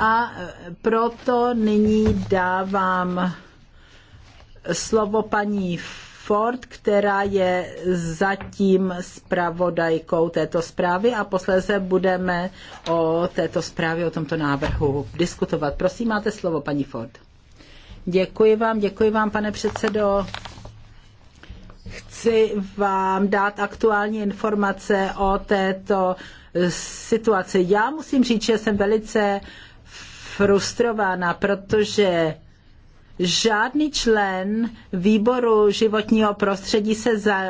A e, proto nyní dávám slovo paní Ford, která je zatím zpravodajkou této zprávy a posléze budeme o této zprávě, o tomto návrhu diskutovat. Prosím, máte slovo, paní Ford. Děkuji vám, děkuji vám, pane předsedo. Chci vám dát aktuální informace o této situaci. Já musím říct, že jsem velice frustrovaná, protože žádný člen výboru životního prostředí se, za,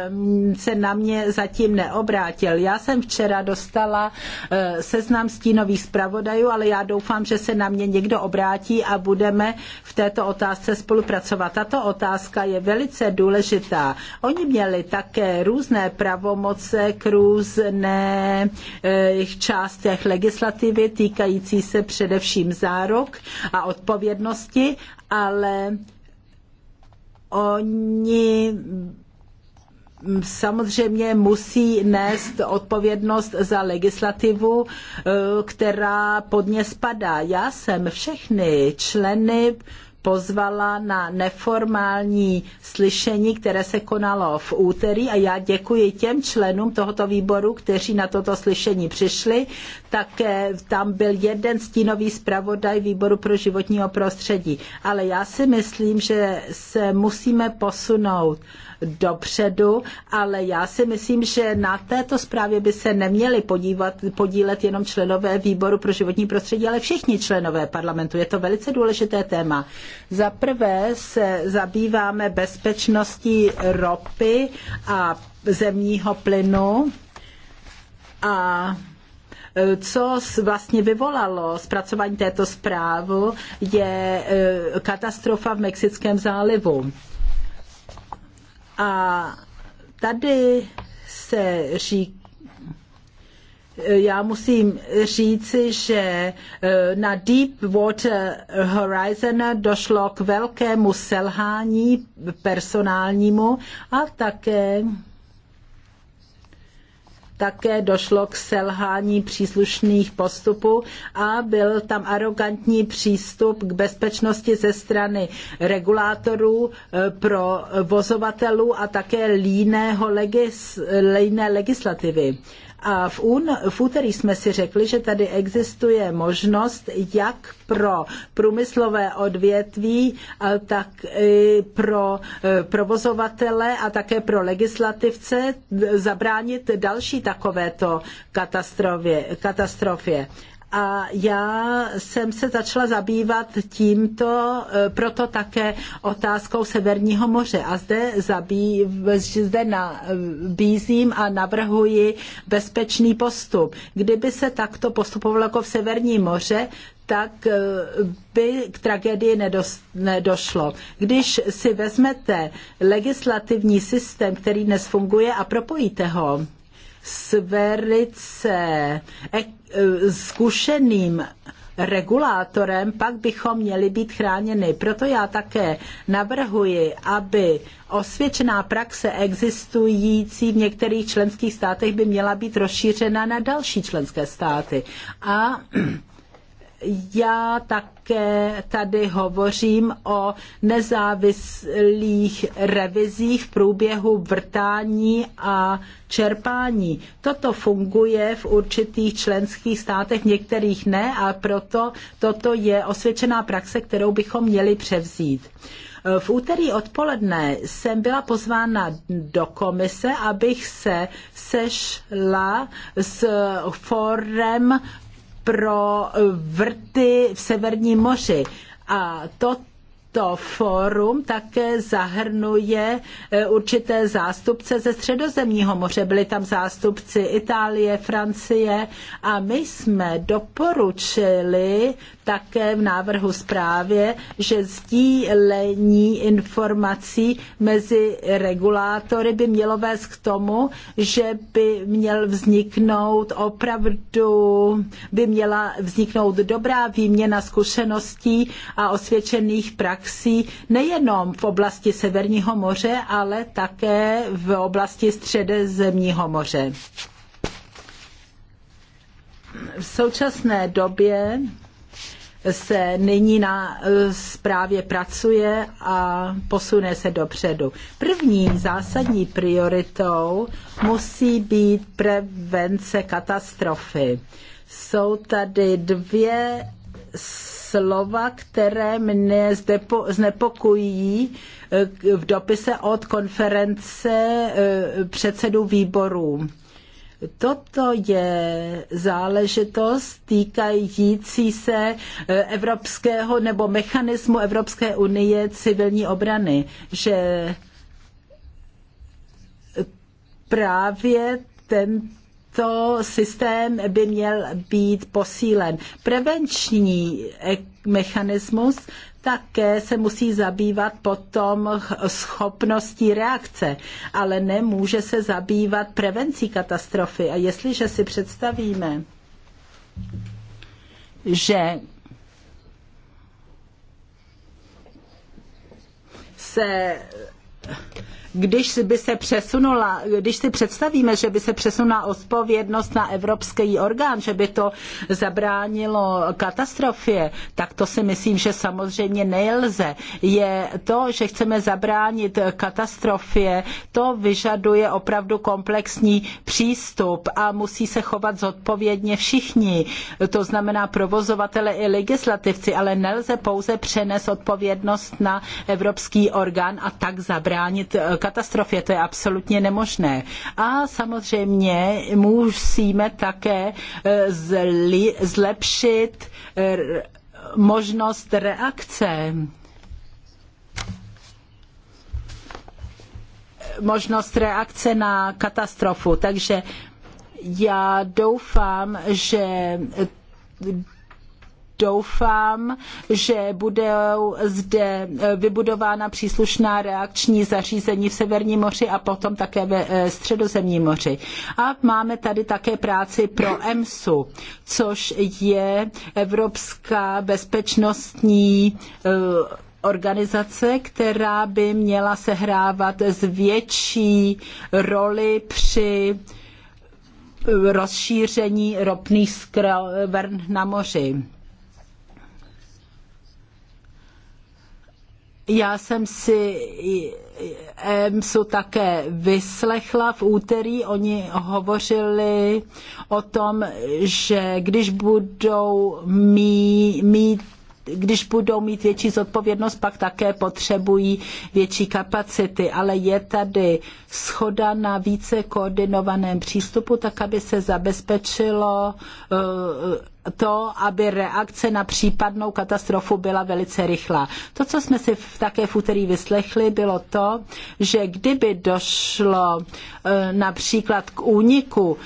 se na mě zatím neobrátil. Já jsem včera dostala eh, seznam stínových zpravodajů, ale já doufám, že se na mě někdo obrátí a budeme v této otázce spolupracovat. Tato otázka je velice důležitá. Oni měli také různé pravomoce k různých eh, částech legislativy týkající se především zárok a odpovědnosti, ale oni samozřejmě musí nést odpovědnost za legislativu, eh, která pod ně spadá. Já jsem všechny členy pozvala na neformální slyšení, které se konalo v úterý a já děkuji těm členům tohoto výboru, kteří na toto slyšení přišli. Také tam byl jeden stínový zpravodaj výboru pro životního prostředí. Ale já si myslím, že se musíme posunout dopředu, ale já si myslím, že na této zprávě by se neměli podívat, podílet jenom členové výboru pro životní prostředí, ale všichni členové parlamentu. Je to velice důležité téma. Za prvé se zabýváme bezpečností ropy a zemního plynu a e, co vlastně vyvolalo zpracování této zprávy, je e, katastrofa v Mexickém zálivu. A tady se říká, já musím říci, že eh, na Deepwater Horizon došlo k velkému selhání personálnímu a také také došlo k selhání příslušných postupů a byl tam arrogantní přístup k bezpečnosti ze strany regulátorů, eh, provozovatelů a také líného legis, líné legislativy. A v, un, v úterý jsme si řekli, že tady existuje možnost, jak pro průmyslové odvětví, tak pro e, provozovatele a také pro legislativce zabránit další takovéto katastrofě. katastrofě a já jsem se začala zabývat tímto, e, proto také otázkou Severního moře. A zde, zabý, e, zde nabízím e, a navrhuji bezpečný postup. Kdyby se takto postupovalo jako v Severním moře, tak by k tragédii nedos, nedošlo. Když si vezmete legislativní systém, který dnes funguje a propojíte ho, s velice eh, zkušeným regulátorem, pak bychom měli být chráněni. Proto já také navrhuji, aby osvědčená praxe existující v některých členských státech by měla být rozšířena na další členské státy. A já také tady hovořím o nezávislých revizích v průběhu vrtání a čerpání. Toto funguje v určitých členských státech, některých ne, a proto toto je osvědčená praxe, kterou bychom měli převzít. V úterý odpoledne jsem byla pozvána do komise, abych se sešla s forem pro vrty v Severním moři. A to to fórum také zahrnuje e, určité zástupce ze Středozemního moře. Byli tam zástupci Itálie, Francie a my jsme doporučili také v návrhu zprávě, že sdílení informací mezi regulátory by mělo vést k tomu, že by měl vzniknout opravdu, by měla vzniknout dobrá výměna zkušeností a osvědčených praxí nejenom v oblasti Severního moře, ale také v oblasti Středozemního moře v současné době se nyní na zprávě eh, pracuje a posune se dopředu. První zásadní prioritou musí být prevence katastrofy. Jsou tady dvě slova, které mne znepokojí eh, v dopise od konference eh, předsedů výborů Toto je záležitost týkající se e, evropského nebo mechanismu Evropské unie civilní obrany, že právě tento systém by měl být posílen. Prevenční mechanismus také se musí zabývat potom schopností reakce, ale nemůže se zabývat prevencí katastrofy. A jestliže si představíme, že se když by se přesunula, když si představíme, že by se přesunula odpovědnost na evropský orgán, že by to zabránilo katastrofě, tak to si myslím, že samozřejmě nelze. Je to, že chceme zabránit katastrofě, to vyžaduje opravdu komplexní přístup a musí se chovat zodpovědně všichni. To znamená provozovatele i legislativci, ale nelze pouze přenést odpovědnost na evropský orgán a tak zabránit katastrofě, to je absolutně nemožné. A samozřejmě musíme také e, zlepšit e, možnost reakce. možnost reakce na katastrofu. Takže já doufám, že doufám, že budou zde eh, vybudována příslušná reakční zařízení v Severním moři a potom také ve eh, Středozemním moři. A máme tady také práci pro EMSu, což je Evropská bezpečnostní eh, organizace, která by měla sehrávat zvětší roli při rozšíření ropných skrven na moři. Já jsem si EMSu také vyslechla v úterý. Oni hovořili o tom, že když budou mít, když budou mít větší zodpovědnost, pak také potřebují větší kapacity, ale je tady schoda na více koordinovaném přístupu, tak aby se zabezpečilo eh, to, aby reakce na případnou katastrofu byla velice rychlá. To, co jsme si také v úterý vyslechli, bylo to, že kdyby došlo e, například k úniku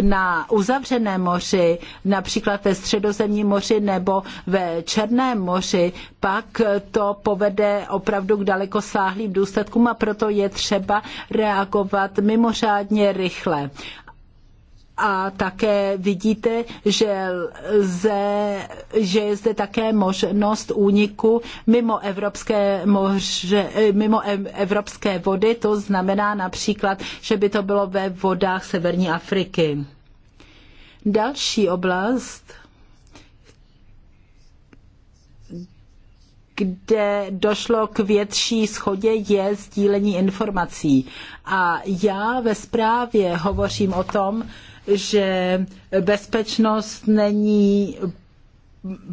na uzavřeném moři, například ve středozemním moři nebo ve Černém moři, pak to povede opravdu k dalekosáhlým důsledkům a proto je třeba reagovat mimořádně rychle a také vidíte, že, lze, že je zde také možnost úniku mimo evropské, moře, mimo evropské vody. To znamená například, že by to bylo ve vodách severní Afriky. Další oblast, kde došlo k větší schodě, je sdílení informací. A já ve zprávě hovořím o tom, že bezpečnost není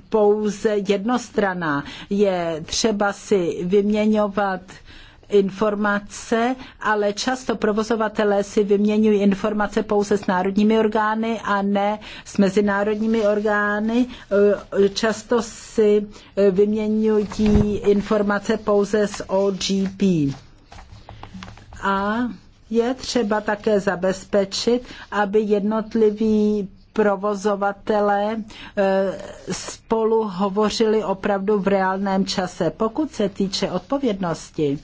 pouze jednostraná. Je třeba si vyměňovat informace, ale často provozovatelé si vyměňují informace pouze s národními orgány a ne s mezinárodními orgány. Často si vyměňují informace pouze s OGP. A je třeba také zabezpečit, aby jednotliví provozovatelé e, spolu hovořili opravdu v reálném čase. Pokud se týče odpovědnosti,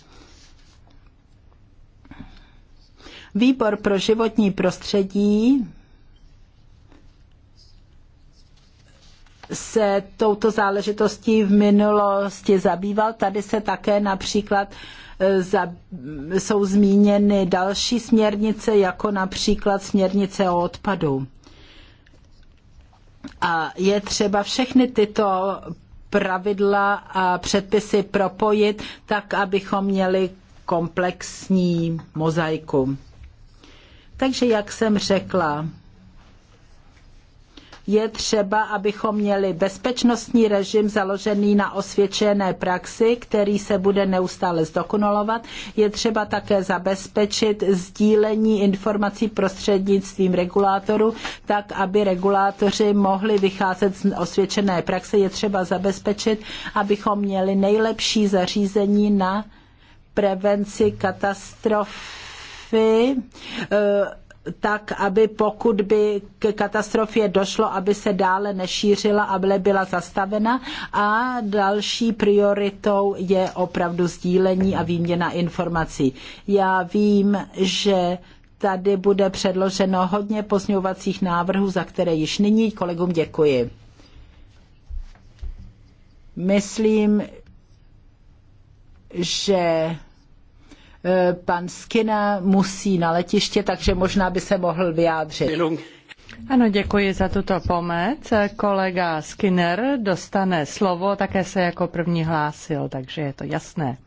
Výbor pro životní prostředí se touto záležitostí v minulosti zabýval. Tady se také například uh, Eh, jsou zmíněny další směrnice, jako například směrnice o odpadu. A je třeba všechny tyto pravidla a předpisy propojit tak, abychom měli komplexní mozaiku. Takže, jak jsem řekla, je třeba, abychom měli bezpečnostní režim založený na osvědčené praxi, který se bude neustále zdokonalovat. Je třeba také zabezpečit sdílení informací prostřednictvím regulátoru, tak aby regulátoři mohli vycházet z osvědčené praxe. Je třeba zabezpečit, abychom měli nejlepší zařízení na prevenci katastrofy, eh, tak, aby pokud by k katastrofě došlo, aby se dále nešířila, aby byla zastavena. A další prioritou je opravdu sdílení a výměna informací. Já vím, že tady bude předloženo hodně pozňovacích návrhů, za které již nyní kolegům děkuji. Myslím, že Eh, pan Skina musí na letiště, takže možná by se mohl vyjádřit. Ano, děkuji za tuto pomoc. Kolega Skinner dostane slovo, také se jako první hlásil, takže je to jasné.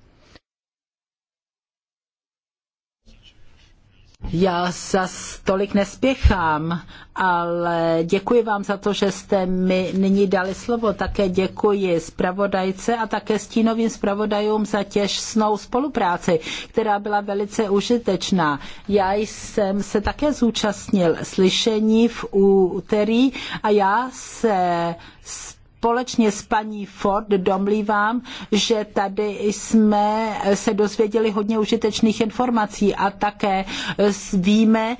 Já za tolik nespěchám, ale děkuji vám za to, že jste mi nyní dali slovo. Také děkuji zpravodajce a také stínovým zpravodajům za těžnou spolupráci, která byla velice užitečná. Já jsem se také zúčastnil slyšení v úterý a já se společně s paní Ford domlívám, že tady jsme se dozvěděli hodně užitečných informací a také víme,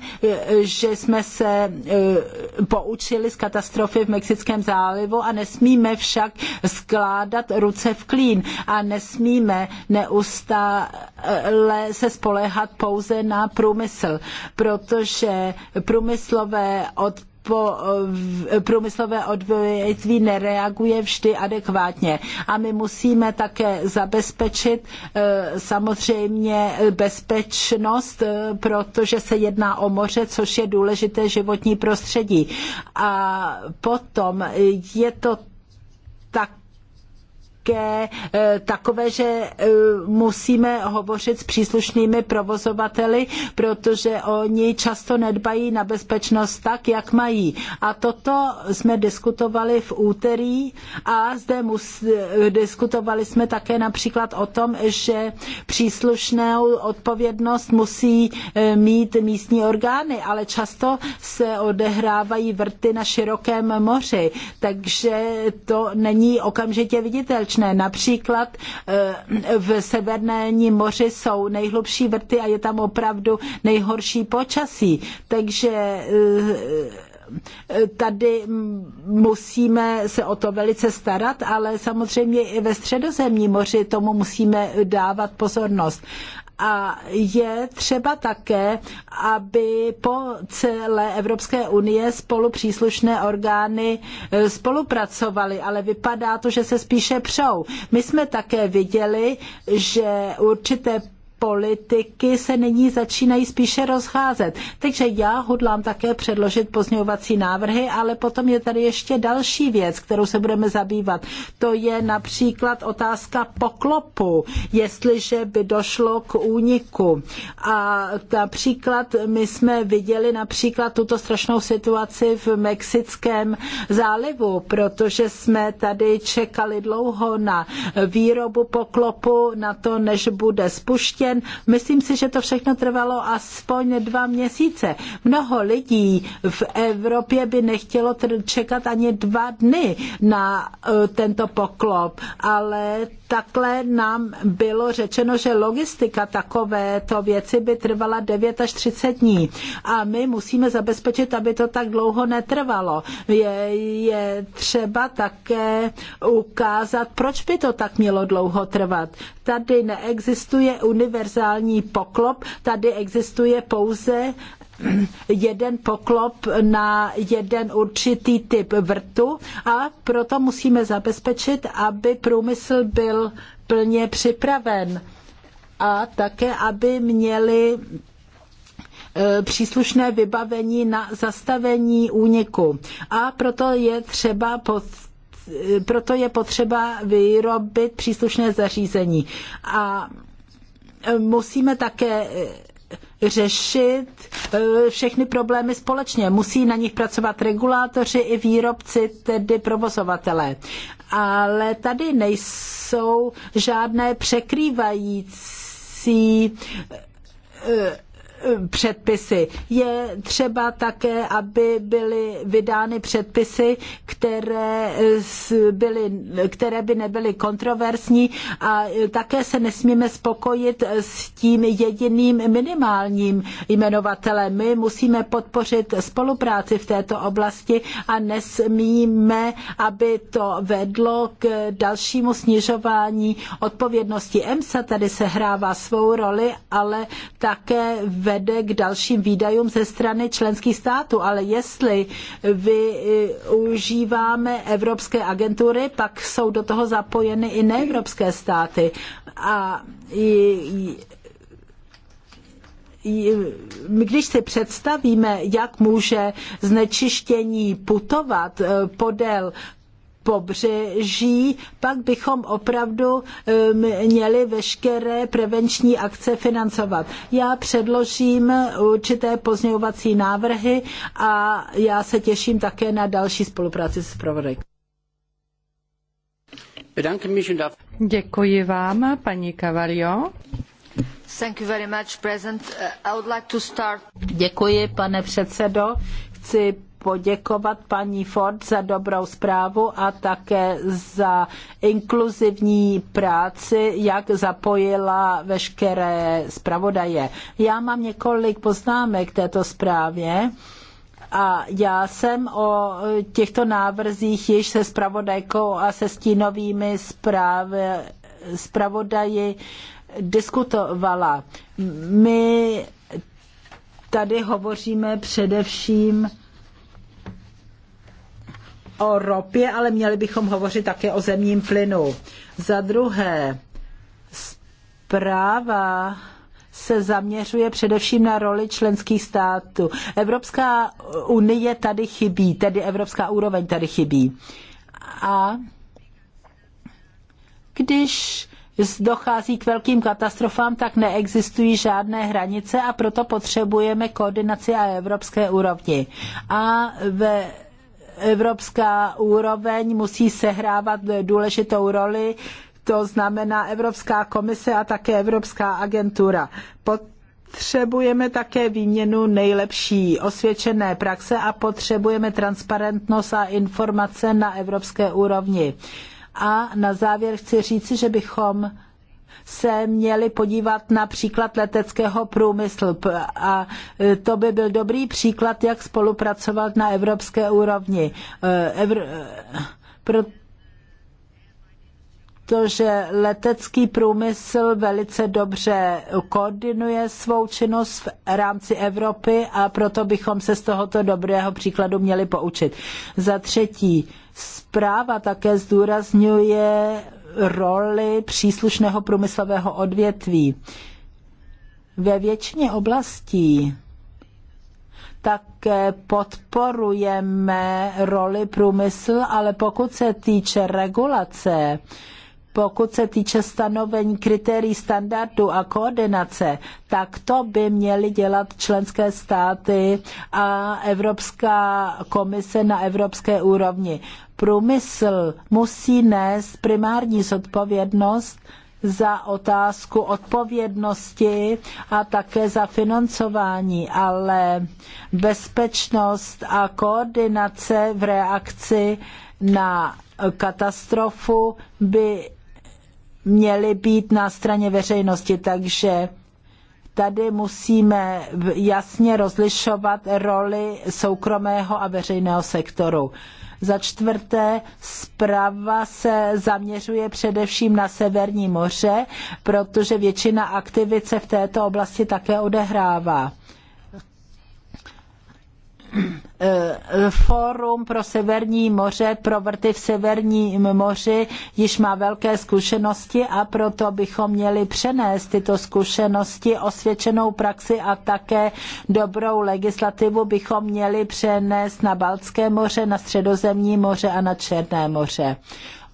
že jsme se eh, poučili z katastrofy v Mexickém zálivu a nesmíme však skládat ruce v klín a nesmíme neustále se spoléhat pouze na průmysl, protože průmyslové odpady po, průmyslové odvětví nereaguje vždy adekvátně. A my musíme také zabezpečit eh, samozřejmě bezpečnost, eh, protože se jedná o moře, což je důležité životní prostředí. A potom je to tak také eh, takové, že eh, musíme hovořit s příslušnými provozovateli, protože oni často nedbají na bezpečnost tak, jak mají. A toto jsme diskutovali v úterý a zde mus, eh, diskutovali jsme také například o tom, že příslušnou odpovědnost musí mít místní orgány, ale často se odehrávají vrty na širokém moři, takže to není okamžitě viditelné nebezpečné. Například eh, v Severním moři jsou nejhlubší vrty a je tam opravdu nejhorší počasí. Takže eh, tady musíme se o to velice starat, ale samozřejmě i ve středozemní moři tomu musíme dávat pozornost a je třeba také, aby po celé Evropské unie spolupříslušné orgány e, spolupracovaly, ale vypadá to, že se spíše přou. My jsme také viděli, že určité politiky se nyní začínají spíše rozcházet. Takže já hodlám také předložit pozňovací návrhy, ale potom je tady ještě další věc, kterou se budeme zabývat. To je například otázka poklopu, jestliže by došlo k úniku. A například my jsme viděli například tuto strašnou situaci v Mexickém zálivu, protože jsme tady čekali dlouho na výrobu poklopu, na to, než bude spuštěn den. Myslím si, že to všechno trvalo aspoň dva měsíce. Mnoho lidí v Evropě by nechtělo čekat ani dva dny na eh, tento poklop, ale takhle nám bylo řečeno, že logistika takovéto věci by trvala 9 až 30 dní. A my musíme zabezpečit, aby to tak dlouho netrvalo. Je, je třeba také ukázat, proč by to tak mělo dlouho trvat. Tady neexistuje univerzální poklop, tady existuje pouze jeden poklop na jeden určitý typ vrtu a proto musíme zabezpečit, aby průmysl byl plně připraven a také, aby měli e, příslušné vybavení na zastavení úniku. A proto je třeba pod e, proto je potřeba vyrobit příslušné zařízení. A e, musíme také řešit eh, všechny problémy společně. Musí na nich pracovat regulátoři i výrobci, tedy provozovatelé. Ale tady nejsou žádné překrývající eh, Eh, předpisy. Je třeba také, aby byly vydány předpisy, které, eh, byly, které by nebyly kontroverzní a eh, také se nesmíme spokojit s tím jediným minimálním jmenovatelem. My musíme podpořit spolupráci v této oblasti a nesmíme, aby to vedlo k dalšímu snižování odpovědnosti. EMSA tady sehrává svou roli, ale také ve vede k dalším výdajům ze strany členských států, ale jestli využíváme evropské agentury, pak jsou do toho zapojeny i neevropské státy. A když si představíme, jak může znečištění putovat eh, podél pobřeží, pak bychom opravdu um, měli veškeré prevenční akce financovat. Já předložím určité pozměňovací návrhy a já se těším také na další spolupráci s Provodek. Děkuji vám, paní Cavalio. Thank you very much, President. Uh, I would like to start... Děkuji, pane předsedo. Chci poděkovat paní Ford za dobrou zprávu a také za inkluzivní práci, jak zapojila veškeré zpravodaje. Já mám několik poznámek k této zprávě a já jsem o těchto návrzích již se zpravodajkou a se stínovými zpravodaji diskutovala. My tady hovoříme především o ropě, ale měli bychom hovořit také o zemním plynu. Za druhé, zpráva se zaměřuje především na roli členských států. Evropská unie tady chybí, tedy evropská úroveň tady chybí. A když dochází k velkým katastrofám, tak neexistují žádné hranice a proto potřebujeme koordinaci a evropské úrovni. A ve evropská úroveň musí sehrávat důležitou roli, to znamená Evropská komise a také Evropská agentura. Potřebujeme také výměnu nejlepší osvědčené praxe a potřebujeme transparentnost a informace na evropské úrovni. A na závěr chci říci, že bychom se měli podívat na příklad leteckého průmyslu. A e, to by byl dobrý příklad, jak spolupracovat na evropské úrovni. E, Evr... E, protože letecký průmysl velice dobře koordinuje svou činnost v rámci Evropy a proto bychom se z tohoto dobrého příkladu měli poučit. Za třetí, zpráva také zdůrazňuje roli příslušného průmyslového odvětví. Ve většině oblastí také podporujeme roli průmysl, ale pokud se týče regulace, pokud se týče stanovení kritérií standardu a koordinace, tak to by měly dělat členské státy a Evropská komise na evropské úrovni. Průmysl musí nést primární zodpovědnost za otázku odpovědnosti a také za financování, ale bezpečnost a koordinace v reakci na katastrofu by měly být na straně veřejnosti, takže tady musíme jasně rozlišovat roli soukromého a veřejného sektoru. Za čtvrté, zpráva se zaměřuje především na Severní moře, protože většina aktivit se v této oblasti také odehrává. Eh, Fórum pro Severní moře, pro vrty v Severním moři již má velké zkušenosti a proto bychom měli přenést tyto zkušenosti, osvědčenou praxi a také dobrou legislativu bychom měli přenést na Baltské moře, na Středozemní moře a na Černé moře.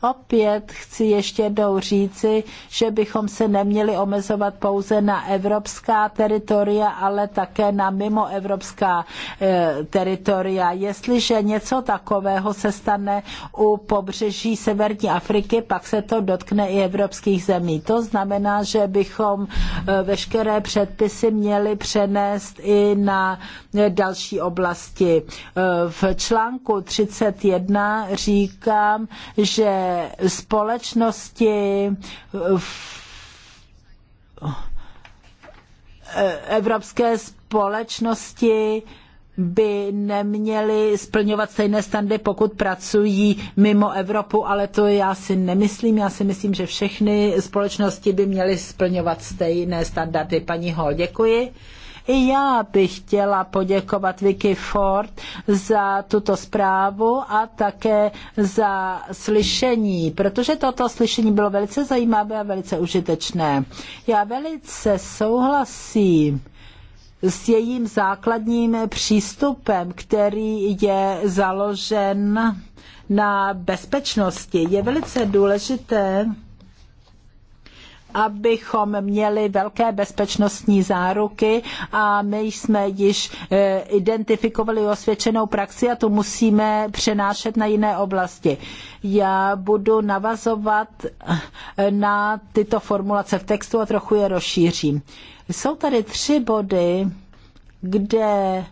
Opět chci ještě jednou říci, že bychom se neměli omezovat pouze na evropská teritoria, ale také na mimoevropská e, teritoria. Jestliže něco takového se stane u pobřeží Severní Afriky, pak se to dotkne i evropských zemí. To znamená, že bychom eh, veškeré předpisy měli přenést i na eh, další oblasti. V článku 31 říkám, že společnosti evropské společnosti by neměly splňovat stejné standy, pokud pracují mimo Evropu, ale to já si nemyslím. Já si myslím, že všechny společnosti by měly splňovat stejné standardy. Paní Hall, děkuji. I já bych chtěla poděkovat Vicky Ford za tuto zprávu a také za slyšení, protože toto slyšení bylo velice zajímavé a velice užitečné. Já velice souhlasím s jejím základním přístupem, který je založen na bezpečnosti. Je velice důležité, abychom měli velké bezpečnostní záruky a my jsme již eh, identifikovali osvědčenou praxi a tu musíme přenášet na jiné oblasti. Já budu navazovat eh, na tyto formulace v textu a trochu je rozšířím. Jsou tady tři body, kde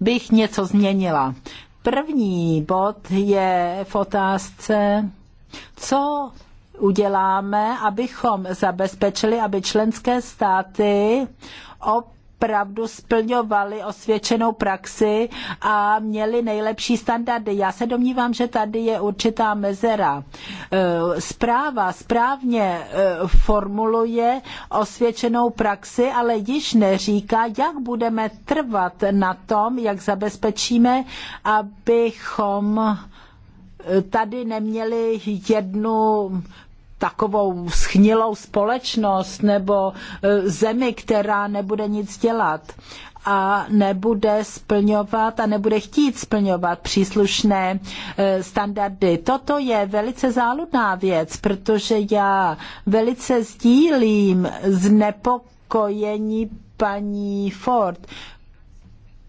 bych něco změnila. První bod je v otázce, co uděláme, abychom zabezpečili, aby členské státy opravdu splňovaly osvědčenou praxi a měli nejlepší standardy. Já se domnívám, že tady je určitá mezera. E, zpráva správně e, formuluje osvědčenou praxi, ale již neříká, jak budeme trvat na tom, jak zabezpečíme, abychom e, tady neměli jednu takovou schnilou společnost nebo e, zemi, která nebude nic dělat a nebude splňovat a nebude chtít splňovat příslušné e, standardy. Toto je velice záludná věc, protože já velice sdílím znepokojení paní Ford,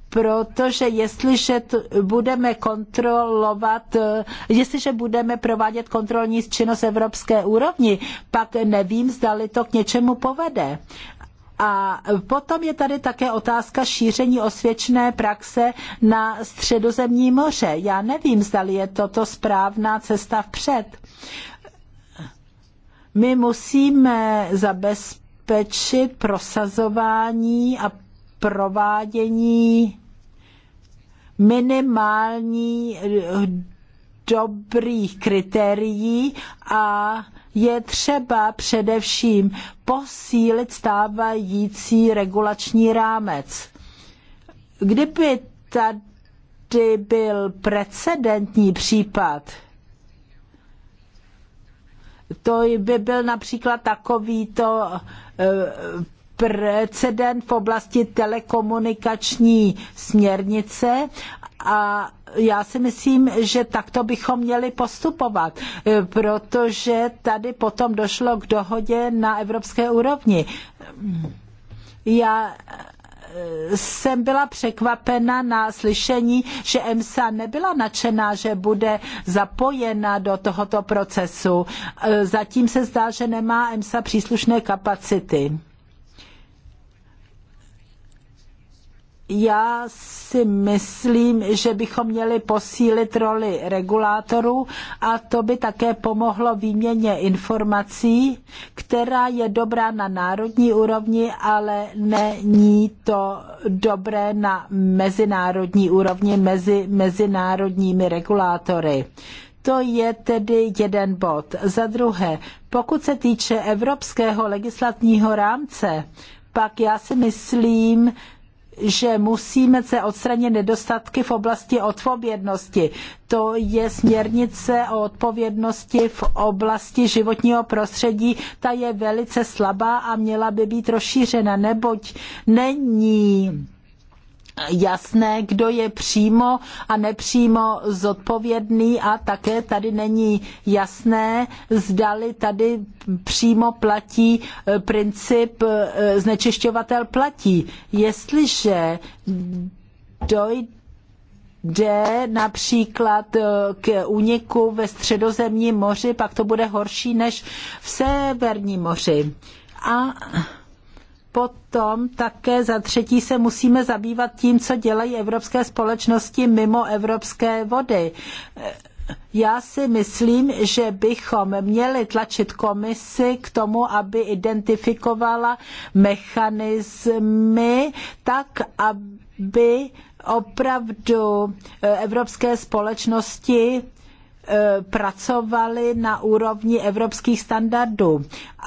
protože jestliže budeme kontrolovat, jestliže budeme provádět kontrolní činnost evropské úrovni, pak nevím, zdali to k něčemu povede. A potom je tady také otázka šíření osvědčené praxe na středozemní moře. Já nevím, zdali je toto správná cesta vpřed. My musíme zabezpečit prosazování a provádění minimální eh, dobrých kritérií a je třeba především posílit stávající regulační rámec. Kdyby tady byl precedentní případ, to by byl například takovýto eh, precedent v oblasti telekomunikační směrnice a já si myslím, že takto bychom měli postupovat, protože tady potom došlo k dohodě na evropské úrovni. Já eh, jsem byla překvapena na slyšení, že EMSA nebyla nadšená, že bude zapojena do tohoto procesu. Eh, zatím se zdá, že nemá EMSA příslušné kapacity. já si myslím, že bychom měli posílit roli regulátorů a to by také pomohlo výměně informací, která je dobrá na národní úrovni, ale není to dobré na mezinárodní úrovni mezi mezinárodními regulátory. To je tedy jeden bod. Za druhé, pokud se týče evropského legislativního rámce, pak já si myslím, že musíme se odstranit nedostatky v oblasti odpovědnosti. To je směrnice o odpovědnosti v oblasti životního prostředí. Ta je velice slabá a měla by být rozšířena, neboť není jasné, kdo je přímo a nepřímo zodpovědný a také tady není jasné, zdali tady přímo platí eh, princip eh, znečišťovatel platí. Jestliže dojde jde například eh, k úniku ve středozemním moři, pak to bude horší než v severním moři. A potom také za třetí se musíme zabývat tím, co dělají evropské společnosti mimo evropské vody. Já si myslím, že bychom měli tlačit komisi k tomu, aby identifikovala mechanismy tak, aby opravdu eh, evropské společnosti Eh, pracovali na úrovni evropských standardů.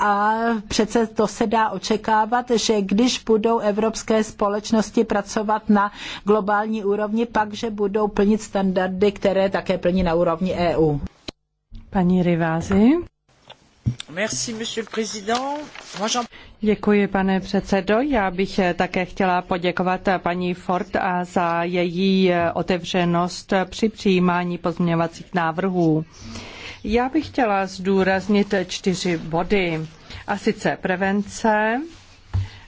A přece to se dá očekávat, že když budou evropské společnosti pracovat na globální úrovni, pak, že budou plnit standardy, které také plní na úrovni EU. Paní Rivázi. Děkuji, pane předsedo. Já bych eh, také chtěla poděkovat eh, paní Ford za její eh, otevřenost při přijímání pozměňovacích návrhů. Já bych chtěla zdůraznit čtyři body, a sice prevence,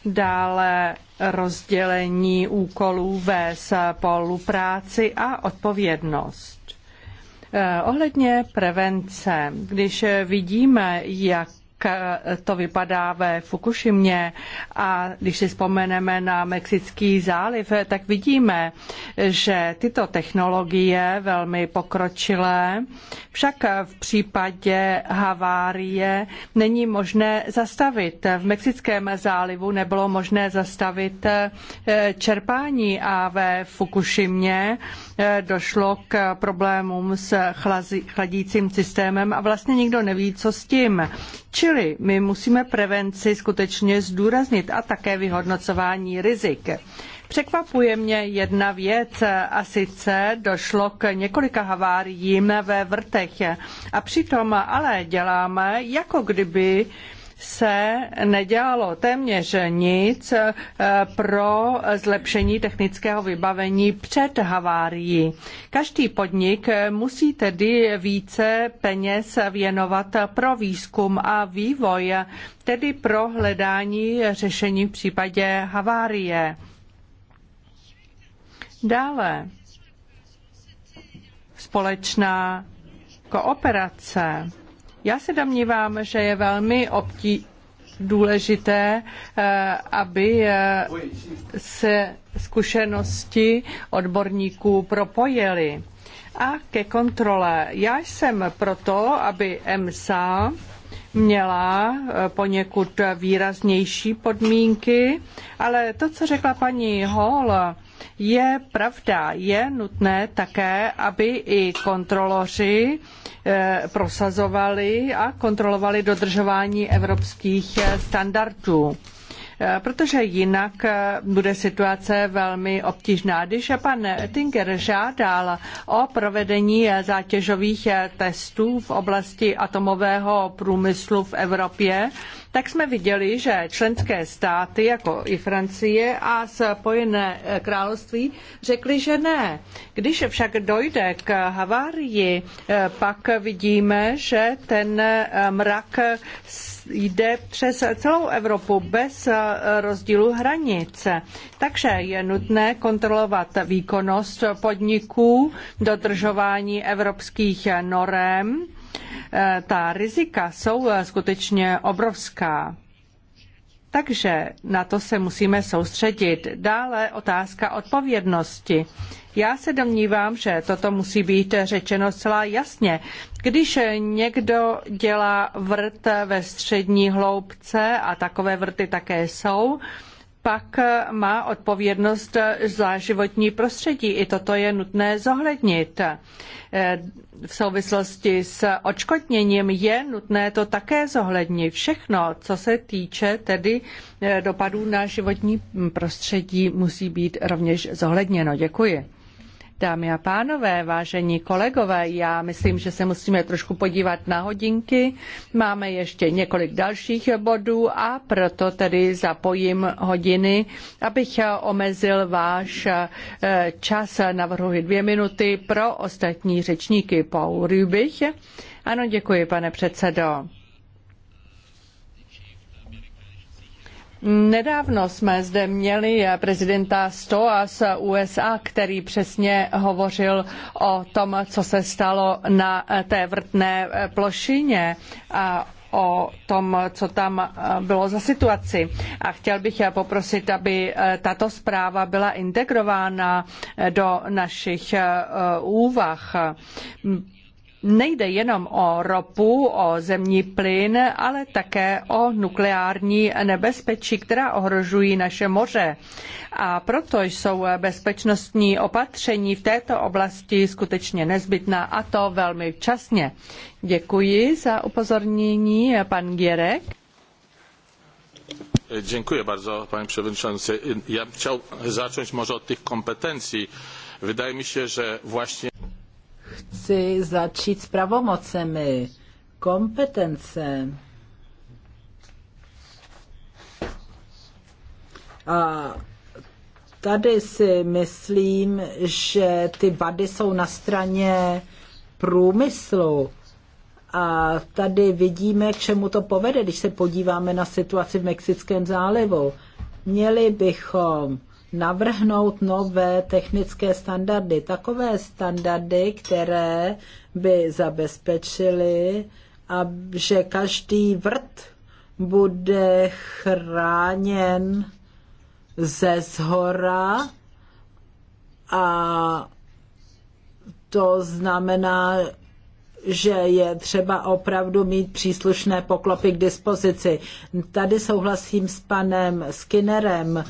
dále rozdělení úkolů ve spolupráci a odpovědnost. Eh, ohledně prevence, když vidíme, jak Eh, to vypadá ve Fukušimě a když si vzpomeneme na Mexický záliv, eh, tak vidíme, že tyto technologie velmi pokročilé, však v případě havárie není možné zastavit. V Mexickém zálivu nebylo možné zastavit eh, čerpání a ve Fukušimě došlo k problémům s chladícím systémem a vlastně nikdo neví, co s tím. Čili čili My musíme prevenci skutečně zdůraznit a také vyhodnocování rizik. Překvapuje mě jedna věc a sice došlo k několika haváriím ve vrtech a přitom ale děláme, jako kdyby se nedělalo téměř nic eh, pro zlepšení technického vybavení před havárií. Každý podnik musí tedy více peněz věnovat pro výzkum a vývoj, tedy pro hledání řešení v případě havárie. Dále společná kooperace já se domnívám, že je velmi obtí, důležité, eh, aby eh, se zkušenosti odborníků propojily. A ke kontrole. Já jsem proto, aby EMSA měla eh, poněkud výraznější podmínky, ale to, co řekla paní Hall, je pravda, je nutné také, aby i kontroloři eh, prosazovali a kontrolovali dodržování evropských eh, standardů. Eh, protože jinak eh, bude situace velmi obtížná. Když pan Tinker žádal o provedení eh, zátěžových testů v oblasti atomového průmyslu v Evropě, tak jsme viděli, že členské státy, jako i Francie a Spojené království, řekli, že ne. Když však dojde k havárii, pak vidíme, že ten mrak jde přes celou Evropu bez rozdílu hranic. Takže je nutné kontrolovat výkonnost podniků, dodržování evropských norem. Eh, ta rizika jsou eh, skutečně obrovská. Takže na to se musíme soustředit. Dále otázka odpovědnosti. Já se domnívám, že toto musí být řečeno zcela jasně. Když někdo dělá vrt ve střední hloubce, a takové vrty také jsou, pak má odpovědnost za životní prostředí. I toto je nutné zohlednit v souvislosti s očkodněním je nutné to také zohlednit. Všechno, co se týče tedy eh, dopadů na životní prostředí, musí být rovněž zohledněno. Děkuji. Dámy a pánové, vážení kolegové, já myslím, že se musíme trošku podívat na hodinky. Máme ještě několik dalších bodů a proto tedy zapojím hodiny, abych omezil váš eh, čas. Navrhuji dvě minuty pro ostatní řečníky. Paul Rübich. Ano, děkuji, pane předsedo. Nedávno jsme zde měli prezidenta Stoa z USA, který přesně hovořil o tom, co se stalo na té vrtné plošině a o tom, co tam eh, bylo za situaci. A chtěl bych já poprosit, aby eh, tato zpráva byla integrována eh, do našich úvah nejde jenom o ropu, o zemní plyn, ale také o nukleární nebezpečí, která ohrožují naše moře. A proto jsou bezpečnostní opatření v této oblasti skutečně nezbytná a to velmi včasně. Děkuji za upozornění, pan Gierek. Dziękuję bardzo, panie przewodniczący. Ja bym chciał zacząć może od tych kompetencji. Wydaje mi się, że właśnie chci začít s pravomocemi, kompetence. A tady si myslím, že ty vady jsou na straně průmyslu. A tady vidíme, k čemu to povede, když se podíváme na situaci v Mexickém zálivu. Měli bychom navrhnout nové technické standardy. Takové standardy, které by zabezpečily, že každý vrt bude chráněn ze zhora a to znamená, že je třeba opravdu mít příslušné poklopy k dispozici. Tady souhlasím s panem Skinnerem,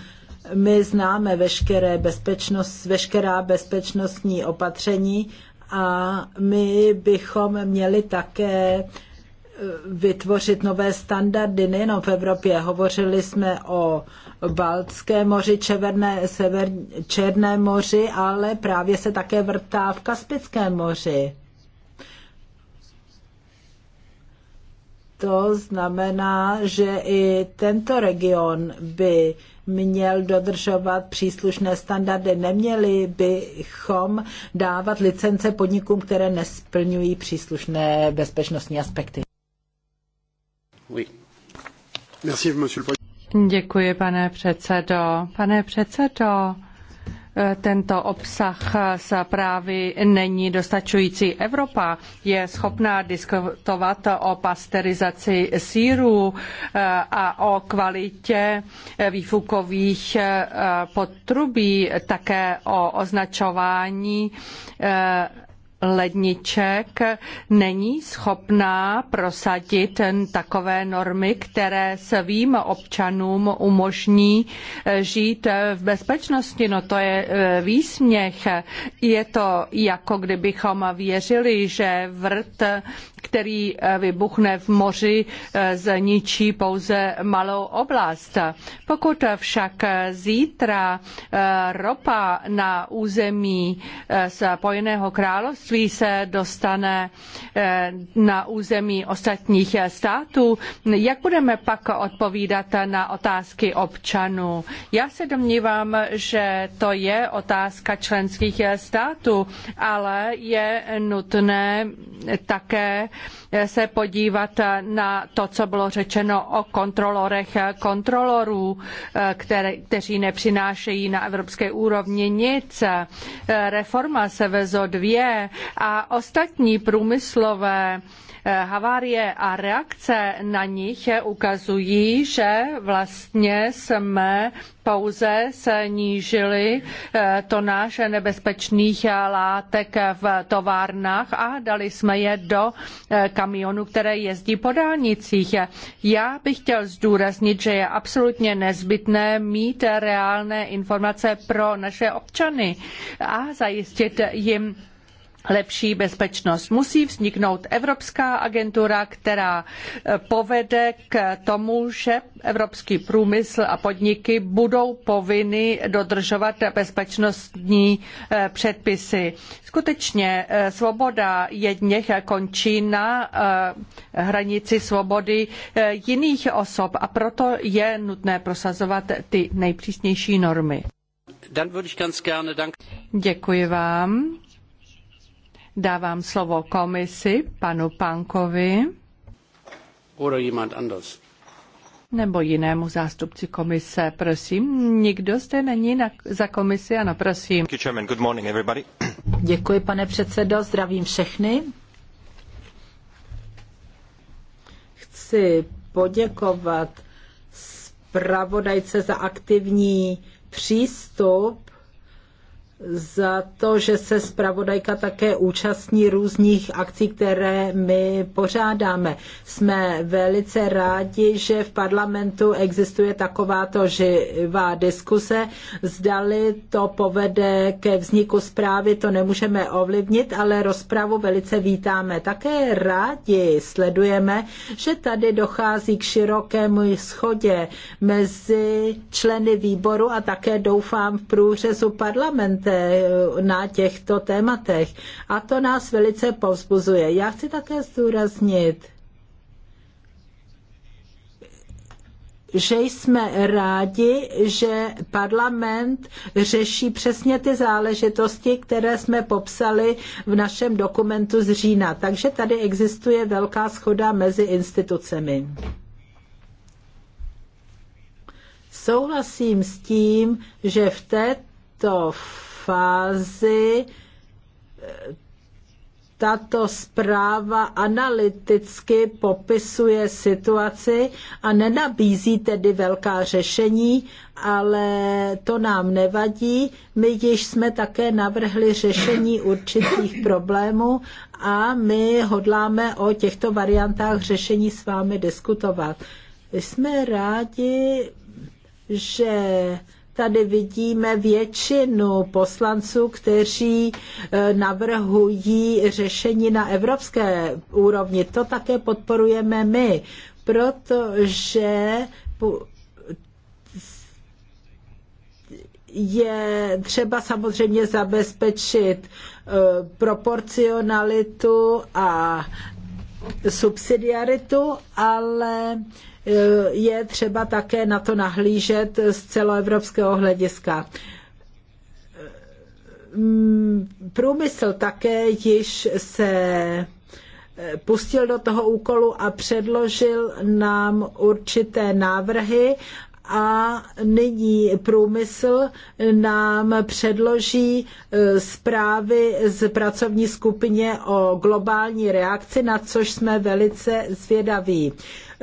my známe veškeré bezpečnost, veškerá bezpečnostní opatření a my bychom měli také eh, vytvořit nové standardy nejenom v Evropě. Hovořili jsme o Baltské moři, Černé, Sever, Černé moři, ale právě se také vrtá v Kaspickém moři. To znamená, že i tento region by měl dodržovat příslušné standardy. Neměli bychom dávat licence podnikům, které nesplňují příslušné bezpečnostní aspekty. Oui. Merci, Děkuji, pane předsedo. Pane předsedo, tento obsah zprávy není dostačující. Evropa je schopná diskutovat o pasterizaci sírů eh, a o kvalitě eh, výfukových eh, potrubí, také o označování ledniček není schopná prosadit takové normy, které svým občanům umožní eh, žít eh, v bezpečnosti. No to je eh, výsměch. Je to jako kdybychom věřili, že vrt, který vybuchne v moři, zničí pouze malou oblast. Pokud však zítra ropa na území Spojeného království království se dostane eh, na území ostatních států, jak budeme pak odpovídat na otázky občanů? Já se domnívám, že to je otázka členských států, ale je nutné také se podívat na to, co bylo řečeno o kontrolorech kontrolorů, které, kteří nepřinášejí na evropské úrovni nic. Reforma Sevezo dvě a ostatní průmyslové Havárie a reakce na nich ukazují, že vlastně jsme pouze snížili eh, tonáž nebezpečných látek v továrnách a dali jsme je do eh, kamionů, které jezdí po dálnicích. Já bych chtěl zdůraznit, že je absolutně nezbytné mít reálné informace pro naše občany a zajistit jim lepší bezpečnost. Musí vzniknout Evropská agentura, která eh, povede k tomu, že evropský průmysl a podniky budou povinny dodržovat bezpečnostní eh, předpisy. Skutečně eh, svoboda jedněch končí na hranici svobody jiných osob a proto je nutné prosazovat ty nejpřísnější normy. Děkuji vám. Dávám slovo komisi, panu Pankovi. Oder jemand anders. Nebo jinému zástupci komise, prosím. Nikdo zde není na, za komisi, ano, prosím. Děkuji, pane předsedo, zdravím všechny. Chci poděkovat zpravodajce za aktivní přístup za to, že se zpravodajka také účastní různých akcí, které my pořádáme. Jsme velice rádi, že v parlamentu existuje takováto živá diskuse. Zdali to povede ke vzniku zprávy, to nemůžeme ovlivnit, ale rozpravu velice vítáme. Také rádi sledujeme, že tady dochází k širokému schodě mezi členy výboru a také doufám v průřezu parlamentu práce eh, na těchto tématech. A to nás velice povzbuzuje. Já chci také zdůraznit, že jsme rádi, že parlament řeší přesně ty záležitosti, které jsme popsali v našem dokumentu z října. Takže tady existuje velká schoda mezi institucemi. Souhlasím s tím, že v této fázi tato zpráva analyticky popisuje situaci a nenabízí tedy velká řešení, ale to nám nevadí. My již jsme také navrhli řešení určitých problémů a my hodláme o těchto variantách řešení s vámi diskutovat. Jsme rádi, že tady vidíme většinu poslanců, kteří e, navrhují řešení na evropské úrovni. To také podporujeme my, protože je třeba samozřejmě zabezpečit e, proporcionalitu a subsidiaritu, ale Eh, je třeba také na to nahlížet z celoevropského hlediska eh, průmysl také již se eh, pustil do toho úkolu a předložil nám určité návrhy a nyní průmysl nám předloží zprávy z pracovní skupině o globální reakci, na což jsme velice zvědaví.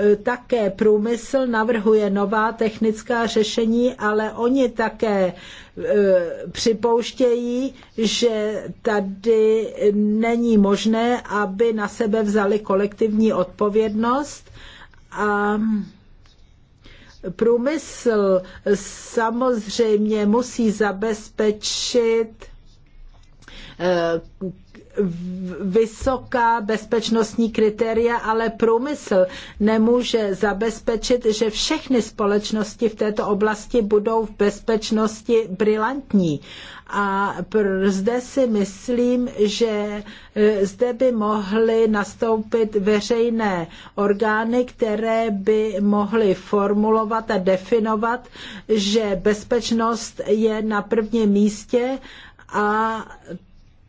Eh, také průmysl navrhuje nová technická řešení, ale oni také eh, připouštějí, že tady není možné, aby na sebe vzali kolektivní odpovědnost a průmysl samozřejmě musí zabezpečit Eh, vysoká bezpečnostní kritéria, ale průmysl nemůže zabezpečit, že všechny společnosti v této oblasti budou v bezpečnosti brilantní. A zde si myslím, že eh, zde by mohly nastoupit veřejné orgány, které by mohly formulovat a definovat, že bezpečnost je na prvním místě a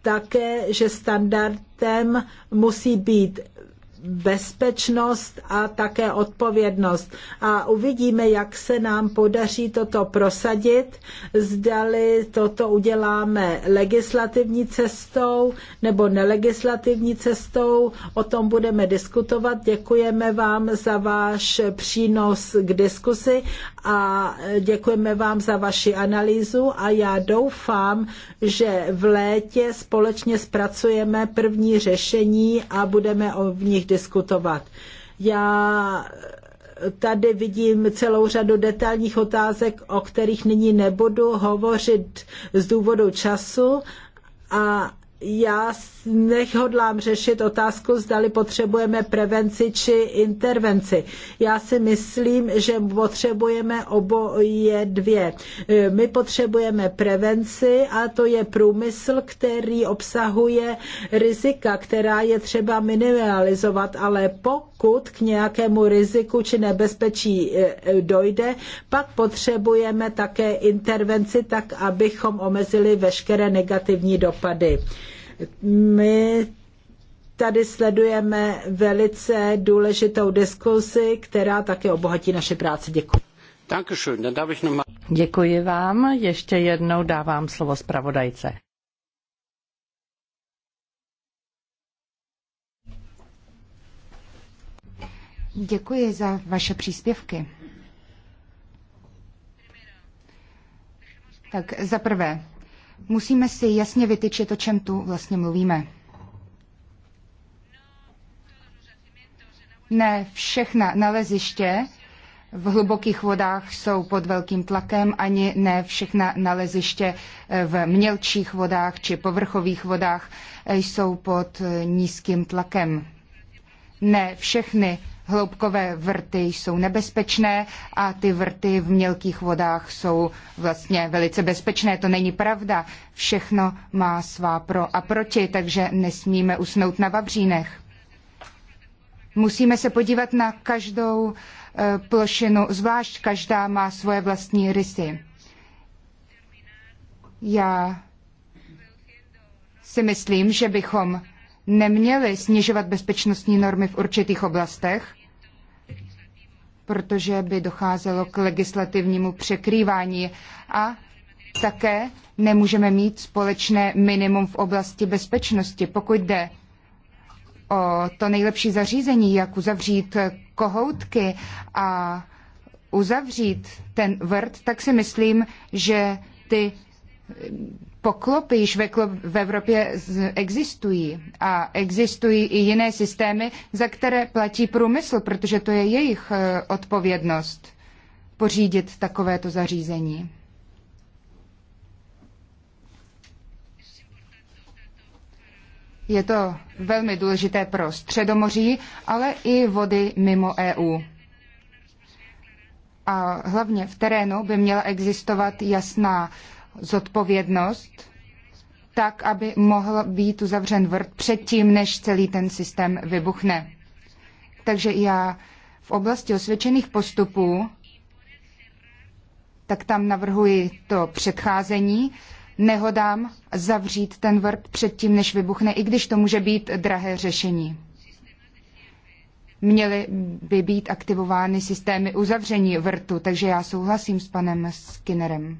také, že standardem musí být bezpečnost a také odpovědnost. A uvidíme, jak se nám podaří toto prosadit, zdali toto uděláme legislativní cestou nebo nelegislativní cestou. O tom budeme diskutovat. Děkujeme vám za váš přínos k diskusi a děkujeme vám za vaši analýzu a já doufám, že v létě společně zpracujeme první řešení a budeme o v nich diskutovat. Já tady vidím celou řadu detailních otázek, o kterých nyní nebudu hovořit z důvodu času a já nehodlám řešit otázku, zdali potřebujeme prevenci či intervenci. Já si myslím, že potřebujeme oboje dvě. E, my potřebujeme prevenci a to je průmysl, který obsahuje rizika, která je třeba minimalizovat, ale pokud k nějakému riziku či nebezpečí e, e, dojde, pak potřebujeme také intervenci tak, abychom omezili veškeré negativní dopady. My tady sledujeme velice důležitou diskusi, která také obohatí naše práci. Děkuji. Děkuji vám. Ještě jednou dávám slovo zpravodajce. Děkuji za vaše příspěvky. Tak za prvé, Musíme si jasně vytyčit, o čem tu vlastně mluvíme. Ne všechna naleziště v hlubokých vodách jsou pod velkým tlakem, ani ne všechna naleziště v mělčích vodách či povrchových vodách jsou pod nízkým tlakem. Ne všechny hloubkové vrty jsou nebezpečné a ty vrty v mělkých vodách jsou vlastně velice bezpečné. To není pravda. Všechno má svá pro a proti, takže nesmíme usnout na vavřínech. Musíme se podívat na každou eh, plošinu, zvlášť každá má svoje vlastní rysy. Já si myslím, že bychom neměli snižovat bezpečnostní normy v určitých oblastech, protože by docházelo k legislativnímu překrývání a také nemůžeme mít společné minimum v oblasti bezpečnosti. Pokud jde o to nejlepší zařízení, jak uzavřít kohoutky a uzavřít ten vrt, tak si myslím, že ty poklopy již v Evropě existují a existují i jiné systémy, za které platí průmysl, protože to je jejich eh, odpovědnost pořídit takovéto zařízení. Je to velmi důležité pro Středomoří, ale i vody mimo EU. A hlavně v terénu by měla existovat jasná uh, zodpovědnost, tak, aby mohl být uzavřen vrt předtím, než celý ten systém vybuchne. Takže já v oblasti osvědčených postupů, tak tam navrhuji to předcházení, nehodám zavřít ten vrt předtím, než vybuchne, i když to může být drahé řešení. Měly by být aktivovány systémy uzavření vrtu, takže já souhlasím s panem Skinnerem.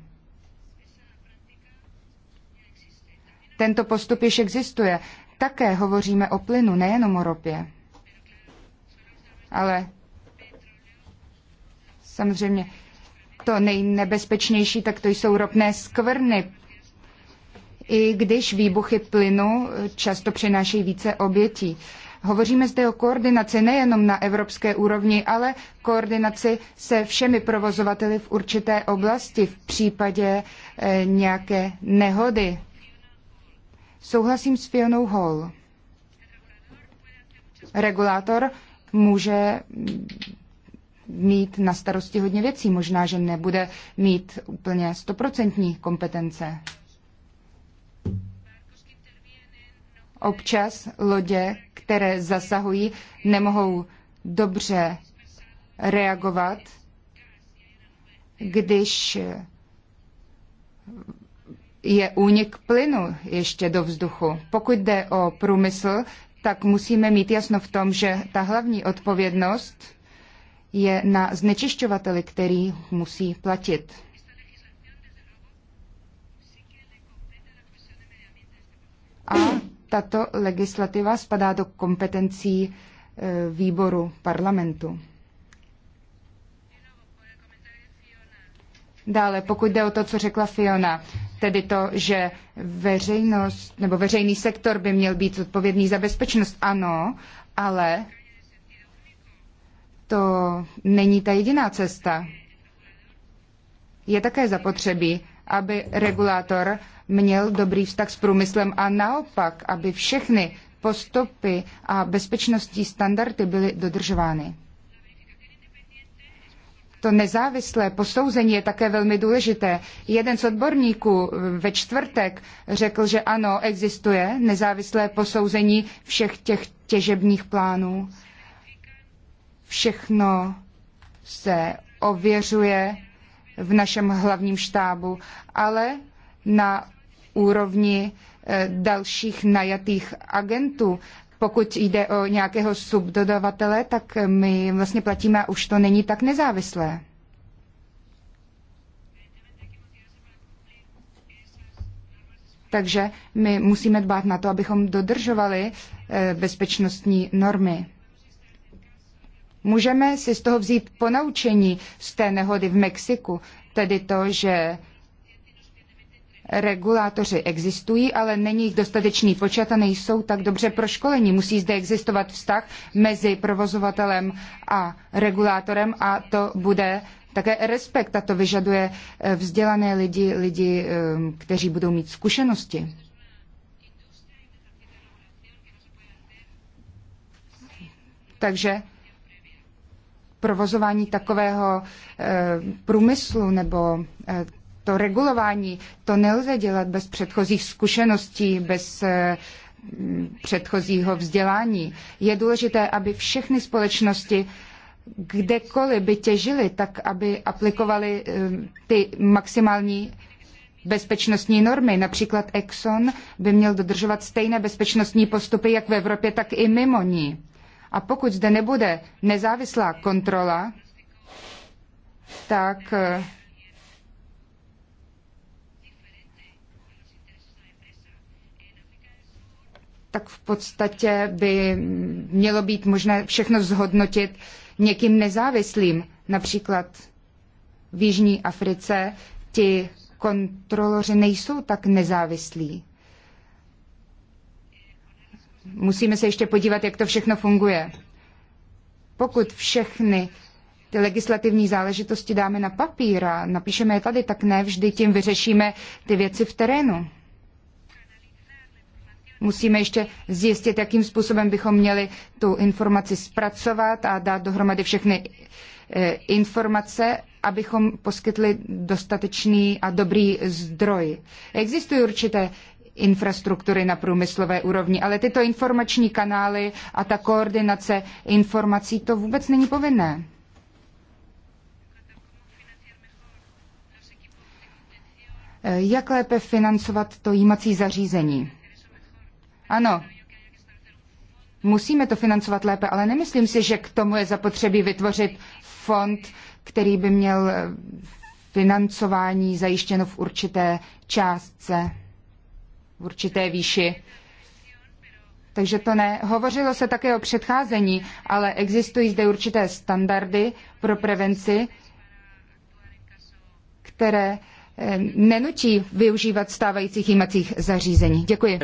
Tento postup již existuje. Také hovoříme o plynu, nejenom o ropě. Ale samozřejmě to nejnebezpečnější, tak to jsou ropné skvrny. I když výbuchy plynu často přinášejí více obětí. Hovoříme zde o koordinaci nejenom na evropské úrovni, ale koordinaci se všemi provozovateli v určité oblasti v případě e, nějaké nehody. Souhlasím s Fionou Hall. Regulátor může mít na starosti hodně věcí. Možná, že nebude mít úplně stoprocentní kompetence. Občas lodě, které zasahují, nemohou dobře reagovat, když je únik plynu ještě do vzduchu. Pokud jde o průmysl, tak musíme mít jasno v tom, že ta hlavní odpovědnost je na znečišťovateli, který musí platit. A tato legislativa spadá do kompetencí eh, výboru parlamentu. Dále, pokud jde o to, co řekla Fiona, tedy to, že veřejnost nebo veřejný sektor by měl být odpovědný za bezpečnost, ano, ale to není ta jediná cesta. Je také zapotřebí, aby regulátor měl dobrý vztah s průmyslem a naopak, aby všechny postupy a bezpečnostní standardy byly dodržovány. To nezávislé posouzení je také velmi důležité. Jeden z odborníků eh, ve čtvrtek řekl, že ano, existuje nezávislé posouzení všech těch těžebních plánů. Všechno se ověřuje v našem hlavním štábu, ale na úrovni eh, dalších najatých agentů pokud jde o nějakého subdodavatele, tak my vlastně platíme a už to není tak nezávislé. Takže my musíme dbát na to, abychom dodržovali eh, bezpečnostní normy. Můžeme si z toho vzít ponaučení z té nehody v Mexiku, tedy to, že Regulátoři existují, ale není jich dostatečný počet a nejsou tak dobře proškoleni. Musí zde existovat vztah mezi provozovatelem a regulátorem a to bude také respekt a to vyžaduje eh, vzdělané lidi, lidi, ehm, kteří budou mít zkušenosti. Takže provozování takového eh, průmyslu nebo eh, to regulování, to nelze dělat bez předchozích zkušeností, bez eh, předchozího vzdělání. Je důležité, aby všechny společnosti kdekoliv by těžili, tak aby aplikovali eh, ty maximální bezpečnostní normy. Například Exxon by měl dodržovat stejné bezpečnostní postupy jak v Evropě, tak i mimo ní. A pokud zde nebude nezávislá kontrola, tak eh, tak v podstatě by mělo být možné všechno zhodnotit někým nezávislým. Například v Jižní Africe ti kontroloři nejsou tak nezávislí. Musíme se ještě podívat, jak to všechno funguje. Pokud všechny ty legislativní záležitosti dáme na papír a napíšeme je tady, tak ne vždy tím vyřešíme ty věci v terénu musíme ještě zjistit, jakým způsobem bychom měli tu informaci zpracovat a dát dohromady všechny eh, informace, abychom poskytli dostatečný a dobrý zdroj. Existují určité infrastruktury na průmyslové úrovni, ale tyto informační kanály a ta koordinace informací to vůbec není povinné. Eh, jak lépe financovat to jímací zařízení? Ano, musíme to financovat lépe, ale nemyslím si, že k tomu je zapotřebí vytvořit fond, který by měl eh, financování zajištěno v určité částce, v určité výši. Takže to ne. Hovořilo se také o předcházení, ale existují zde určité standardy pro prevenci, které Eh, nenutí využívat stávajících jímacích zařízení. Děkuji.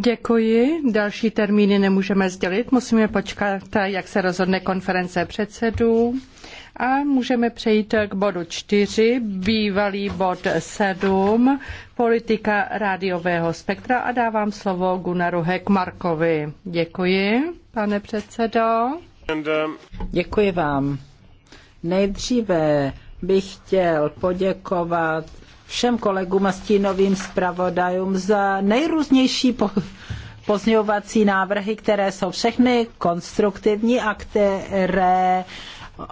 Děkuji. Další termíny nemůžeme sdělit. Musíme počkat, jak se rozhodne konference předsedů. A můžeme přejít k bodu 4, bývalý bod 7, politika rádiového spektra a dávám slovo Gunaru Hekmarkovi. Děkuji, pane předsedo. Um, Děkuji vám. Nejdříve bych chtěl poděkovat všem kolegům a stínovým zpravodajům za nejrůznější po- pozňovací návrhy, které jsou všechny konstruktivní a které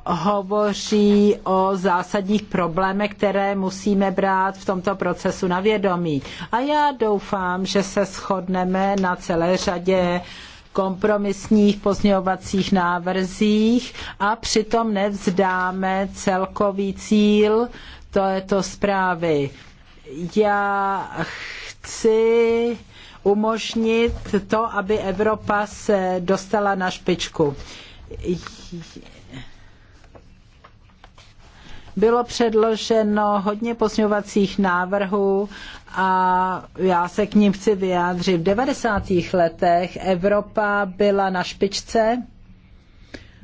hovoří o zásadních problémech, které musíme brát v tomto procesu na vědomí. A já doufám, že se shodneme na celé řadě kompromisních pozměňovacích návrzích a přitom nevzdáme celkový cíl této zprávy. Já chci umožnit to, aby Evropa se dostala na špičku bylo předloženo hodně posňovacích návrhů a já se k ním chci vyjádřit. V 90. letech Evropa byla na špičce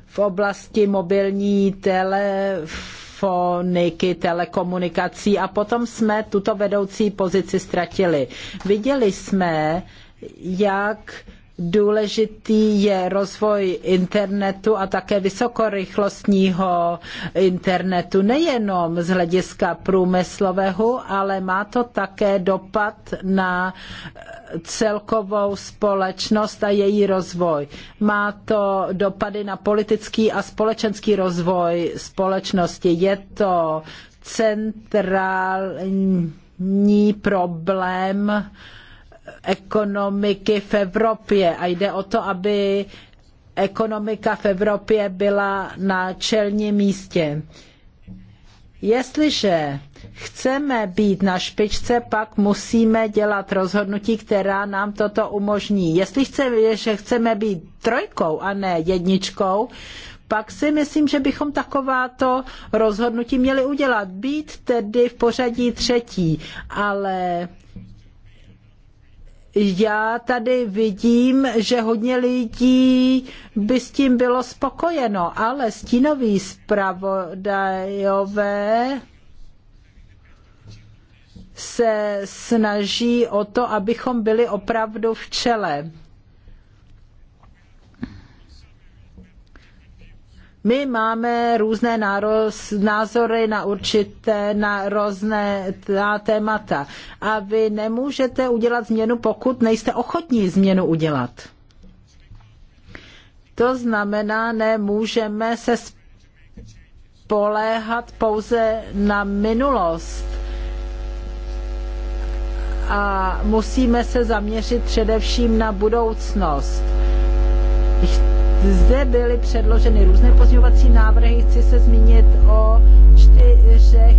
v oblasti mobilní telefoniky, telekomunikací a potom jsme tuto vedoucí pozici ztratili. Viděli jsme, jak důležitý je rozvoj internetu a také vysokorychlostního internetu, nejenom z hlediska průmyslového, ale má to také dopad na celkovou společnost a její rozvoj. Má to dopady na politický a společenský rozvoj společnosti. Je to centrální problém ekonomiky v Evropě a jde o to, aby ekonomika v Evropě byla na čelním místě. Jestliže chceme být na špičce, pak musíme dělat rozhodnutí, která nám toto umožní. Jestli chceme, že chceme být trojkou a ne jedničkou, pak si myslím, že bychom takováto rozhodnutí měli udělat. Být tedy v pořadí třetí, ale já tady vidím, že hodně lidí by s tím bylo spokojeno, ale stínoví zpravodajové se snaží o to, abychom byli opravdu v čele. My máme různé nároz, názory na určité, na různé témata. A vy nemůžete udělat změnu, pokud nejste ochotní změnu udělat. To znamená, nemůžeme se spoléhat pouze na minulost. A musíme se zaměřit především na budoucnost zde byly předloženy různé pozměňovací návrhy. Chci se zmínit o čtyřech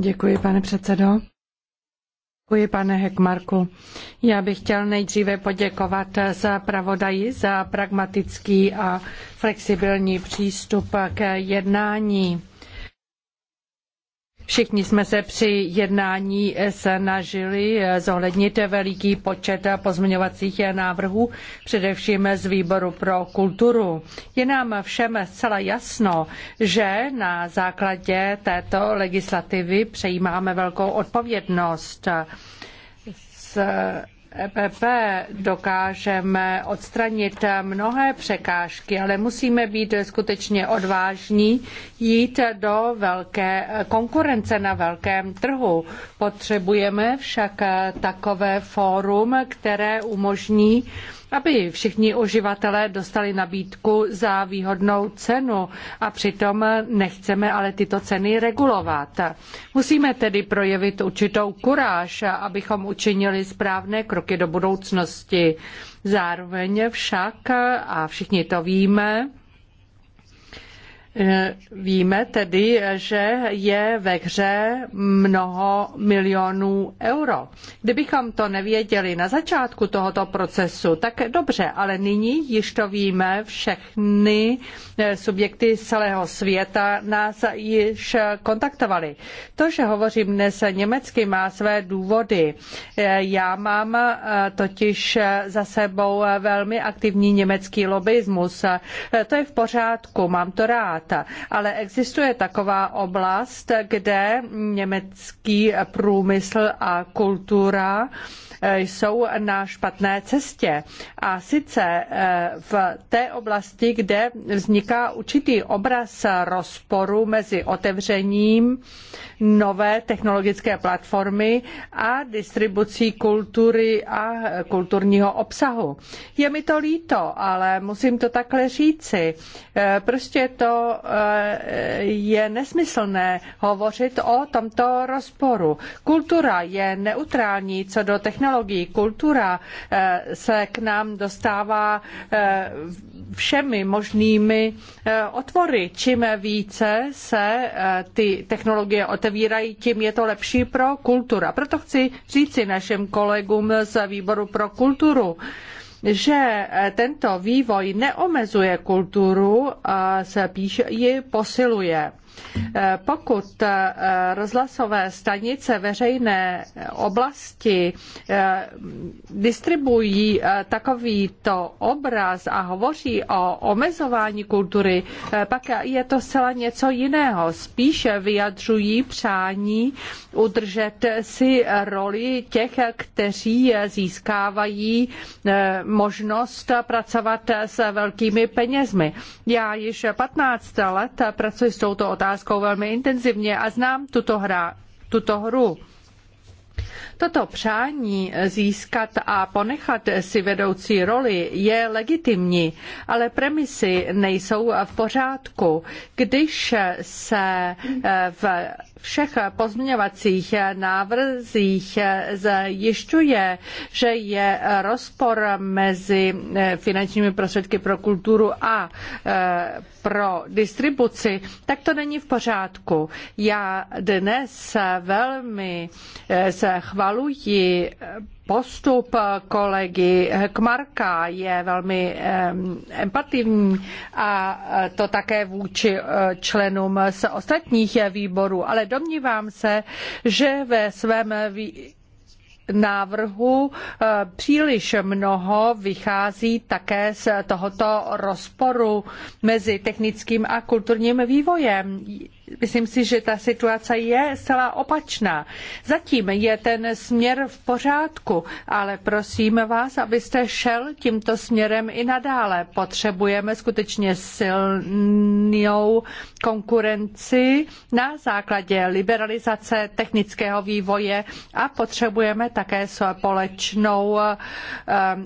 Děkuji, pane předsedo. Děkuji, pane Hekmarku. Já bych chtěl nejdříve poděkovat za pravodaji za pragmatický a flexibilní přístup k jednání Všichni jsme se při jednání snažili zohlednit veliký počet pozměňovacích návrhů, především z výboru pro kulturu. Je nám všem zcela jasno, že na základě této legislativy přejímáme velkou odpovědnost EPP dokážeme odstranit mnohé překážky, ale musíme být skutečně odvážní jít do velké konkurence na velkém trhu. Potřebujeme však takové fórum, které umožní aby všichni uživatelé dostali nabídku za výhodnou cenu a přitom nechceme ale tyto ceny regulovat. Musíme tedy projevit určitou kuráž, abychom učinili správné kroky do budoucnosti. Zároveň však, a všichni to víme, Eh, víme tedy, že je ve hře mnoho milionů euro. Kdybychom to nevěděli na začátku tohoto procesu, tak dobře, ale nyní již to víme, všechny eh, subjekty z celého světa nás již kontaktovali. To, že hovořím dnes německy, má své důvody. Eh, já mám totiž za sebou velmi aktivní německý lobbyismus. To je v pořádku, mám to rád data. Ale existuje taková oblast, kde německý průmysl a kultura jsou na špatné cestě. A sice eh, v té oblasti, kde vzniká určitý obraz rozporu mezi otevřením nové technologické platformy a distribucí kultury a kulturního obsahu. Je mi to líto, ale musím to takhle říci. Eh, prostě to eh, je nesmyslné hovořit o tomto rozporu. Kultura je neutrální co do technologií technologií, kultura eh, se k nám dostává eh, všemi možnými eh, otvory. Čím více se ty technologie otevírají, tím je to lepší pro kulturu. A proto chci říci našim kolegům z výboru pro kulturu, že tento vývoj neomezuje kulturu a se píše ji posiluje. Eh, pokud eh, rozhlasové stanice veřejné oblasti eh, distribuují takovýto obraz a hovoří o omezování kultury, pak je to zcela něco jiného. Spíše vyjadřují přání udržet si roli těch, kteří získávají možnost pracovat s velkými penězmi. Já již 15 let pracuji s touto otázkou otázkou velmi intenzivně a znám tuto, hra, tuto hru. Toto přání získat a ponechat si vedoucí roli je legitimní, ale premisy nejsou v pořádku. Když se eh, v všech pozměňovacích návrzích zjišťuje, že je rozpor mezi eh, finančními prostředky pro kulturu a eh, pro distribuci, tak to není v pořádku. Já dnes velmi eh, chvaluji postup eh, kolegy Kmarka je velmi empativní a eh, to také vůči eh, členům z ostatních výborů, ale domnívám se, že ve svém vý návrhu příliš mnoho vychází také z tohoto rozporu mezi technickým a kulturním vývojem myslím si, že ta situace je zcela opačná. Zatím je ten směr v pořádku, ale prosím vás, abyste šel tímto směrem i nadále. Potřebujeme skutečně silnou konkurenci na základě liberalizace technického vývoje a potřebujeme také společnou eh,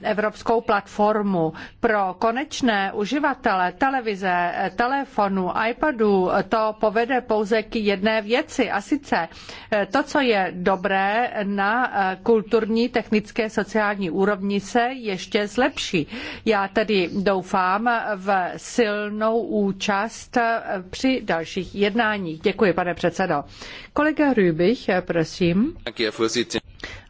evropskou platformu pro konečné uživatele televize, eh, telefonu, iPadu. To povede vede pouze k jedné věci a sice eh, to, co je dobré na eh, kulturní, technické, sociální úrovni se ještě zlepší. Já tedy doufám v silnou účast eh, při dalších jednáních. Děkuji, pane předsedo. Kolega Rübich, prosím.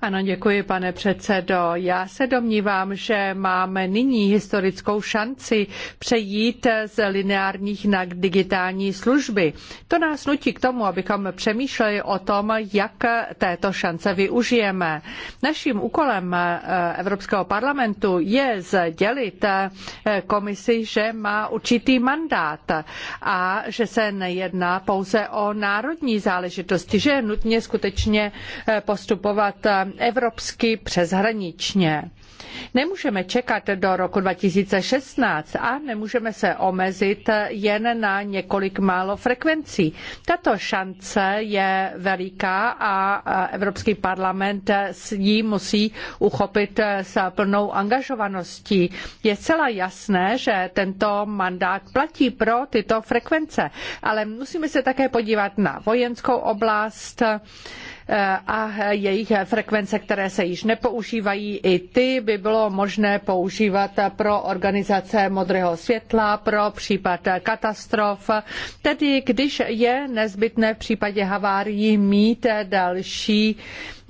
Ano, děkuji, pane předsedo. Já se domnívám, že máme nyní historickou šanci přejít z lineárních na digitální služby. To nás nutí k tomu, abychom přemýšleli o tom, jak této šance využijeme. Naším úkolem eh, Evropského parlamentu je sdělit eh, komisi, že má určitý mandát a že se nejedná pouze o národní záležitosti, že je nutně skutečně eh, postupovat evropsky přeshraničně. Nemůžeme čekat do roku 2016 a nemůžeme se omezit jen na několik málo frekvencí. Tato šance je veliká a Evropský parlament s ní musí uchopit s plnou angažovaností. Je zcela jasné, že tento mandát platí pro tyto frekvence, ale musíme se také podívat na vojenskou oblast, Eh, a jejich frekvence, které se již nepoužívají, i ty by bylo možné používat pro organizace modrého světla, pro případ katastrof, tedy když je nezbytné v případě havárií mít další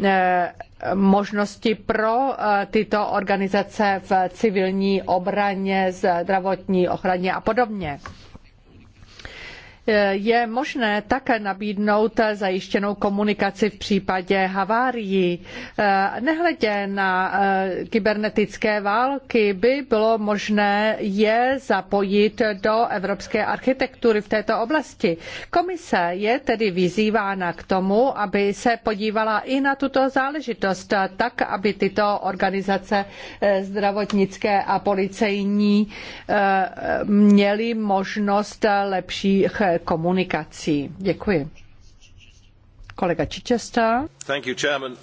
eh, možnosti pro eh, tyto organizace v civilní obraně, zdravotní ochraně a podobně je možné také nabídnout zajištěnou komunikaci v případě havárií. Eh, nehledě na eh, kybernetické války by bylo možné je zapojit do evropské architektury v této oblasti. Komise je tedy vyzývána k tomu, aby se podívala i na tuto záležitost, tak aby tyto organizace eh, zdravotnické a policejní měly možnost lepších komunikací. Děkuji. Kolega Čičesta. Thank you, chairman.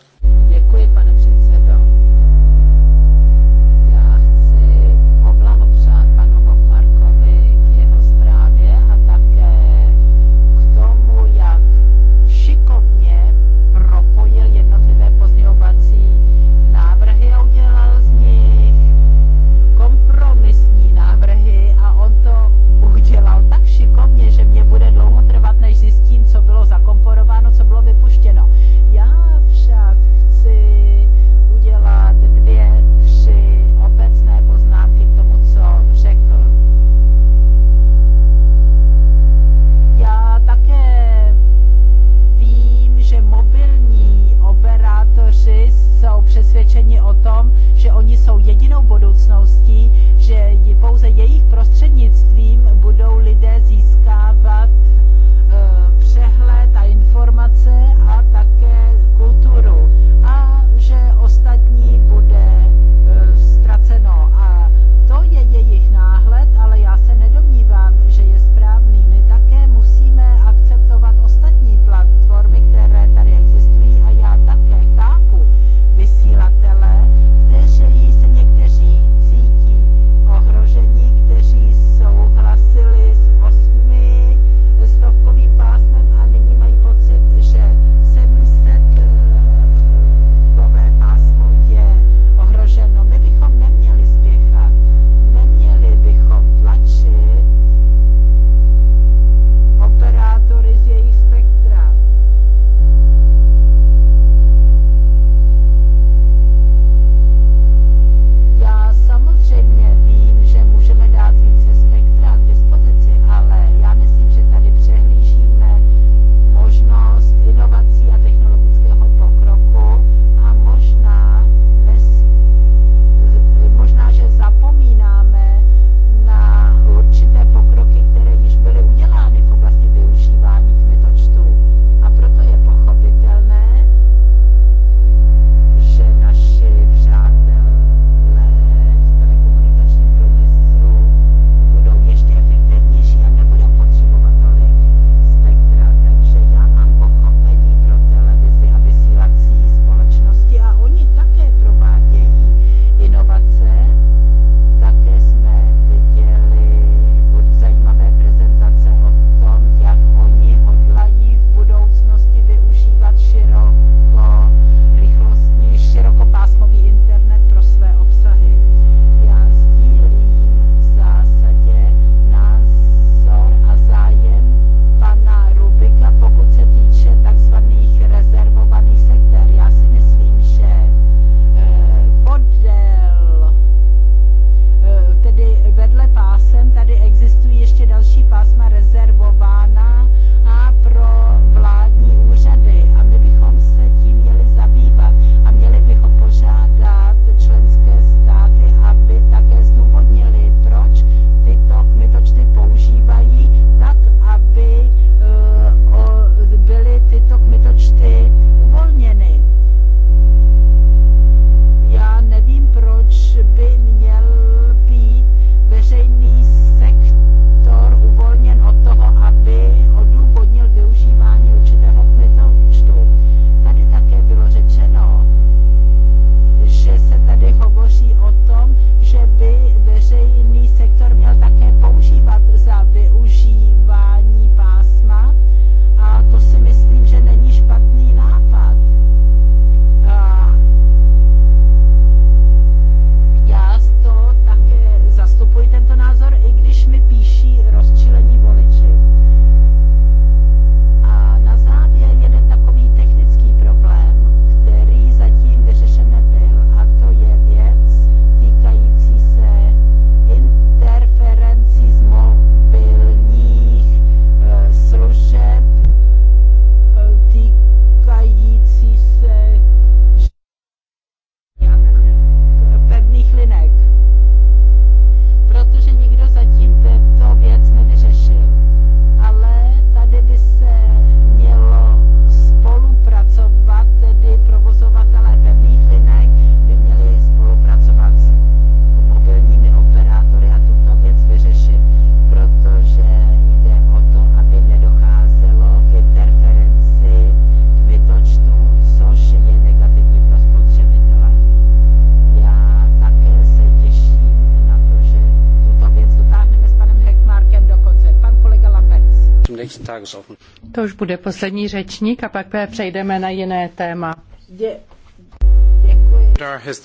to už bude poslední řečník a pak přejdeme na jiné téma.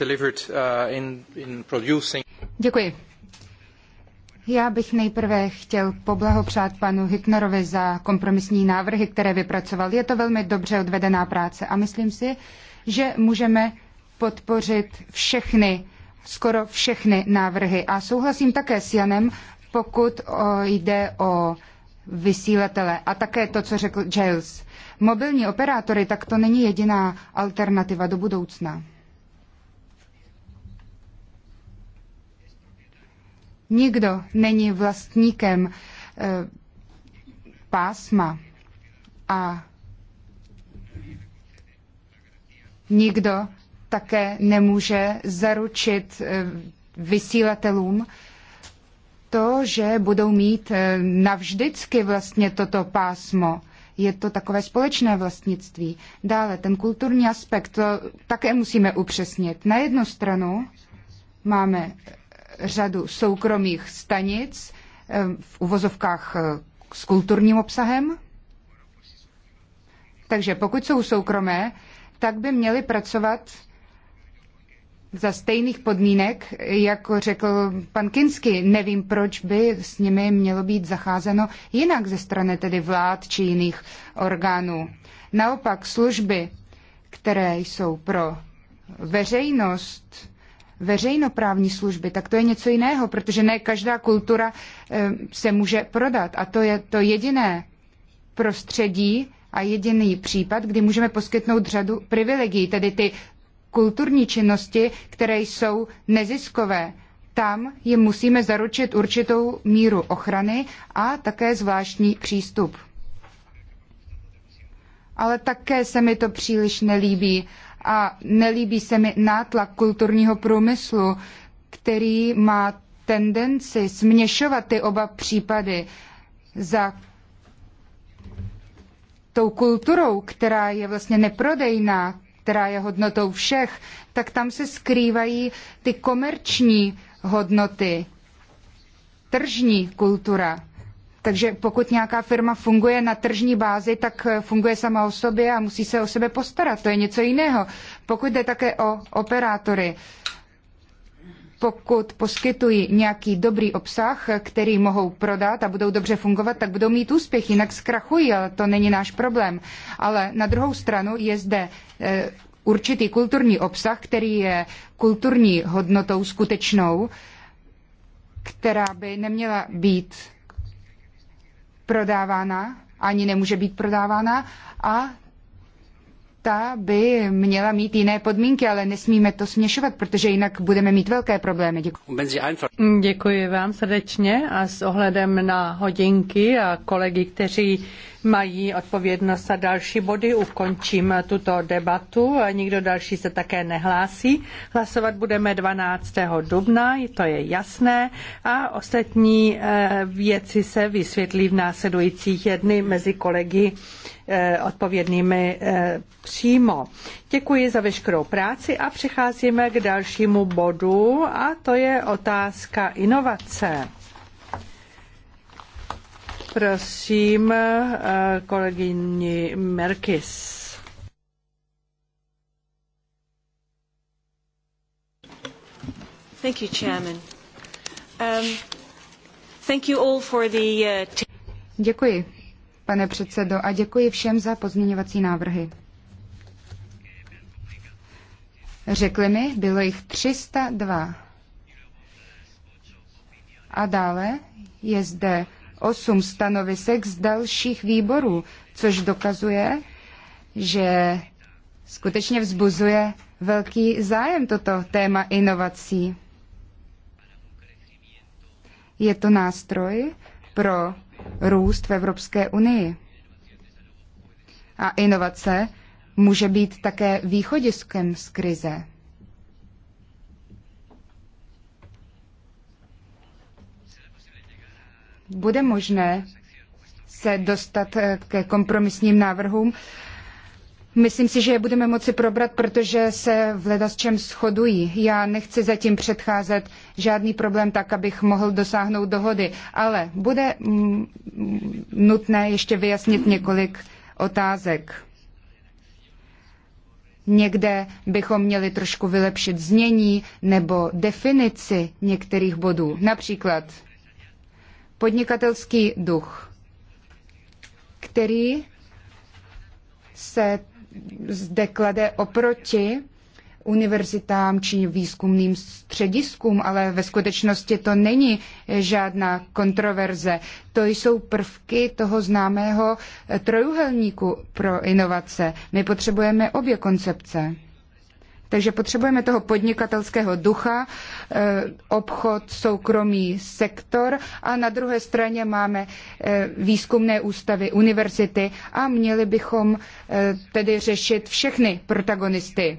děkuji. Uh, děkuji. Já bych nejprve chtěl poblahopřát panu Hitnerovi za kompromisní návrhy, které vypracoval. Je to velmi dobře odvedená práce a myslím si, že můžeme podpořit všechny, skoro všechny návrhy. A souhlasím také s Janem, pokud jde o vysílatele. A také to, co řekl Giles. Mobilní operátory, tak to není jediná alternativa do budoucna. Nikdo není vlastníkem e, pásma a nikdo také nemůže zaručit eh, vysílatelům, to, že budou mít eh, navždycky vlastně toto pásmo. Je to takové společné vlastnictví. Dále ten kulturní aspekt, to také musíme upřesnit. Na jednu stranu máme eh, řadu soukromých stanic eh, v uvozovkách s kulturním obsahem. Takže pokud jsou soukromé, tak by měly pracovat za stejných podmínek, jako řekl pan Kinsky. Nevím, proč by s nimi mělo být zacházeno jinak ze strany tedy vlád či jiných orgánů. Naopak služby, které jsou pro veřejnost, veřejnoprávní služby, tak to je něco jiného, protože ne každá kultura eh, se může prodat. A to je to jediné prostředí a jediný případ, kdy můžeme poskytnout řadu privilegií, tedy ty kulturní činnosti, které jsou neziskové. Tam jim musíme zaručit určitou míru ochrany a také zvláštní přístup. Ale také se mi to příliš nelíbí a nelíbí se mi nátlak kulturního průmyslu, který má tendenci směšovat ty oba případy za tou kulturou, která je vlastně neprodejná, která je hodnotou všech, tak tam se skrývají ty komerční hodnoty, tržní kultura. Takže pokud nějaká firma funguje na tržní bázi, tak funguje sama o sobě a musí se o sebe postarat. To je něco jiného. Pokud jde také o operátory, pokud poskytují nějaký dobrý obsah, který mohou prodat a budou dobře fungovat, tak budou mít úspěch, jinak zkrachují, ale to není náš problém. Ale na druhou stranu je zde eh, určitý kulturní obsah, který je kulturní hodnotou skutečnou, která by neměla být prodávána, ani nemůže být prodávána a ta by měla mít jiné podmínky, ale nesmíme to směšovat, protože jinak budeme mít velké problémy. Děkuji. Děkuji vám srdečně a s ohledem na hodinky a kolegy, kteří mají odpovědnost a další body. Ukončím tuto debatu. Nikdo další se také nehlásí. Hlasovat budeme 12. dubna, to je jasné. A ostatní eh, věci se vysvětlí v následujících dny mezi kolegy eh, odpovědnými eh, přímo. Děkuji za veškerou práci a přecházíme k dalšímu bodu a to je otázka inovace prosím eh, kolegyni Merkis. Thank you, Chairman. Um, thank you all for the, uh, děkuji, pane předsedo, a děkuji všem za pozměňovací návrhy. Řekli mi, bylo jich 302. A dále je zde osm stanovisek z dalších výborů, což dokazuje, že skutečně vzbuzuje velký zájem toto téma inovací. Je to nástroj pro růst v Evropské unii. A inovace může být také východiskem z krize. bude možné se dostat eh, ke kompromisním návrhům. Myslím si, že je budeme moci probrat, protože se v leda s čem shodují. Já nechci zatím předcházet žádný problém tak, abych mohl dosáhnout dohody, ale bude mm, nutné ještě vyjasnit několik otázek. Někde bychom měli trošku vylepšit znění nebo definici některých bodů. Například podnikatelský duch, který se zde klade oproti univerzitám či výzkumným střediskům, ale ve skutečnosti to není žádná kontroverze. To jsou prvky toho známého trojuhelníku pro inovace. My potřebujeme obě koncepce. Takže potřebujeme toho podnikatelského ducha, e, obchod, soukromý sektor a na druhé straně máme e, výzkumné ústavy, univerzity a měli bychom e, tedy řešit všechny protagonisty.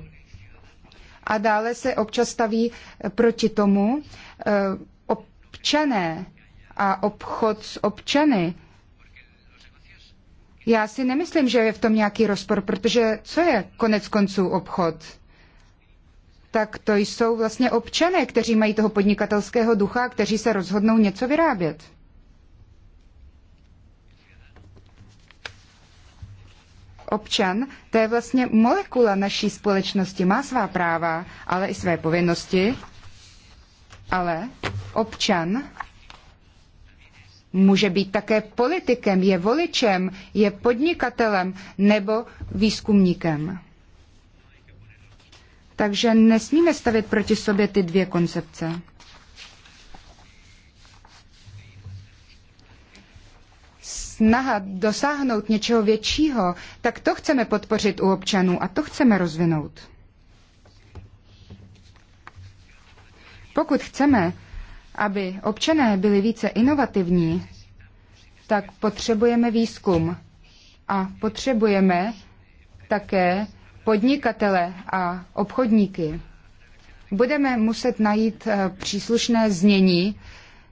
A dále se občas staví proti tomu občané a obchod s občany. Já si nemyslím, že je v tom nějaký rozpor, protože co je konec konců obchod? tak to jsou vlastně občané, kteří mají toho podnikatelského ducha, kteří se rozhodnou něco vyrábět. Občan, to je vlastně molekula naší společnosti, má svá práva, ale i své povinnosti. Ale občan může být také politikem, je voličem, je podnikatelem nebo výzkumníkem. Takže nesmíme stavět proti sobě ty dvě koncepce. Snaha dosáhnout něčeho většího, tak to chceme podpořit u občanů a to chceme rozvinout. Pokud chceme, aby občané byli více inovativní, tak potřebujeme výzkum a potřebujeme také podnikatele a obchodníky. Budeme muset najít eh, příslušné znění,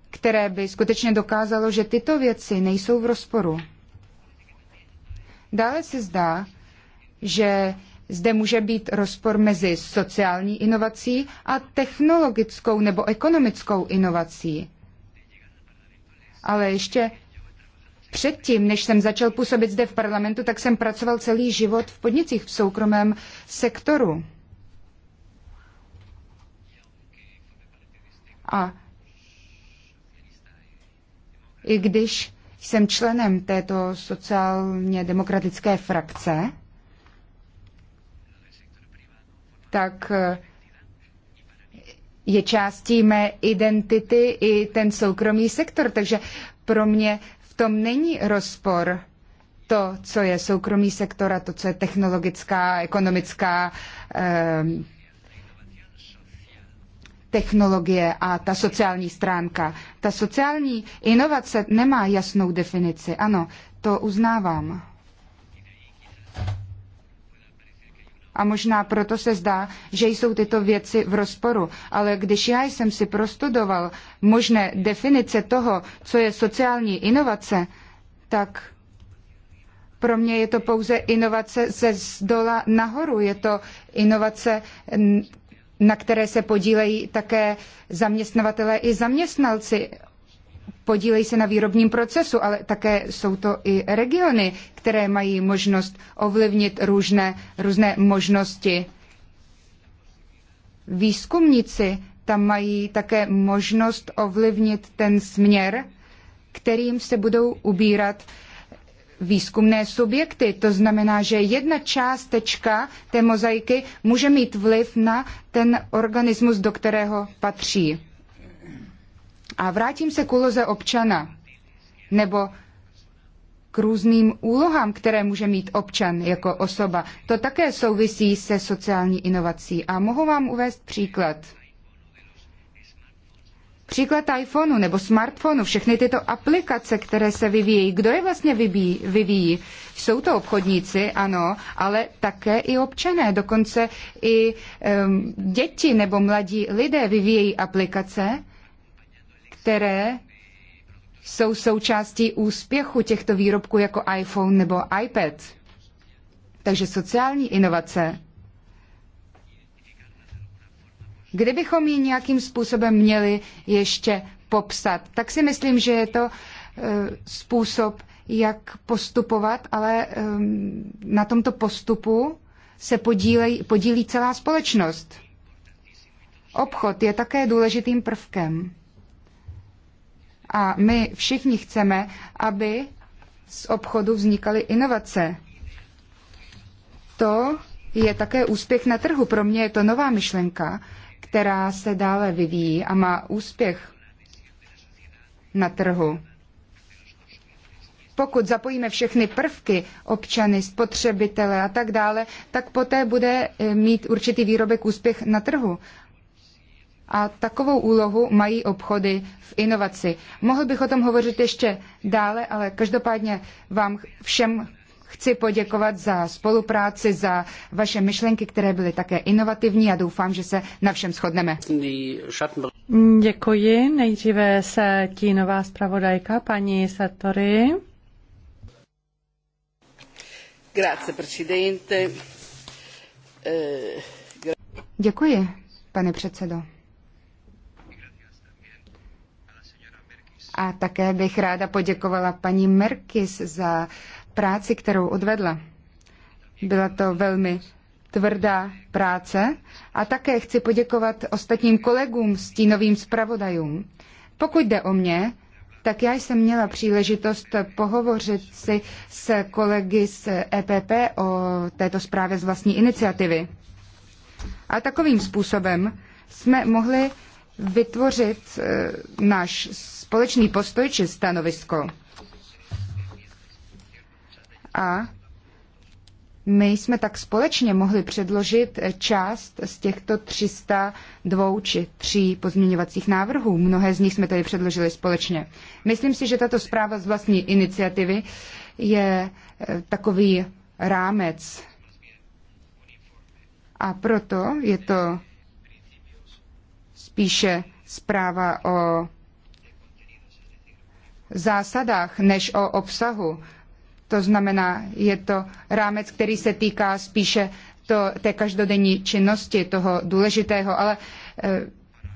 které by skutečně dokázalo, že tyto věci nejsou v rozporu. Dále se zdá, že zde může být rozpor mezi sociální inovací a technologickou nebo ekonomickou inovací. Ale ještě Předtím, než jsem začal působit zde v parlamentu, tak jsem pracoval celý život v podnicích v soukromém sektoru. A i když jsem členem této sociálně demokratické frakce, tak eh, je částí mé identity i ten soukromý sektor, takže pro mě tom není rozpor to, co je soukromý sektor a to, co je technologická, ekonomická eh, technologie a ta sociální stránka. Ta sociální inovace nemá jasnou definici. Ano, to uznávám a možná proto se zdá, že jsou tyto věci v rozporu. Ale když já jsem si prostudoval možné definice toho, co je sociální inovace, tak pro mě je to pouze inovace ze zdola nahoru. Je to inovace, na které se podílejí také zaměstnavatelé i zaměstnalci podílejí se na výrobním procesu, ale také jsou to i regiony, které mají možnost ovlivnit různé, různé možnosti. Výzkumníci tam mají také možnost ovlivnit ten směr, kterým se budou ubírat výzkumné subjekty. To znamená, že jedna částečka té mozaiky může mít vliv na ten organismus, do kterého patří. A vrátím se k úloze občana nebo k různým úlohám, které může mít občan jako osoba. To také souvisí se sociální inovací. A mohu vám uvést příklad. Příklad iPhoneu nebo smartphoneu, všechny tyto aplikace, které se vyvíjí, kdo je vlastně vybí, vyvíjí? Jsou to obchodníci, ano, ale také i občané, dokonce i um, děti nebo mladí lidé vyvíjejí aplikace, které jsou součástí úspěchu těchto výrobků jako iPhone nebo iPad. Takže sociální inovace. Kdybychom ji nějakým způsobem měli ještě popsat, tak si myslím, že je to eh, způsob, jak postupovat, ale eh, na tomto postupu se podílej, podílí celá společnost. Obchod je také důležitým prvkem. A my všichni chceme, aby z obchodu vznikaly inovace. To je také úspěch na trhu. Pro mě je to nová myšlenka, která se dále vyvíjí a má úspěch na trhu. Pokud zapojíme všechny prvky, občany, spotřebitele a tak dále, tak poté bude eh, mít určitý výrobek úspěch na trhu a takovou úlohu mají obchody v inovaci. Mohl bych o tom hovořit ještě dále, ale každopádně vám všem chci poděkovat za spolupráci, za vaše myšlenky, které byly také inovativní a doufám, že se na všem shodneme. Děkuji. Nejdříve se nová zpravodajka, paní Satory. Grazie, presidente. Eh, Děkuji, pane předsedo. A také bych ráda poděkovala paní Merkis za práci, kterou odvedla. Byla to velmi tvrdá práce a také chci poděkovat ostatním kolegům, stínovým zpravodajům. Pokud jde o mě, tak já jsem měla příležitost pohovořit si s kolegy z EPP o této zprávě z vlastní iniciativy. A takovým způsobem jsme mohli vytvořit eh, náš společný postoj či stanovisko. A my jsme tak společně mohli předložit eh, část z těchto 302 či 3 pozměňovacích návrhů. Mnohé z nich jsme tady předložili společně. Myslím si, že tato zpráva z vlastní iniciativy je eh, takový rámec. A proto je to spíše zpráva o zásadách než o obsahu. To znamená, je to rámec, který se týká spíše to, té každodenní činnosti, toho důležitého, ale eh,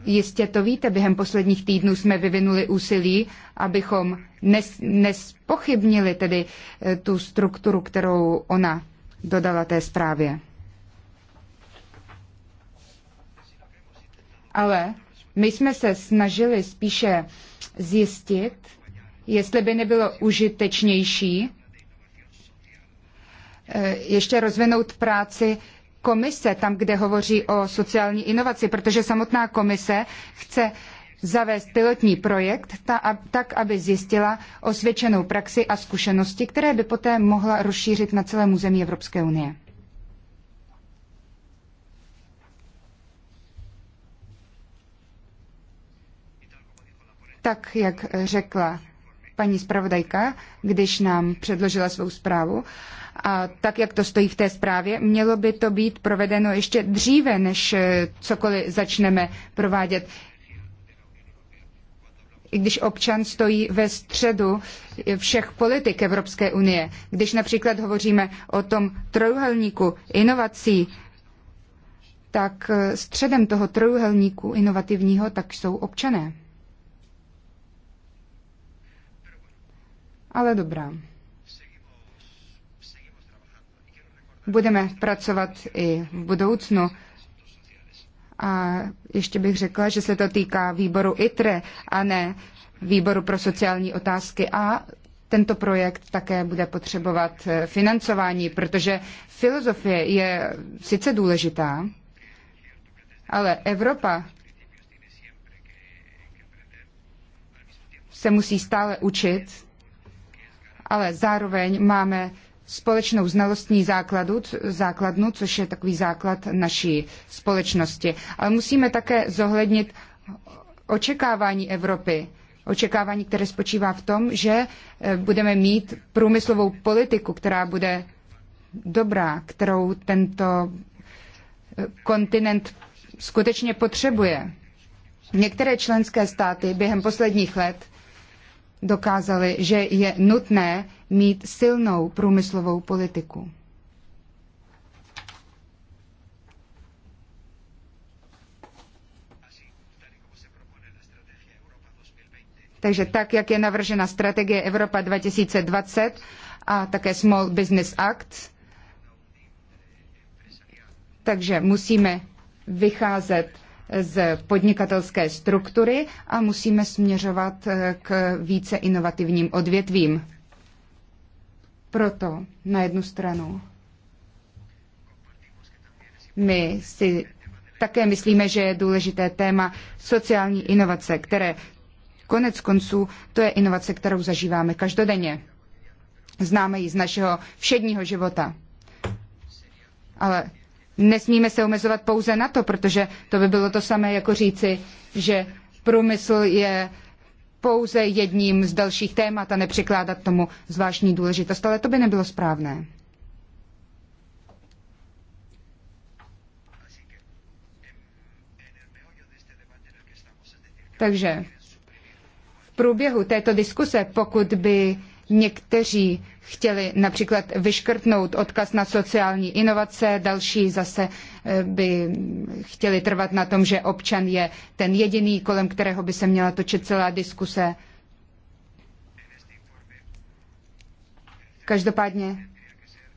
jistě to víte, během posledních týdnů jsme vyvinuli úsilí, abychom nes, nespochybnili tedy eh, tu strukturu, kterou ona dodala té zprávě. ale my jsme se snažili spíše zjistit, jestli by nebylo užitečnější eh, ještě rozvinout práci komise, tam, kde hovoří o sociální inovaci, protože samotná komise chce zavést pilotní projekt ta, tak, aby zjistila osvědčenou praxi a zkušenosti, které by poté mohla rozšířit na celém území Evropské unie. Tak, jak řekla paní zpravodajka, když nám předložila svou zprávu, a tak, jak to stojí v té zprávě, mělo by to být provedeno ještě dříve, než eh, cokoliv začneme provádět. I když občan stojí ve středu všech politik Evropské unie, když například hovoříme o tom trojuhelníku inovací, tak eh, středem toho trojuhelníku inovativního tak jsou občané. ale dobrá. Budeme pracovat i v budoucnu. A ještě bych řekla, že se to týká výboru ITRE a ne výboru pro sociální otázky a tento projekt také bude potřebovat eh, financování, protože filozofie je sice důležitá, ale Evropa se musí stále učit ale zároveň máme společnou znalostní základu, základnu, což je takový základ naší společnosti. Ale musíme také zohlednit očekávání Evropy. Očekávání, které spočívá v tom, že eh, budeme mít průmyslovou politiku, která bude dobrá, kterou tento eh, kontinent skutečně potřebuje. Některé členské státy během posledních let dokázali, že je nutné mít silnou průmyslovou politiku. Takže tak, jak je navržena strategie Evropa 2020 a také Small Business Act, takže musíme vycházet z podnikatelské struktury a musíme směřovat eh, k více inovativním odvětvím. Proto na jednu stranu my si také myslíme, že je důležité téma sociální inovace, které konec konců to je inovace, kterou zažíváme každodenně. Známe ji z našeho všedního života. Ale Nesmíme se omezovat pouze na to, protože to by bylo to samé jako říci, že průmysl je pouze jedním z dalších témat a nepřikládat tomu zvláštní důležitost, ale to by nebylo správné. Takže v průběhu této diskuse, pokud by Někteří chtěli například vyškrtnout odkaz na sociální inovace, další zase eh, by chtěli trvat na tom, že občan je ten jediný, kolem kterého by se měla točit celá diskuse. Každopádně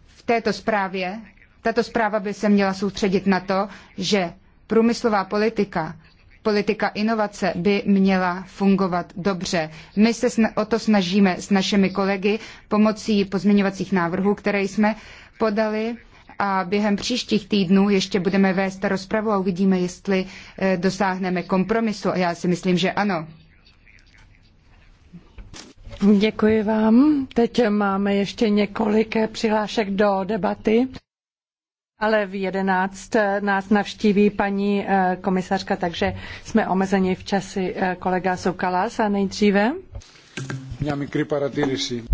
v této zprávě, tato zpráva by se měla soustředit na to, že průmyslová politika politika inovace by měla fungovat dobře. My se o to snažíme s našimi kolegy pomocí pozměňovacích návrhů, které jsme podali a během příštích týdnů ještě budeme vést rozpravu a uvidíme, jestli eh, dosáhneme kompromisu. A já si myslím, že ano. Děkuji vám. Teď máme ještě několik eh, přihlášek do debaty. Ale v 11 nás navštíví paní eh, komisařka, takže jsme omezeni v čase, eh, kolega Soukalas a nejdříve. Μια μικρή παρατήρηση.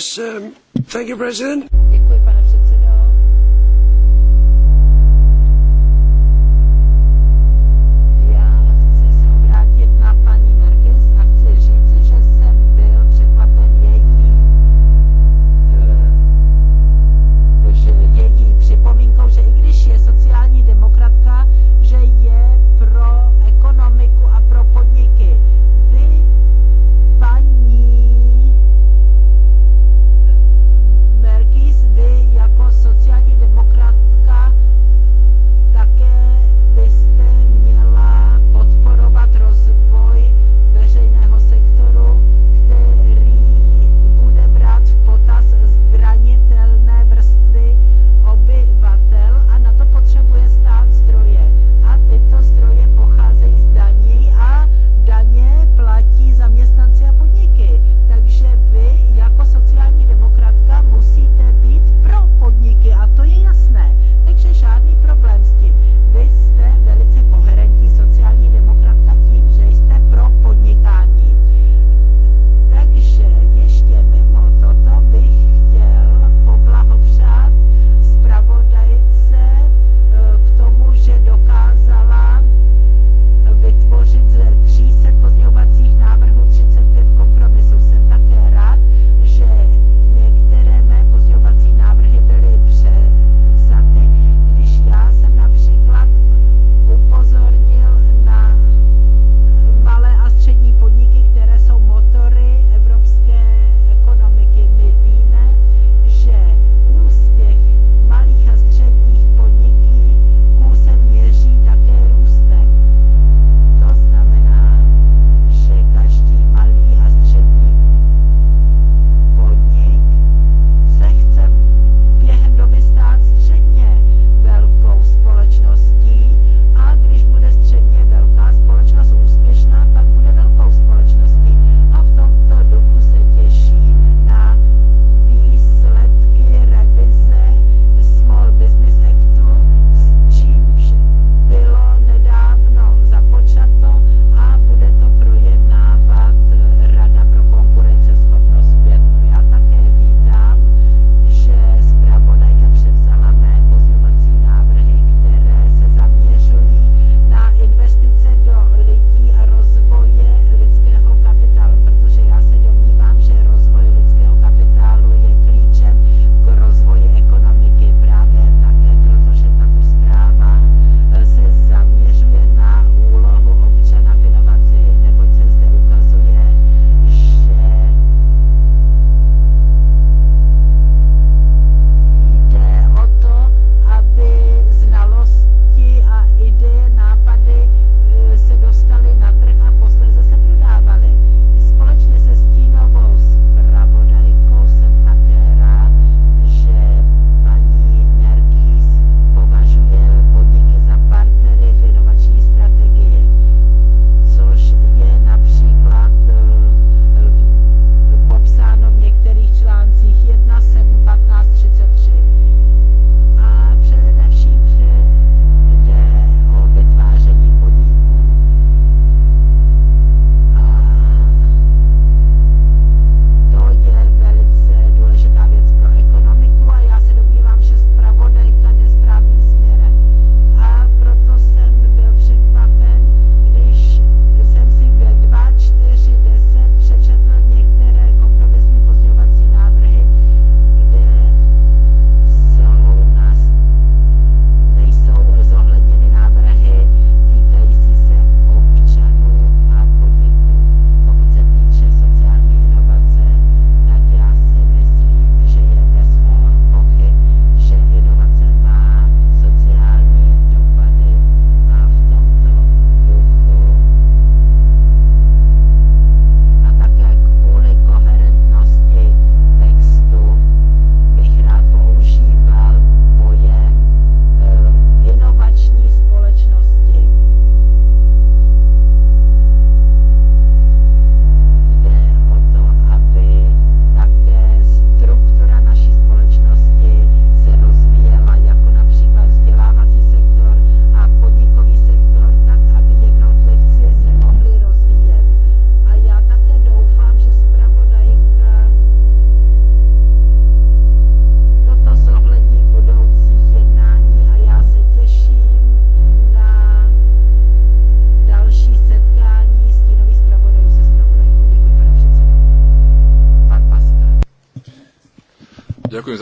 Yes, um, thank you, President.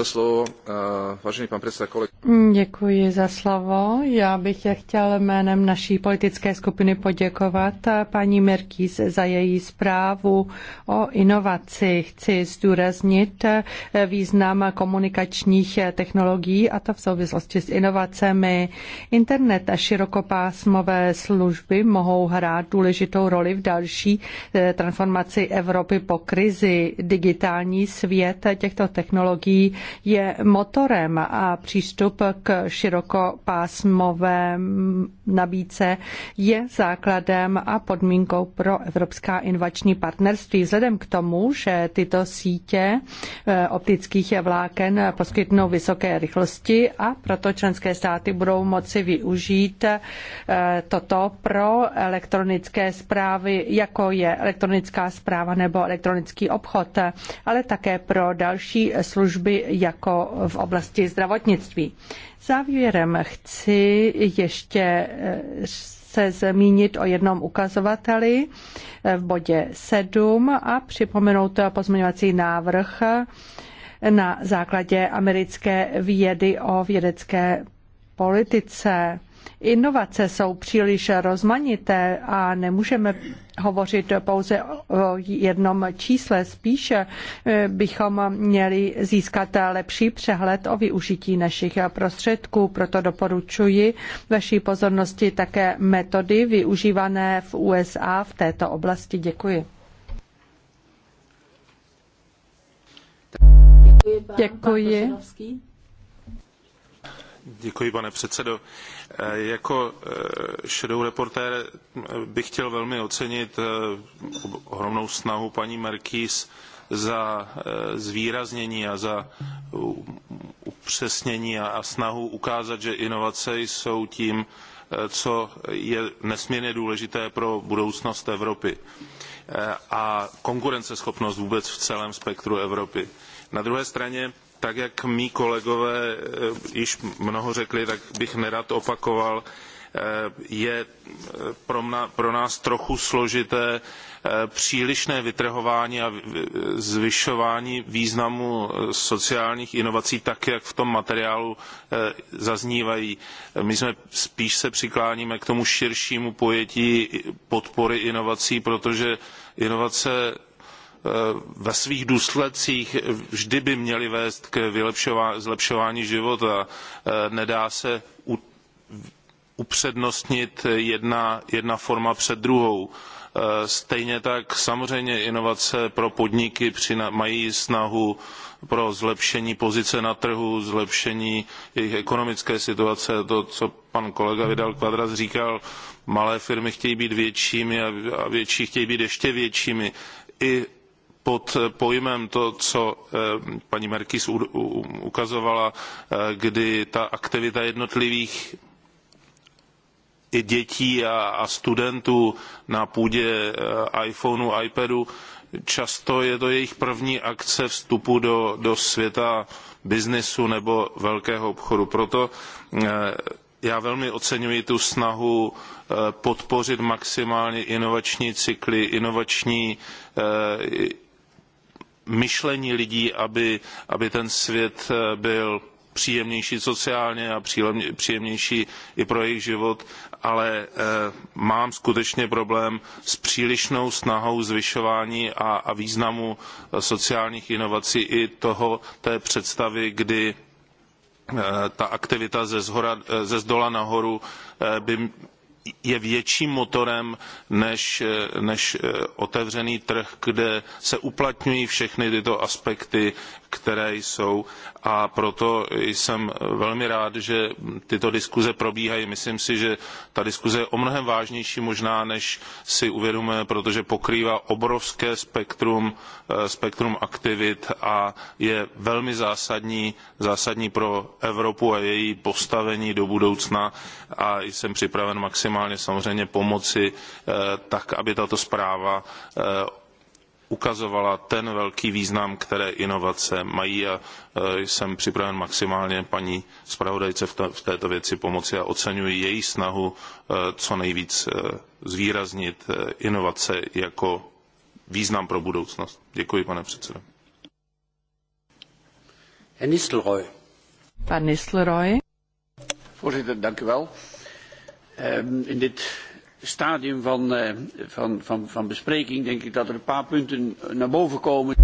slovo. Eh, vážený pan předseda, kolik... Mm, děkuji za slovo. Já bych je chtěl jménem naší politické skupiny poděkovat eh, paní Merkýz za její zprávu o inovaci. Chci zdůraznit eh, význam komunikačních technologií a to v souvislosti s inovacemi. Internet a širokopásmové služby mohou hrát důležitou roli v další transformaci Evropy po krizi. Digitální svět těchto technologií je motorem a přístup k širokopásmové nabídce je základem a podmínkou pro evropská inovační partnerství. Vzhledem k tomu, že tyto sítě eh, optických vláken poskytnou vysoké rychlosti a proto členské státy budou moci využít eh, toto pro elektronické zprávy, jako je elektronická zpráva nebo elektronický obchod, ale také pro další služby jako v oblasti zdravotnictví. Závěrem chci ještě eh, se zmínit o jednom ukazovateli eh, v bodě 7 a připomenout pozměňovací návrh eh, na základě americké vědy o vědecké politice. Inovace jsou příliš rozmanité a nemůžeme hovořit pouze o jednom čísle. Spíše eh, bychom měli získat lepší přehled o využití našich prostředků. Proto doporučuji vaší pozornosti také metody využívané v USA v této oblasti. Děkuji. Děkuji. Děkuji, pane předsedo Eh, jako eh, shadow reportér eh, bych chtěl velmi ocenit ohromnou snahu paní Merkis za zvýraznění a za upřesnění a snahu ukázat, že inovace jsou tím, co je nesmírně důležité pro budoucnost Evropy a konkurenceschopnost vůbec v celém spektru Evropy. Na druhé straně tak jak mí kolegové eh, již mnoho řekli, tak bych nerad opakoval, eh, je eh, pro nás trochu složité přílišné vytrhování a zvyšování významu sociálních inovací tak, jak v tom materiálu zaznívají. My jsme spíš se přikláníme k tomu širšímu pojetí podpory inovací, protože inovace Eh, ve svých důsledcích vždy by měly vést k zlepšování života. Eh, nedá se upřednostnit jedna, jedna forma před druhou. Eh, stejně tak samozřejmě inovace pro podniky mají snahu pro zlepšení pozice na trhu, zlepšení jejich ekonomické situace, to, co pan kolega Vidal Quadras říkal, malé firmy chtějí být většími a větší chtějí být ještě většími. I pod pojmem to, co eh, paní Merkis ukazovala, eh, kdy ta aktivita jednotlivých i dětí a, a studentů na půdě eh, iPhoneu, iPadu, často je to jejich první akce vstupu do, do světa biznesu nebo velkého obchodu. Proto já velmi oceňuji tu snahu podpořit maximálně inovační cykly, inovační myšlení lidí, aby, aby ten svět eh, byl příjemnější sociálně a příjemnější i pro jejich život, ale eh, mám skutečně problém s přílišnou snahou zvyšování a, a významu eh, sociálních inovací i toho, té představy, kdy ta aktivita ze, zhora, ze zdola nahoru by je větším motorem než, než eh, otevřený trh, kde se uplatňují všechny tyto aspekty, které jsou a proto jsem velmi rád, že tyto diskuze probíhají. Myslím si, že ta diskuze je o mnohem vážnější možná, než si uvědomujeme, protože pokrývá obrovské spektrum, eh, spektrum aktivit a je velmi zásadní, zásadní pro Evropu a její postavení do budoucna a jsem připraven maximálně samozřejmě pomoci eh, tak, aby tato zpráva eh, ukazovala ten velký význam, které inovace mají a e, jsem připraven maximálně paní zpravodajce v této věci pomoci a oceňuji její snahu e, co nejvíc e, zvýraznit inovace jako význam pro budoucnost. Děkuji, pane předsedo. Herr Nistelrooy. Pan Nistelrooy. Voorzitter, ehm, in dit stadium eh, van, bespreking denk ik dat er een paar punten naar boven komen.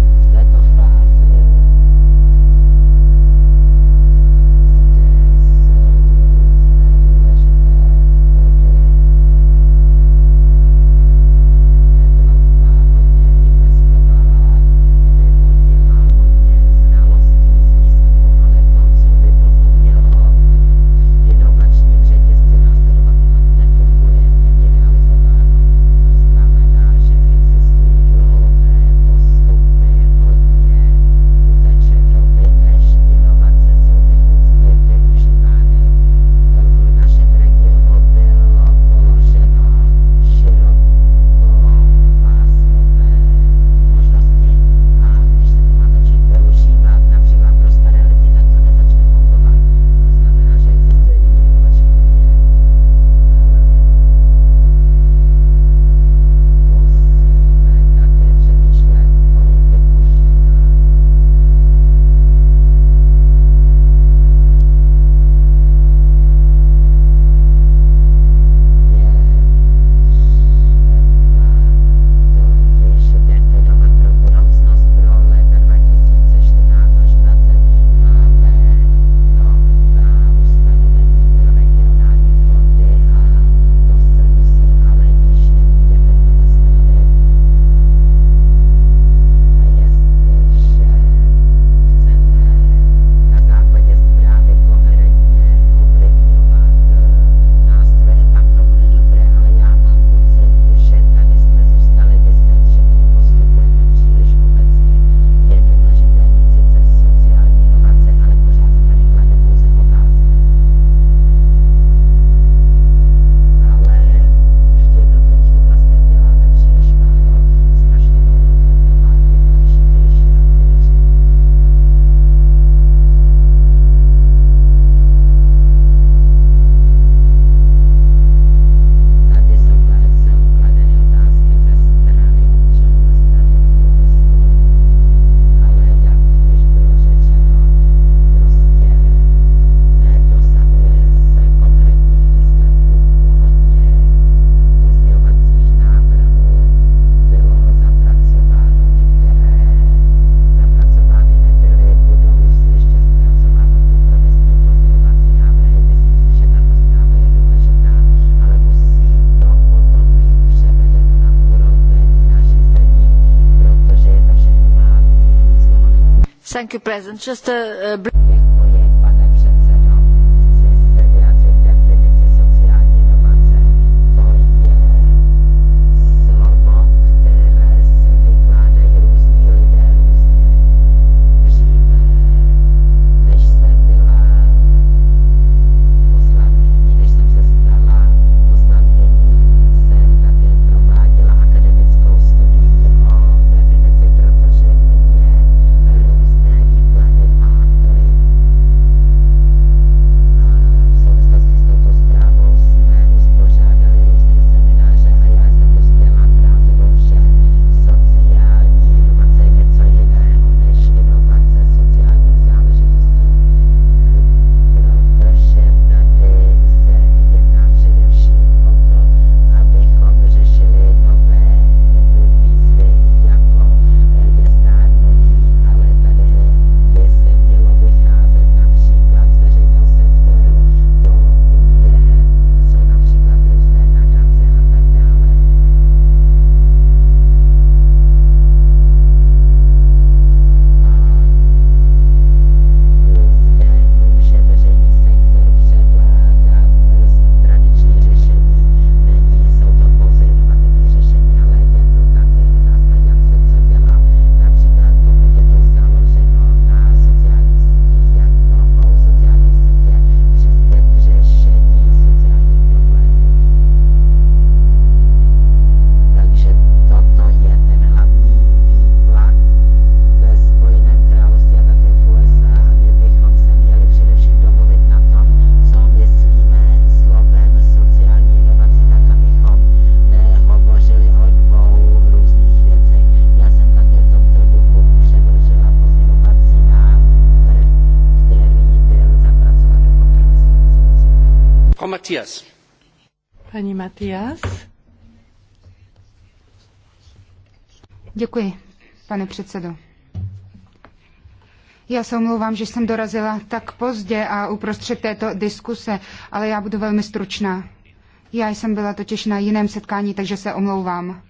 Thank you, President. Just a, a Paní Matias. Děkuji, pane předsedo. Já se omlouvám, že jsem dorazila tak pozdě a uprostřed této diskuse, ale já budu velmi stručná. Já jsem byla totiž na jiném setkání, takže se omlouvám.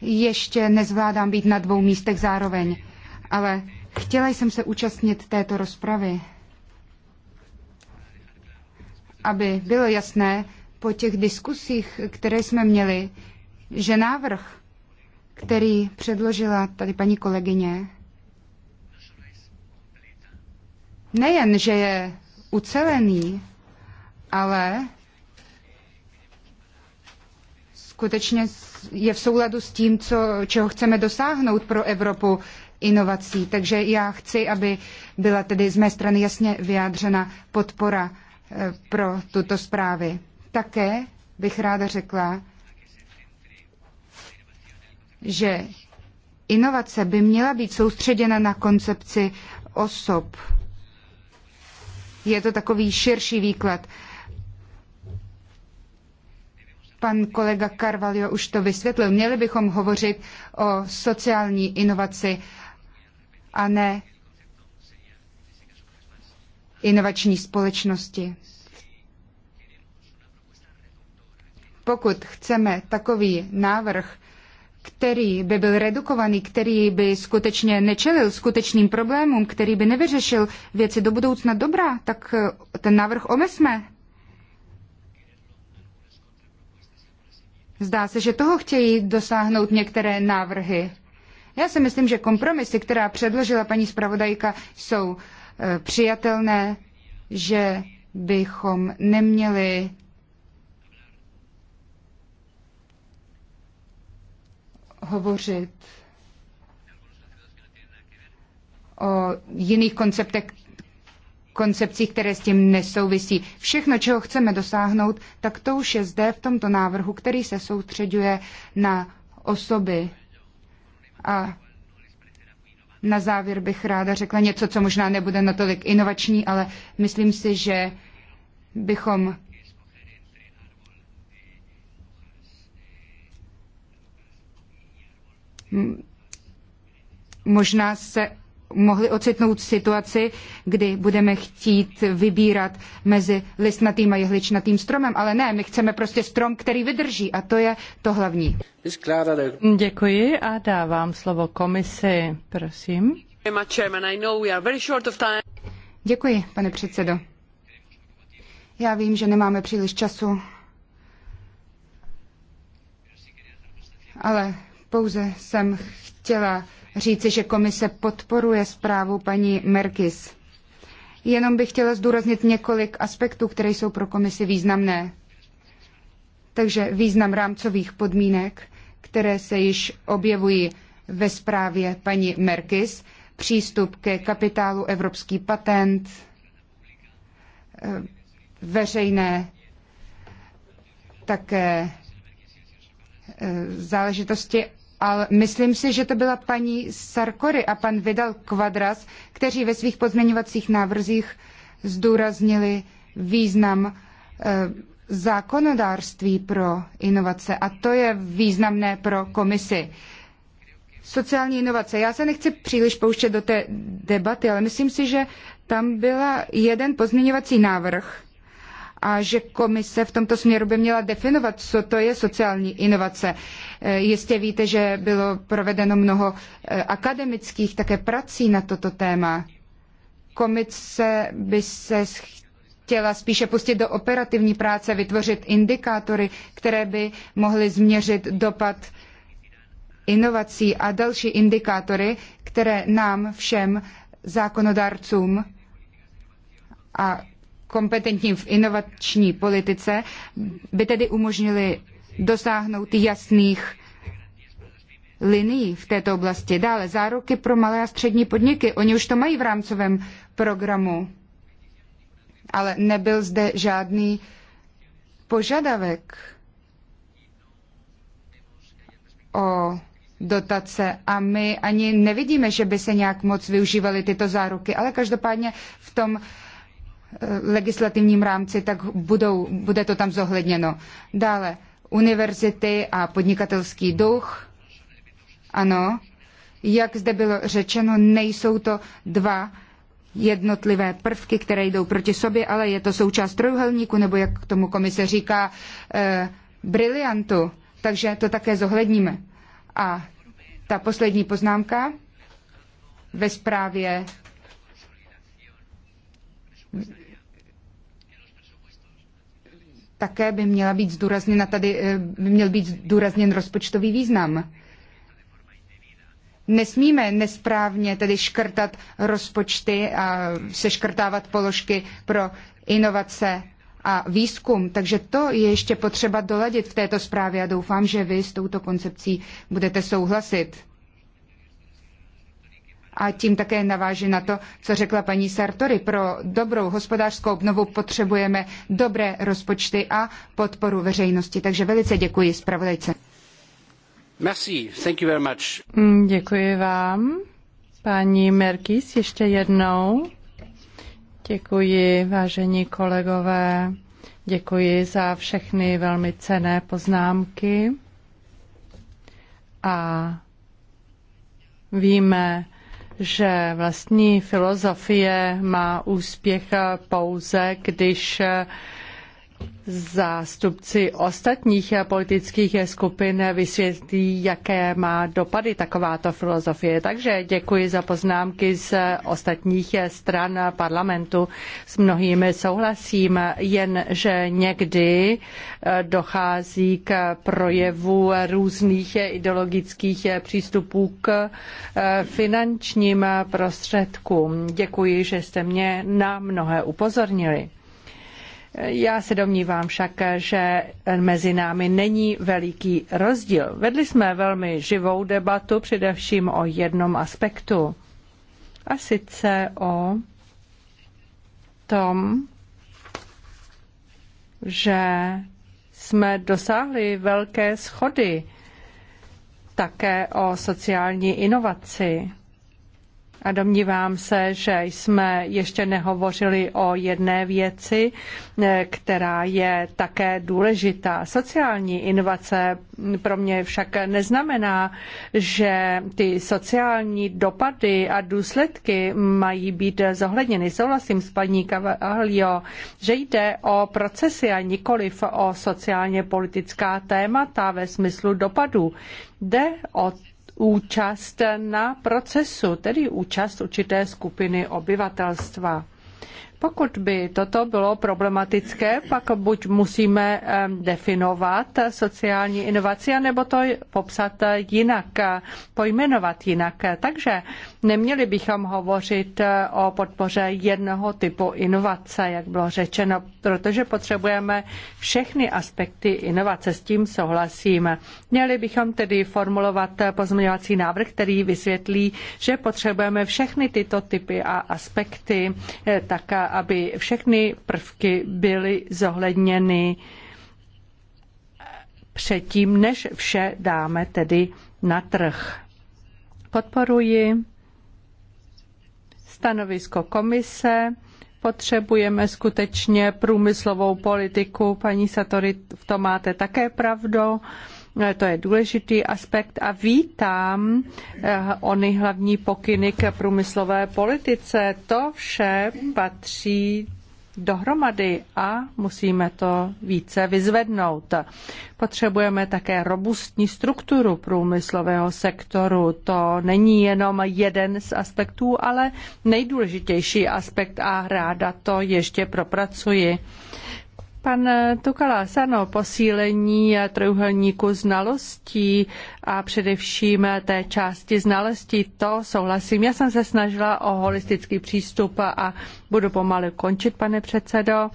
Ještě nezvládám být na dvou místech zároveň, ale chtěla jsem se účastnit této rozpravy aby bylo jasné po těch diskusích, které jsme měli, že návrh, který předložila tady paní kolegyně, nejen, že je ucelený, ale skutečně je v souladu s tím, co, čeho chceme dosáhnout pro Evropu inovací. Takže já chci, aby byla tedy z mé strany jasně vyjádřena podpora pro tuto zprávy. Také bych ráda řekla, že inovace by měla být soustředěna na koncepci osob. Je to takový širší výklad. Pan kolega Carvalho už to vysvětlil. Měli bychom hovořit o sociální inovaci a ne inovační společnosti. Pokud chceme takový návrh, který by byl redukovaný, který by skutečně nečelil skutečným problémům, který by nevyřešil věci do budoucna dobrá, tak eh, ten návrh omezme. Zdá se, že toho chtějí dosáhnout některé návrhy. Já si myslím, že kompromisy, která předložila paní zpravodajka, jsou přijatelné, že bychom neměli hovořit o jiných konceptech, koncepcích, které s tím nesouvisí. Všechno, čeho chceme dosáhnout, tak to už je zde v tomto návrhu, který se soustředuje na osoby a na závěr bych ráda řekla něco, co možná nebude natolik inovační, ale myslím si, že bychom možná se mohli ocitnout situaci, kdy budeme chtít vybírat mezi listnatým a jehličnatým stromem, ale ne, my chceme prostě strom, který vydrží a to je to hlavní. Děkuji a dávám slovo komisi, prosím. Děkuji, pane předsedo. Já vím, že nemáme příliš času, ale pouze jsem chtěla říci, že komise podporuje zprávu paní Merkis. Jenom bych chtěla zdůraznit několik aspektů, které jsou pro komisi významné. Takže význam rámcových podmínek, které se již objevují ve zprávě paní Merkis, přístup ke kapitálu Evropský patent, eh, veřejné také eh, záležitosti ale myslím si, že to byla paní Sarkory a pan Vidal Quadras, kteří ve svých pozměňovacích návrzích zdůraznili význam eh, zákonodárství pro inovace a to je významné pro komisi. Sociální inovace. Já se nechci příliš pouštět do té debaty, ale myslím si, že tam byl jeden pozměňovací návrh, a že komise v tomto směru by měla definovat, co to je sociální inovace. Eh, jistě víte, že bylo provedeno mnoho eh, akademických také prací na toto téma. Komise by se chtěla spíše pustit do operativní práce, vytvořit indikátory, které by mohly změřit dopad inovací a další indikátory, které nám všem zákonodárcům a kompetentní v inovační politice by tedy umožnili dosáhnout jasných linií v této oblasti. Dále záruky pro malé a střední podniky. Oni už to mají v rámcovém programu, ale nebyl zde žádný požadavek o dotace a my ani nevidíme, že by se nějak moc využívaly tyto záruky, ale každopádně v tom legislativním rámci, tak budou, bude to tam zohledněno. Dále univerzity a podnikatelský duch. Ano, jak zde bylo řečeno, nejsou to dva jednotlivé prvky, které jdou proti sobě, ale je to součást trojuhelníku, nebo jak k tomu komise říká, eh, briliantu. Takže to také zohledníme. A ta poslední poznámka ve zprávě také by, měla být zdůrazněna tady, by eh, měl být zdůrazněn rozpočtový význam. Nesmíme nesprávně tedy škrtat rozpočty a seškrtávat položky pro inovace a výzkum, takže to je ještě potřeba doladit v této zprávě a doufám, že vy s touto koncepcí budete souhlasit a tím také naváže na to, co řekla paní Sartori. Pro dobrou hospodářskou obnovu potřebujeme dobré rozpočty a podporu veřejnosti. Takže velice děkuji zpravodajce. Merci. Thank you very much. Mm, děkuji vám. Paní Merkis, ještě jednou. Děkuji, vážení kolegové. Děkuji za všechny velmi cené poznámky. A víme, že vlastní filozofie má úspěch pouze, když zástupci ostatních politických skupin vysvětlí, jaké má dopady takováto filozofie. Takže děkuji za poznámky z ostatních stran parlamentu. S mnohými souhlasím, jenže někdy eh, dochází k projevu různých ideologických přístupů k eh, finančním prostředkům. Děkuji, že jste mě na mnohé upozornili. Já se domnívám však, že mezi námi není veliký rozdíl. Vedli jsme velmi živou debatu především o jednom aspektu. A sice o tom, že jsme dosáhli velké schody také o sociální inovaci. A domnívám se, že jsme ještě nehovořili o jedné věci, eh, která je také důležitá. Sociální inovace pro mě však neznamená, že ty sociální dopady a důsledky mají být zohledněny. Souhlasím s paní Cavalio, že jde o procesy a nikoliv o sociálně politická témata ve smyslu dopadů. Jde o účast na procesu, tedy účast určité skupiny obyvatelstva. Pokud by toto bylo problematické, pak buď musíme definovat sociální inovaci, nebo to popsat jinak, pojmenovat jinak. Takže Neměli bychom hovořit eh, o podpoře jednoho typu inovace, jak bylo řečeno, protože potřebujeme všechny aspekty inovace, s tím souhlasím. Měli bychom tedy formulovat eh, pozměňovací návrh, který vysvětlí, že potřebujeme všechny tyto typy a aspekty, eh, tak aby všechny prvky byly zohledněny předtím, než vše dáme tedy na trh. Podporuji stanovisko komise. Potřebujeme skutečně průmyslovou politiku. Paní Satory, v tom máte také pravdu. Eh, to je důležitý aspekt a vítám eh, ony hlavní pokyny k průmyslové politice. To vše patří dohromady a musíme to více vyzvednout. Potřebujeme také robustní strukturu průmyslového sektoru. To není jenom jeden z aspektů, ale nejdůležitější aspekt a ráda to ještě propracuji. Pan Tokala, ano, posílení trojuhelníku znalostí a především té části znalostí, to souhlasím. Já jsem se snažila o holistický přístup a budu pomalu končit, pane předsedo,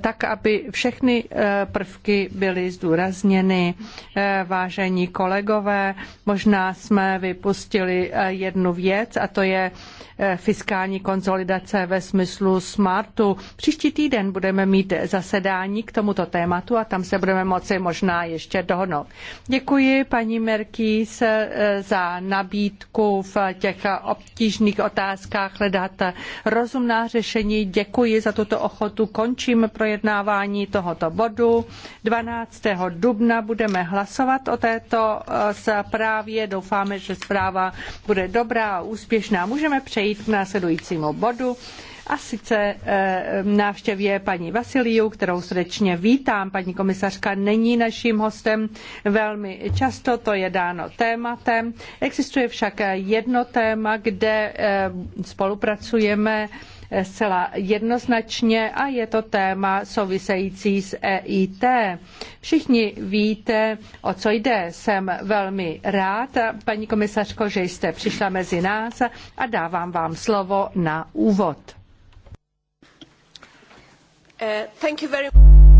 tak, aby všechny eh, prvky byly zdůrazněny. Eh, vážení kolegové, možná jsme vypustili eh, jednu věc a to je Eh, fiskální konsolidace ve smyslu smartu. Příští týden budeme mít zasedání k tomuto tématu a tam se budeme moci možná ještě dohodnout. Děkuji paní Merkýs eh, za nabídku v těch obtížných otázkách hledat rozumná řešení. Děkuji za tuto ochotu. Končím projednávání tohoto bodu. 12. dubna budeme hlasovat o této eh, zprávě. Doufáme, že zpráva bude dobrá a úspěšná. Můžeme přejít přejít k následujícímu bodu a sice eh, návštěvě paní Vasiliu, kterou srdečně vítám. Paní komisařka není naším hostem velmi často, to je dáno tématem. Existuje však jedno téma, kde eh, spolupracujeme Eh, zcela jednoznačně a je to téma související s EIT. Všichni víte, o co jde. Jsem velmi rád, paní komisařko, že jste přišla mezi nás a dávám vám slovo na úvod. Uh, thank you very much.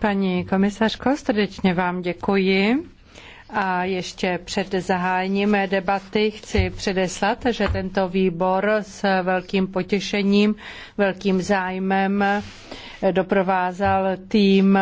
Paní komisařko, srdečně vám děkuji. A ještě před zahájením debaty chci předeslat, že tento výbor s velkým potěšením, velkým zájmem doprovázel tým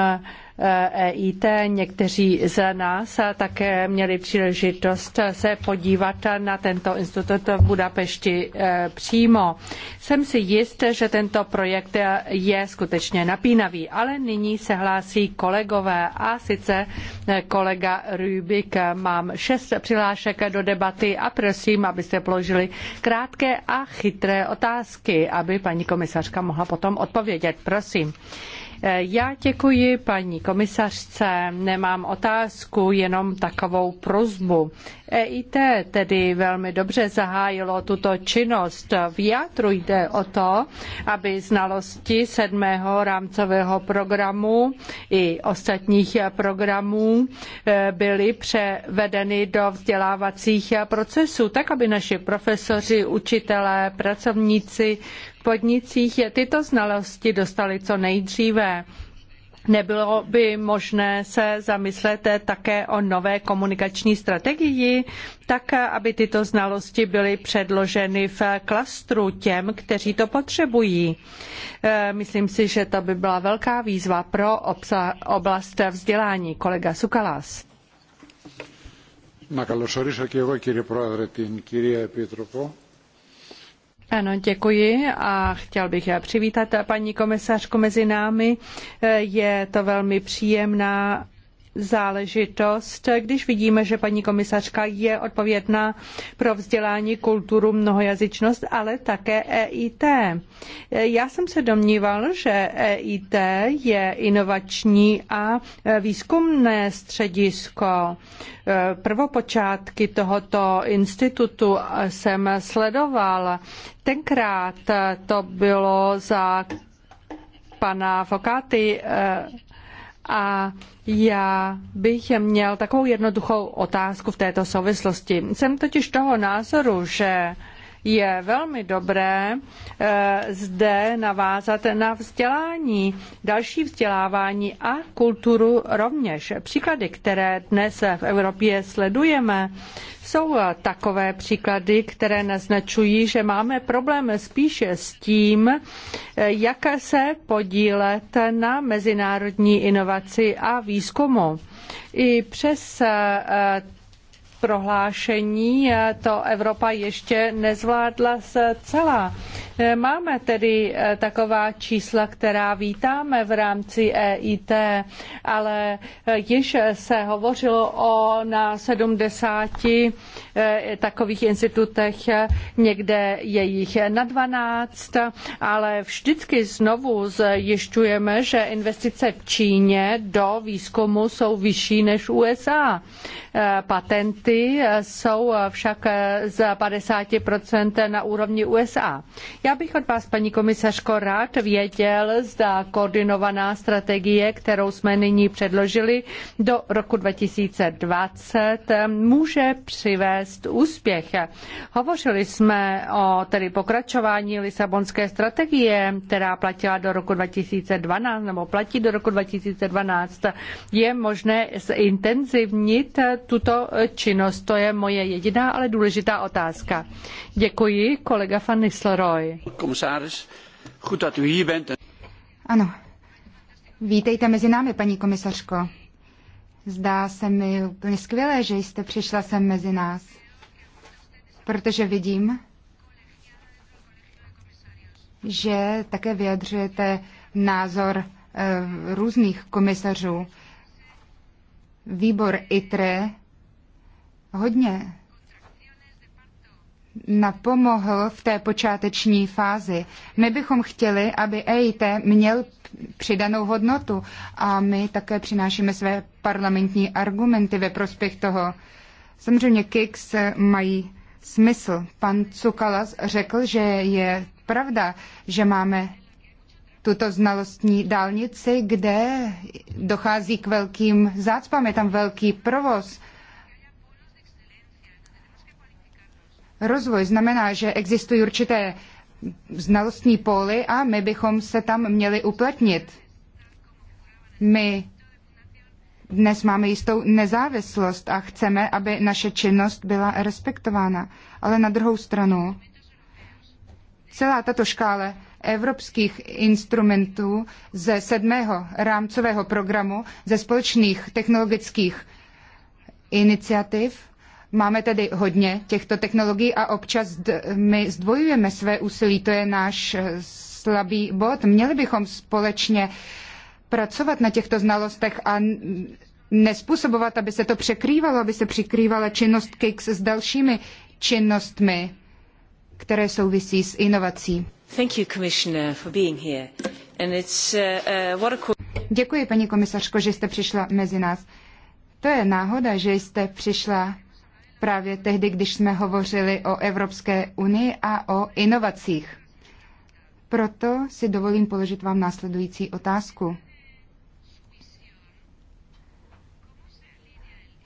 EIT. Eh, e Někteří z nás eh, také měli příležitost se podívat na tento institut v Budapešti eh, přímo. Jsem si jist, že tento projekt je skutečně napínavý, ale nyní se hlásí kolegové a sice kolega Rubik. Mám šest přihlášek do debaty a prosím, abyste položili krátké a chytré otázky, aby paní komisařka mohla potom odpovědět. Prosím. Já děkuji paní komisařce, nemám otázku, jenom takovou prozbu. EIT tedy velmi dobře zahájilo tuto činnost. V jádru jde o to, aby znalosti sedmého rámcového programu i ostatních programů e, byly převedeny do vzdělávacích procesů, tak aby naši profesoři, učitelé, pracovníci podnicích je tyto znalosti dostali co nejdříve. Nebylo by možné se zamyslet také o nové komunikační strategii, tak aby tyto znalosti byly předloženy v klastru těm, kteří to potřebují. E, myslím si, že to by byla velká výzva pro oblast vzdělání. Kolega Sukalas. Na καλωσορίσω και εγώ κύριε ano, děkuji a chtěl bych přivítat paní komisařku mezi námi. Je to velmi příjemná záležitost, když vidíme, že paní komisařka je odpovědná pro vzdělání, kulturu, mnohojazyčnost, ale také EIT. Já jsem se domníval, že EIT je inovační a výzkumné středisko. Prvopočátky tohoto institutu jsem sledoval. Tenkrát to bylo za pana Fokáty eh, a já bych měl takovou jednoduchou otázku v této souvislosti. Jsem totiž toho názoru, že je velmi dobré eh, zde navázat na vzdělání, další vzdělávání a kulturu rovněž. Příklady, které dnes v Evropě sledujeme, jsou takové příklady, které naznačují, že máme problém spíše s tím, eh, jak se podílet na mezinárodní inovaci a výzkumu. I přes eh, prohlášení eh, to Evropa ještě nezvládla zcela. Eh, máme tedy eh, taková čísla, která vítáme v rámci EIT, ale eh, již se hovořilo o na 70 takových institutech, někde je jich na 12, ale vždycky znovu zjišťujeme, že investice v Číně do výzkumu jsou vyšší než USA. Patenty jsou však z 50% na úrovni USA. Já bych od vás, paní komisařko, rád věděl, zda koordinovaná strategie, kterou jsme nyní předložili do roku 2020, může přivést úspěch. Hovořili jsme o tedy pokračování Lisabonské strategie, která platila do roku 2012 nebo platí do roku 2012. Je možné zintenzivnit tuto činnost? To je moje jediná, ale důležitá otázka. Děkuji, kolega van Nistelrooy. Kelly. goed dat u hier bent. Ano. Vítejte mezi námi, paní komisařko. Zdá se mi úplně skvělé, že jste přišla sem mezi nás, protože vidím, že také vyjadřujete názor eh, různých komisařů. Výbor ITRE hodně napomohl v té počáteční fázi. My bychom chtěli, aby EIT měl přidanou hodnotu a my také přinášíme své parlamentní argumenty ve prospěch toho. Samozřejmě KICS mají smysl. Pan Cukalas řekl, že je pravda, že máme tuto znalostní dálnici, kde dochází k velkým zácpám, je tam velký provoz Rozvoj znamená, že existují určité znalostní póly a my bychom se tam měli uplatnit. My dnes máme jistou nezávislost a chceme, aby naše činnost byla respektována. Ale na druhou stranu, celá tato škála evropských instrumentů ze sedmého rámcového programu, ze společných technologických iniciativ, Máme tedy hodně těchto technologií a občas my zdvojujeme své úsilí, to je náš eh, slabý bod. Měli bychom společně pracovat na těchto znalostech a nespůsobovat, aby se to překrývalo, aby se přikrývala činnost KIX s dalšími činnostmi, které souvisí s inovací. Thank you, Commissioner, for being here. And it's, uh, uh what a... Děkuji, paní komisařko, že jste přišla mezi nás. To je náhoda, že jste přišla právě tehdy, když jsme hovořili o Evropské unii a o inovacích. Proto si dovolím položit vám následující otázku.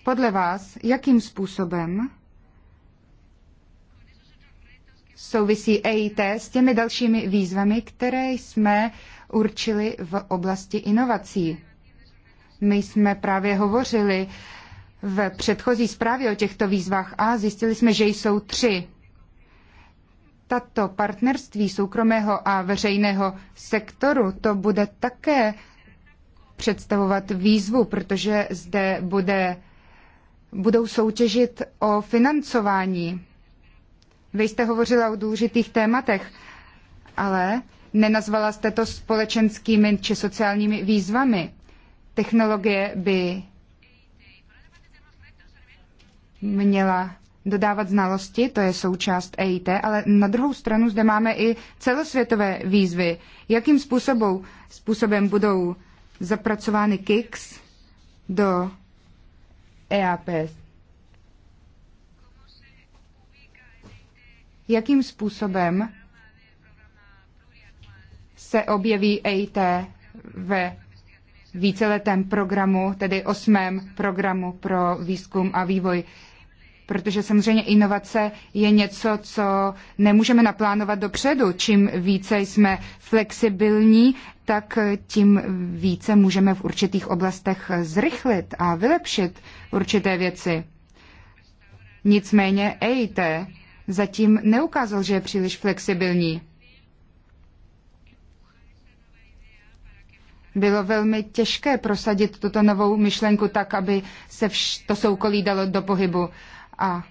Podle vás, jakým způsobem souvisí EIT s těmi dalšími výzvami, které jsme určili v oblasti inovací? My jsme právě hovořili v předchozí zprávě o těchto výzvách a zjistili jsme, že jsou tři. Tato partnerství soukromého a veřejného sektoru to bude také představovat výzvu, protože zde bude, budou soutěžit o financování. Vy jste hovořila o důležitých tématech, ale nenazvala jste to společenskými či sociálními výzvami. Technologie by měla dodávat znalosti, to je součást EIT, ale na druhou stranu zde máme i celosvětové výzvy. Jakým způsobem, způsobem budou zapracovány KICS do EAP? Jakým způsobem se objeví EIT ve víceletém programu, tedy osmém programu pro výzkum a vývoj protože samozřejmě inovace je něco, co nemůžeme naplánovat dopředu. Čím více jsme flexibilní, tak tím více můžeme v určitých oblastech zrychlit a vylepšit určité věci. Nicméně EIT zatím neukázal, že je příliš flexibilní. Bylo velmi těžké prosadit tuto novou myšlenku tak, aby se vš- to soukolí dalo do pohybu a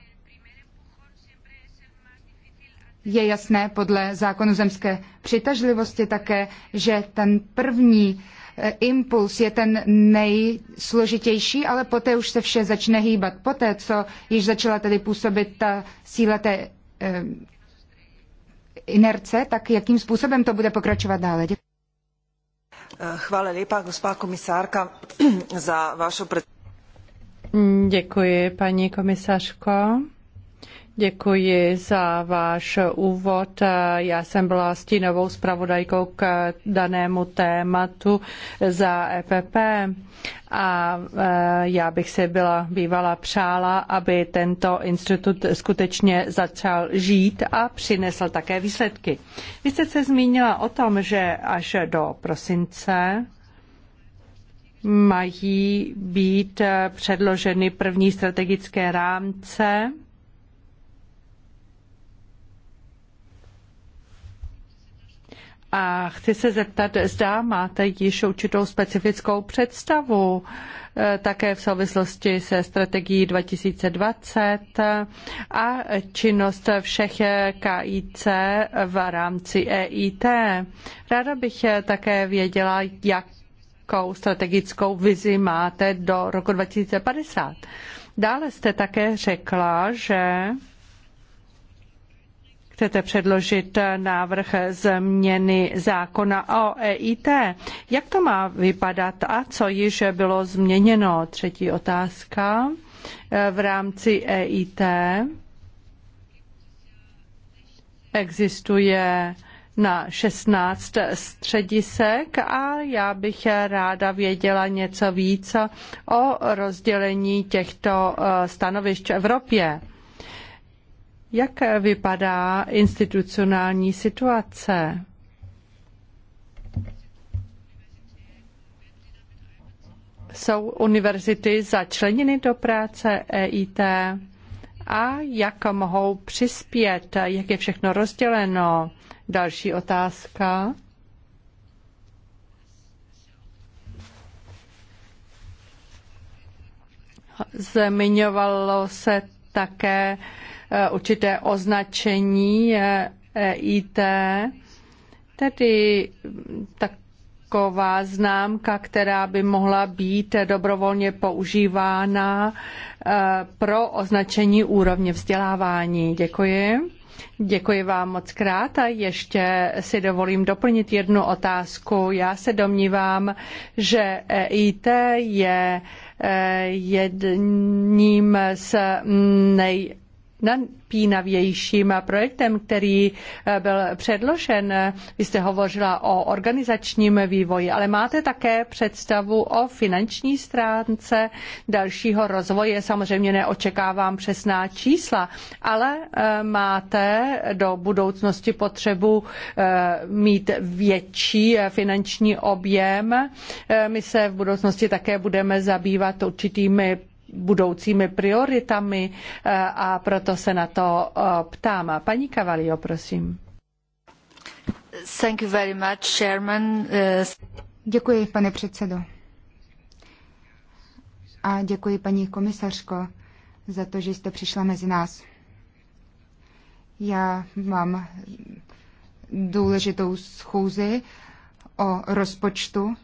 je jasné podle zákonu zemské přitažlivosti také, že ten první eh, impuls je ten nejsložitější, ale poté už se vše začne hýbat. Poté, co již začala tedy působit ta síla té eh, inerce, tak jakým způsobem to bude pokračovat dále? Děkuji. Chvále lepa, gospa komisárka, za vašo představu. Děkuji, paní komisařko. Děkuji za váš úvod. Já jsem byla stínovou zpravodajkou k danému tématu za EPP a e, já bych si byla bývala přála, aby tento institut skutečně začal žít a přinesl také výsledky. Vy jste se zmínila o tom, že až do prosince mají být předloženy první strategické rámce. A chci se zeptat, zda máte již určitou specifickou představu eh, také v souvislosti se strategií 2020 a činnost všech KIC v rámci EIT. Ráda bych také věděla, jak jakou strategickou vizi máte do roku 2050. Dále jste také řekla, že chcete předložit návrh změny zákona o EIT. Jak to má vypadat a co již bylo změněno? Třetí otázka v rámci EIT. Existuje na 16 středisek a já bych ráda věděla něco víc o rozdělení těchto eh, stanovišť v Evropě. Jak vypadá institucionální situace? Jsou univerzity začleněny do práce EIT? A jak mohou přispět? Jak je všechno rozděleno? Další otázka. Zmiňovalo se také eh, určité označení EIT, eh, e tedy tak taková známka, která by mohla být dobrovolně používána eh, pro označení úrovně vzdělávání. Děkuji. Děkuji vám moc krát a ještě si dovolím doplnit jednu otázku. Já se domnívám, že e IT je eh, jedním z nej nejnapínavějším projektem, který eh, byl předložen. Vy jste hovořila o organizačním vývoji, ale máte také představu o finanční stránce dalšího rozvoje. Samozřejmě neočekávám přesná čísla, ale eh, máte do budoucnosti potřebu eh, mít větší finanční objem. My se v budoucnosti také budeme zabývat určitými budoucími prioritami eh, a proto se na to eh, ptám. Paní Cavalio, prosím. Thank you very much, chairman. Eh, děkuji, pane předsedo. A děkuji, paní komisařko, za to, že jste přišla mezi nás. Já mám důležitou schůzi o rozpočtu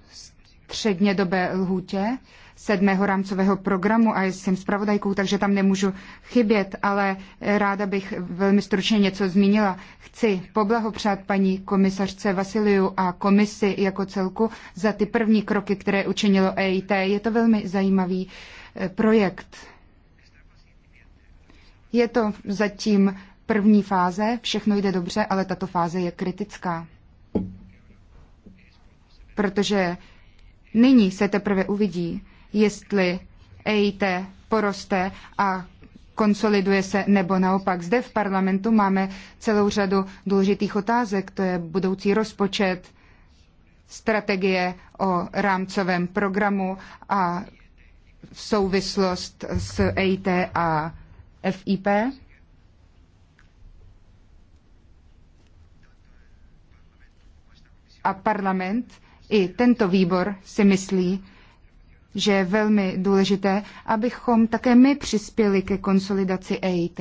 střednědobé lhůtě sedmého rámcového programu a jsem zpravodajkou, takže tam nemůžu chybět, ale ráda bych velmi stručně něco zmínila. Chci poblahopřát paní komisařce Vasiliu a komisi jako celku za ty první kroky, které učinilo EIT. Je to velmi zajímavý eh, projekt. Je to zatím první fáze, všechno jde dobře, ale tato fáze je kritická. Protože nyní se teprve uvidí, jestli EIT poroste a konsoliduje se nebo naopak. Zde v parlamentu máme celou řadu důležitých otázek, to je budoucí rozpočet, strategie o rámcovém programu a v souvislost s EIT a FIP. A parlament i tento výbor si myslí, že je velmi důležité, abychom také my přispěli ke konsolidaci EIT.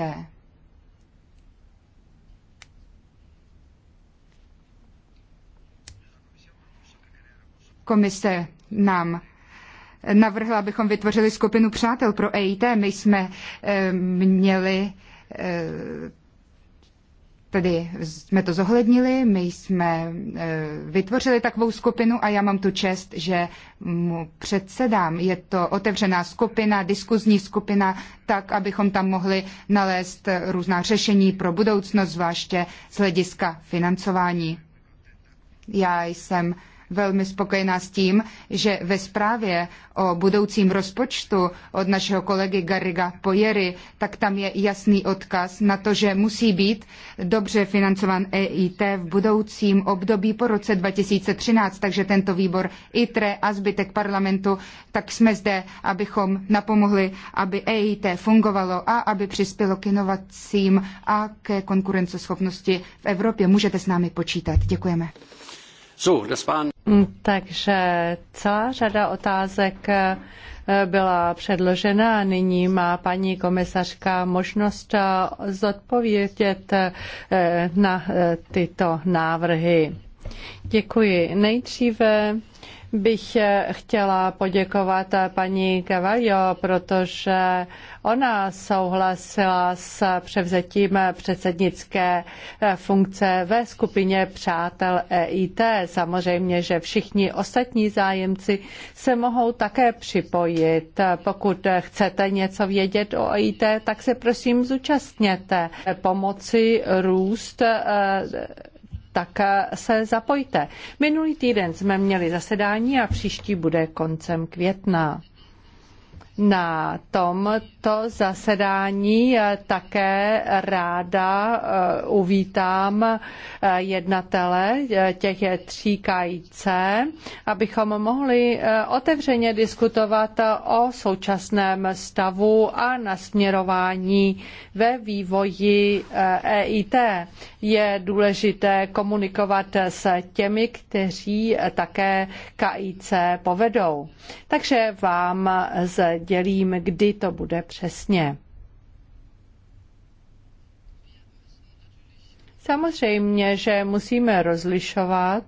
Komise nám navrhla, abychom vytvořili skupinu přátel pro EIT. My jsme eh, měli eh, Tedy jsme to zohlednili, my jsme e, vytvořili takovou skupinu a já mám tu čest, že mu předsedám. Je to otevřená skupina, diskuzní skupina, tak, abychom tam mohli nalézt různá řešení pro budoucnost, zvláště z hlediska financování. Já jsem velmi spokojená s tím, že ve zprávě o budoucím rozpočtu od našeho kolegy Garriga Pojery, tak tam je jasný odkaz na to, že musí být dobře financován EIT v budoucím období po roce 2013, takže tento výbor ITRE a zbytek parlamentu, tak jsme zde, abychom napomohli, aby EIT fungovalo a aby přispělo k inovacím a ke konkurenceschopnosti v Evropě. Můžete s námi počítat. Děkujeme. So, das waren... Mm, takže celá řada otázek eh, byla předložena a nyní má paní komisařka možnost eh, zodpovědět eh, na tyto návrhy. Děkuji. Nejdříve bych eh, chtěla poděkovat eh, paní Cavallo, protože ona souhlasila s převzetím eh, předsednické funkce ve skupině přátel EIT. Samozřejmě, že všichni ostatní zájemci se mohou také připojit. Pokud chcete něco vědět o EIT, tak se prosím zúčastněte. Pomoci růst tak eh, se zapojte. Minulý týden jsme měli zasedání a příští bude koncem května na tomto zasedání také ráda eh, uvítám eh, jednatele eh, těch tří KIC, abychom mohli otevřeně diskutovat o současném stavu a nasměrování ve vývoji EIT. E je důležité komunikovat s těmi, kteří také KIC povedou. Takže vám z sdělím, kdy to bude přesně. Samozřejmě, že musíme rozlišovat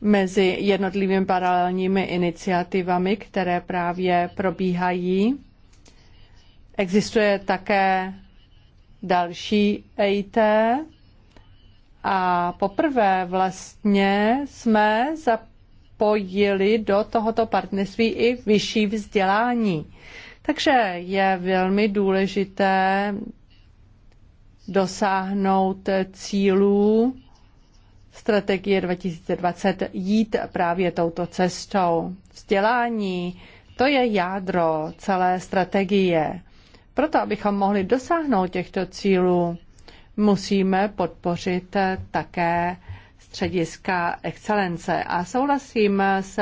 mezi jednotlivými paralelními iniciativami, které právě probíhají. Existuje také další EIT a poprvé vlastně jsme za zapojili do tohoto partnerství i vyšší vzdělání. Takže je velmi důležité dosáhnout cílů strategie 2020 jít právě touto cestou. Vzdělání, to je jádro celé strategie. Proto, abychom mohli dosáhnout těchto cílů, musíme podpořit také střediska excelence. A souhlasím s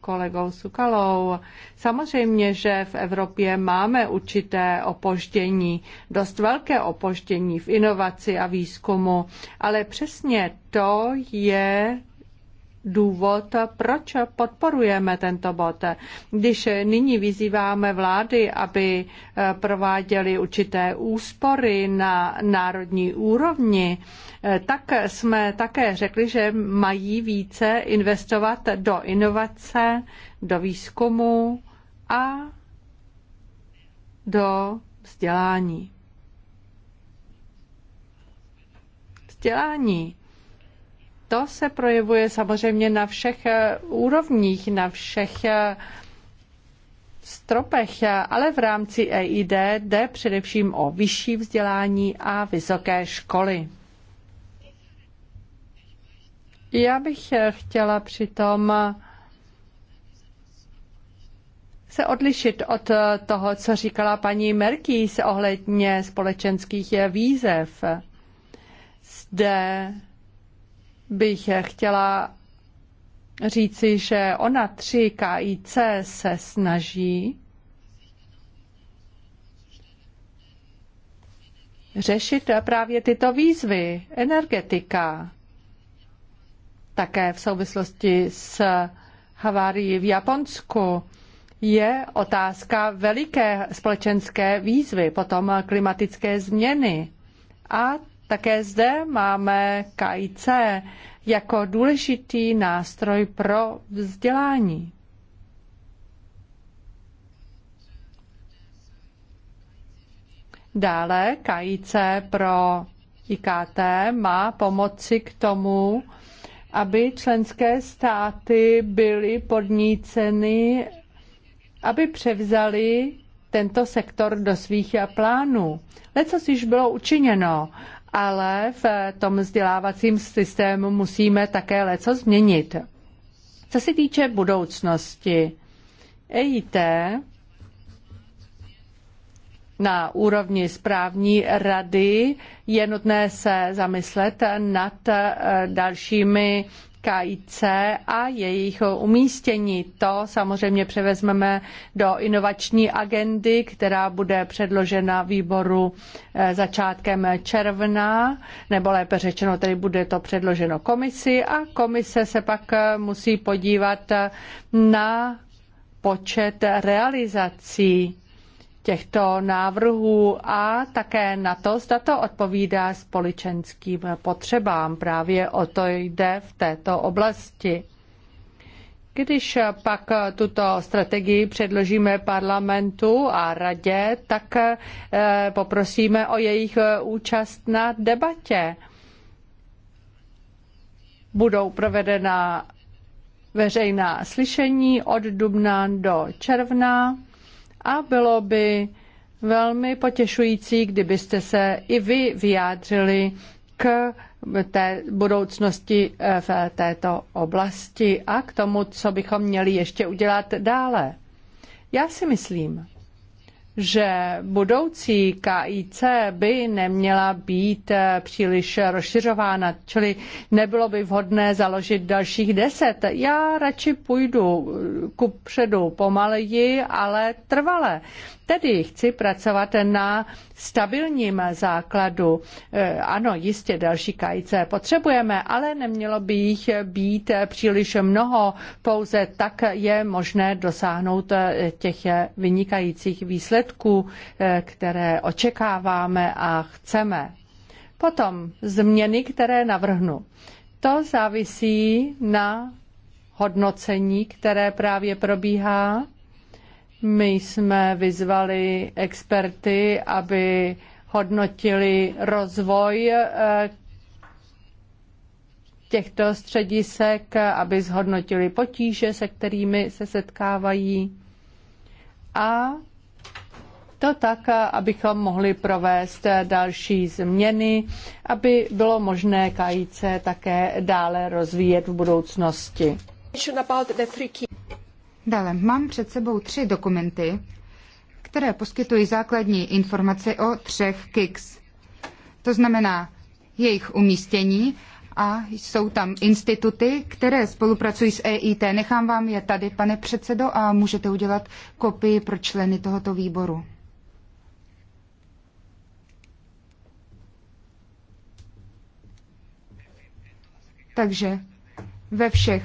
kolegou Sukalou. Samozřejmě, že v Evropě máme určité opoždění, dost velké opoždění v inovaci a výzkumu, ale přesně to je důvod, proč podporujeme tento bod. Když nyní vyzýváme vlády, aby eh, prováděly určité úspory na národní úrovni, eh, tak jsme také řekli, že mají více investovat do inovace, do výzkumu a do vzdělání. Vzdělání to se projevuje samozřejmě na všech eh, úrovních, na všech eh, stropech, eh, ale v rámci EID jde především o vyšší vzdělání a vysoké školy. Já bych chtěla přitom se odlišit od toho, co říkala paní Merký ohledně společenských výzev. Zde bych chtěla říci, že ona 3 KIC se snaží řešit právě tyto výzvy. Energetika, také v souvislosti s havárií v Japonsku, je otázka veliké společenské výzvy, potom klimatické změny a také zde máme KIC jako důležitý nástroj pro vzdělání. Dále KIC pro IKT má pomoci k tomu, aby členské státy byly podníceny, aby převzali tento sektor do svých plánů. Leco již bylo učiněno ale v tom vzdělávacím systému musíme také leco změnit. Co se týče budoucnosti, EIT na úrovni správní rady je nutné se zamyslet nad dalšími KIC a jejich umístění. To samozřejmě převezmeme do inovační agendy, která bude předložena výboru eh, začátkem června, nebo lépe řečeno, tedy bude to předloženo komisi a komise se pak eh, musí podívat eh, na počet realizací těchto návrhů a také na to, zda to odpovídá společenským potřebám. Právě o to jde v této oblasti. Když pak tuto strategii předložíme parlamentu a radě, tak eh, poprosíme o jejich účast na debatě. Budou provedena veřejná slyšení od dubna do června a bylo by velmi potěšující, kdybyste se i vy vyjádřili k té budoucnosti eh, v této oblasti a k tomu, co bychom měli ještě udělat dále. Já si myslím, že budoucí KIC by neměla být eh, příliš rozšiřována, čili nebylo by vhodné založit dalších deset. Já radši půjdu ku předu pomaleji, ale trvale. Tedy chci pracovat na stabilním základu. E, ano, jistě další kajice potřebujeme, ale nemělo by jich být příliš mnoho. Pouze tak je možné dosáhnout e, těch vynikajících výsledků, e, které očekáváme a chceme. Potom změny, které navrhnu. To závisí na hodnocení, které právě probíhá my jsme vyzvali experty, aby hodnotili rozvoj eh, těchto středisek, aby zhodnotili potíže, se kterými se setkávají. A to tak, abychom mohli provést další změny, aby bylo možné kajíce také dále rozvíjet v budoucnosti. Dále mám před sebou tři dokumenty, které poskytují základní informace o třech KICS. To znamená jejich umístění a jsou tam instituty, které spolupracují s EIT. Nechám vám je tady, pane předsedo, a můžete udělat kopii pro členy tohoto výboru. Takže ve všech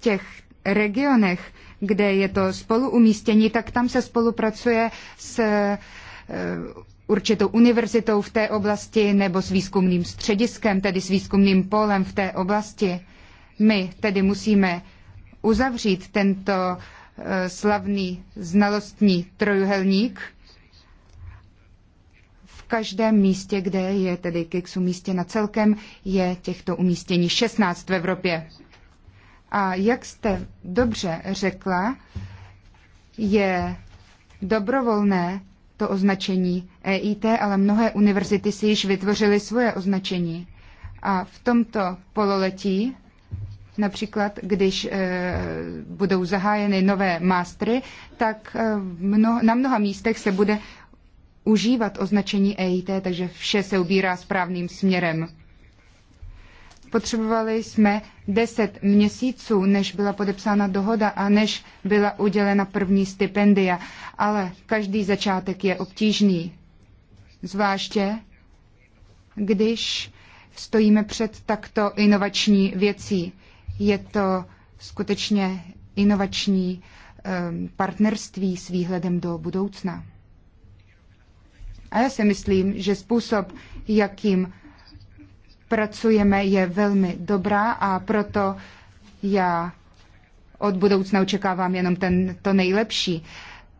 těch regionech kde je to spolu umístění, tak tam se spolupracuje s eh, určitou univerzitou v té oblasti nebo s výzkumným střediskem, tedy s výzkumným polem v té oblasti. My tedy musíme uzavřít tento eh, slavný znalostní trojuhelník v každém místě, kde je tedy Kix místě na celkem, je těchto umístění 16 v Evropě. A jak jste dobře řekla, je dobrovolné to označení EIT, ale mnohé univerzity si již vytvořily svoje označení. A v tomto pololetí, například když e, budou zahájeny nové mástry, tak e, mno, na mnoha místech se bude užívat označení EIT, takže vše se ubírá správným směrem. Potřebovali jsme 10 měsíců, než byla podepsána dohoda a než byla udělena první stipendia, ale každý začátek je obtížný. Zvláště, když stojíme před takto inovační věcí. Je to skutečně inovační ehm, partnerství s výhledem do budoucna. A já si myslím, že způsob, jakým pracujeme, je velmi dobrá a proto já od budoucna očekávám jenom ten, to nejlepší.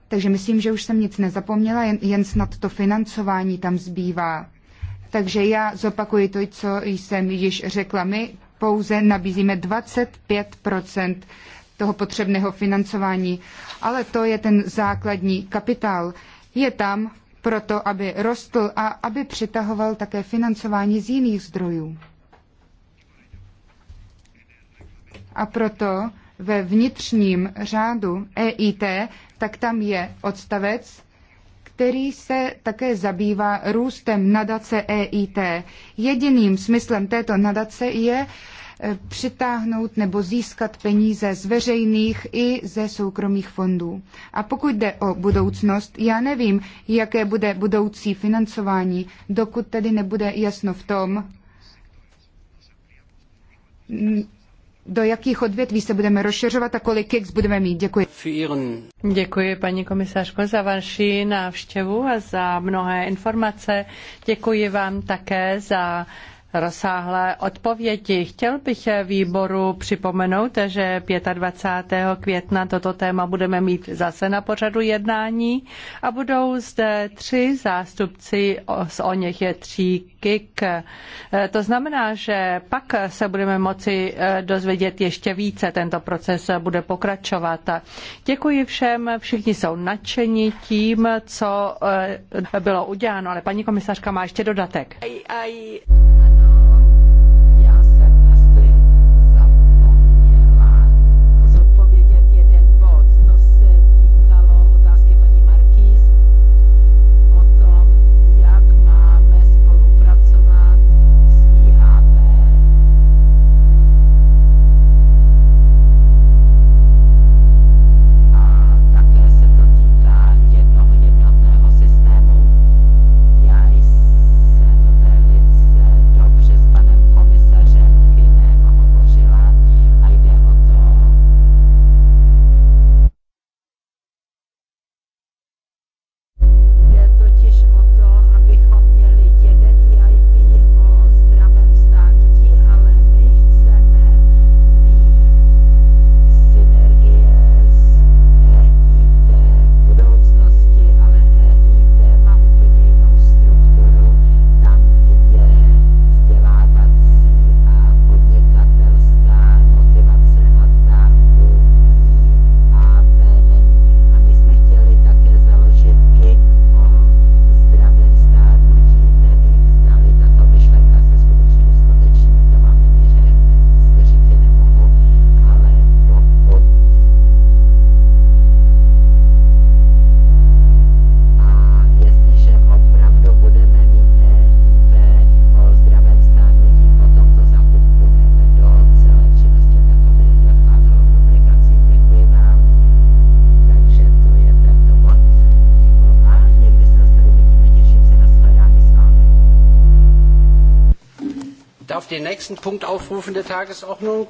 Takže myslím, že už jsem nic nezapomněla, jen, jen snad to financování tam zbývá. Takže já zopakuji to, co jsem již řekla. My pouze nabízíme 25 toho potřebného financování, ale to je ten základní kapitál. Je tam proto aby rostl a aby přitahoval také financování z jiných zdrojů. A proto ve vnitřním řádu EIT, tak tam je odstavec, který se také zabývá růstem nadace EIT. Jediným smyslem této nadace je Eh, přitáhnout nebo získat peníze z veřejných i ze soukromých fondů. A pokud jde o budoucnost, já nevím, jaké bude budoucí financování, dokud tedy nebude jasno v tom, do jakých odvětví se budeme rozšiřovat a kolik kex budeme mít. Děkuji. Děkuji paní komisářko, za vaši návštěvu a za mnohé informace. Děkuji vám také za rozsáhlé odpovědi. Chtěl bych výboru připomenout, že 25. května toto téma budeme mít zase na pořadu jednání a budou zde tři zástupci z o něch je tří KIK. E, to znamená, že pak se budeme moci e, dozvědět ještě více. Tento proces bude pokračovat. Děkuji všem, všichni jsou nadšeni tím, co e, bylo uděláno, ale paní komisařka má ještě dodatek. I, nächsten Punkt aufrufen der Tagesordnung.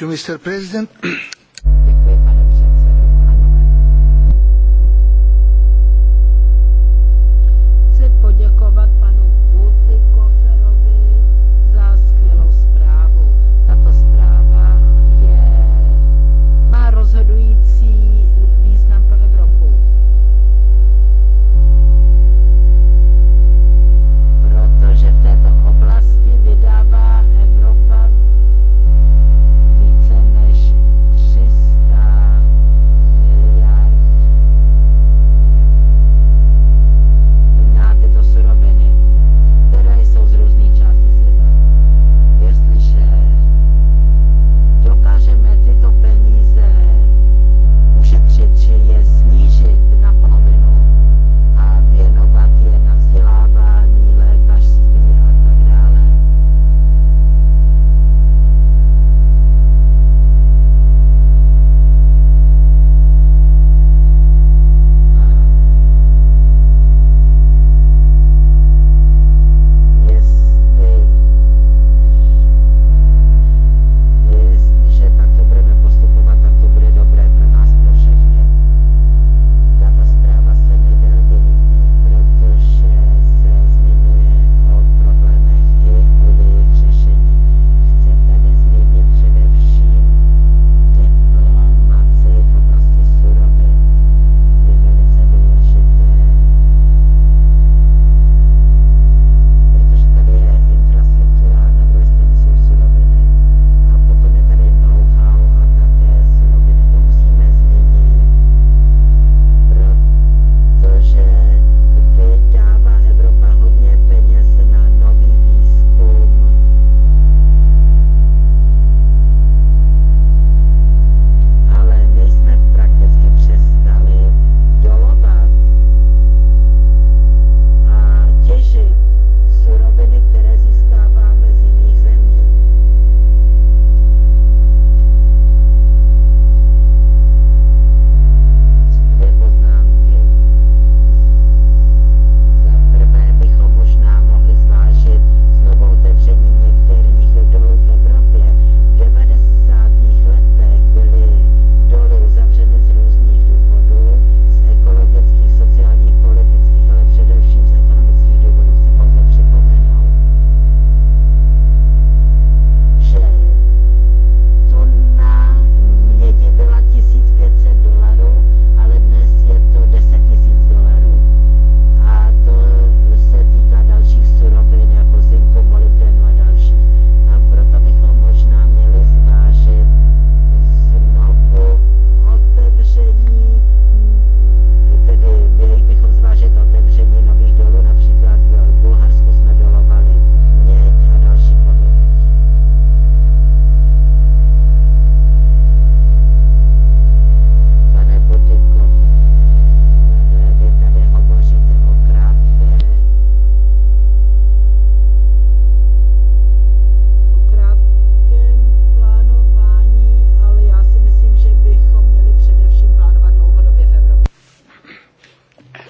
Thank you, Mr.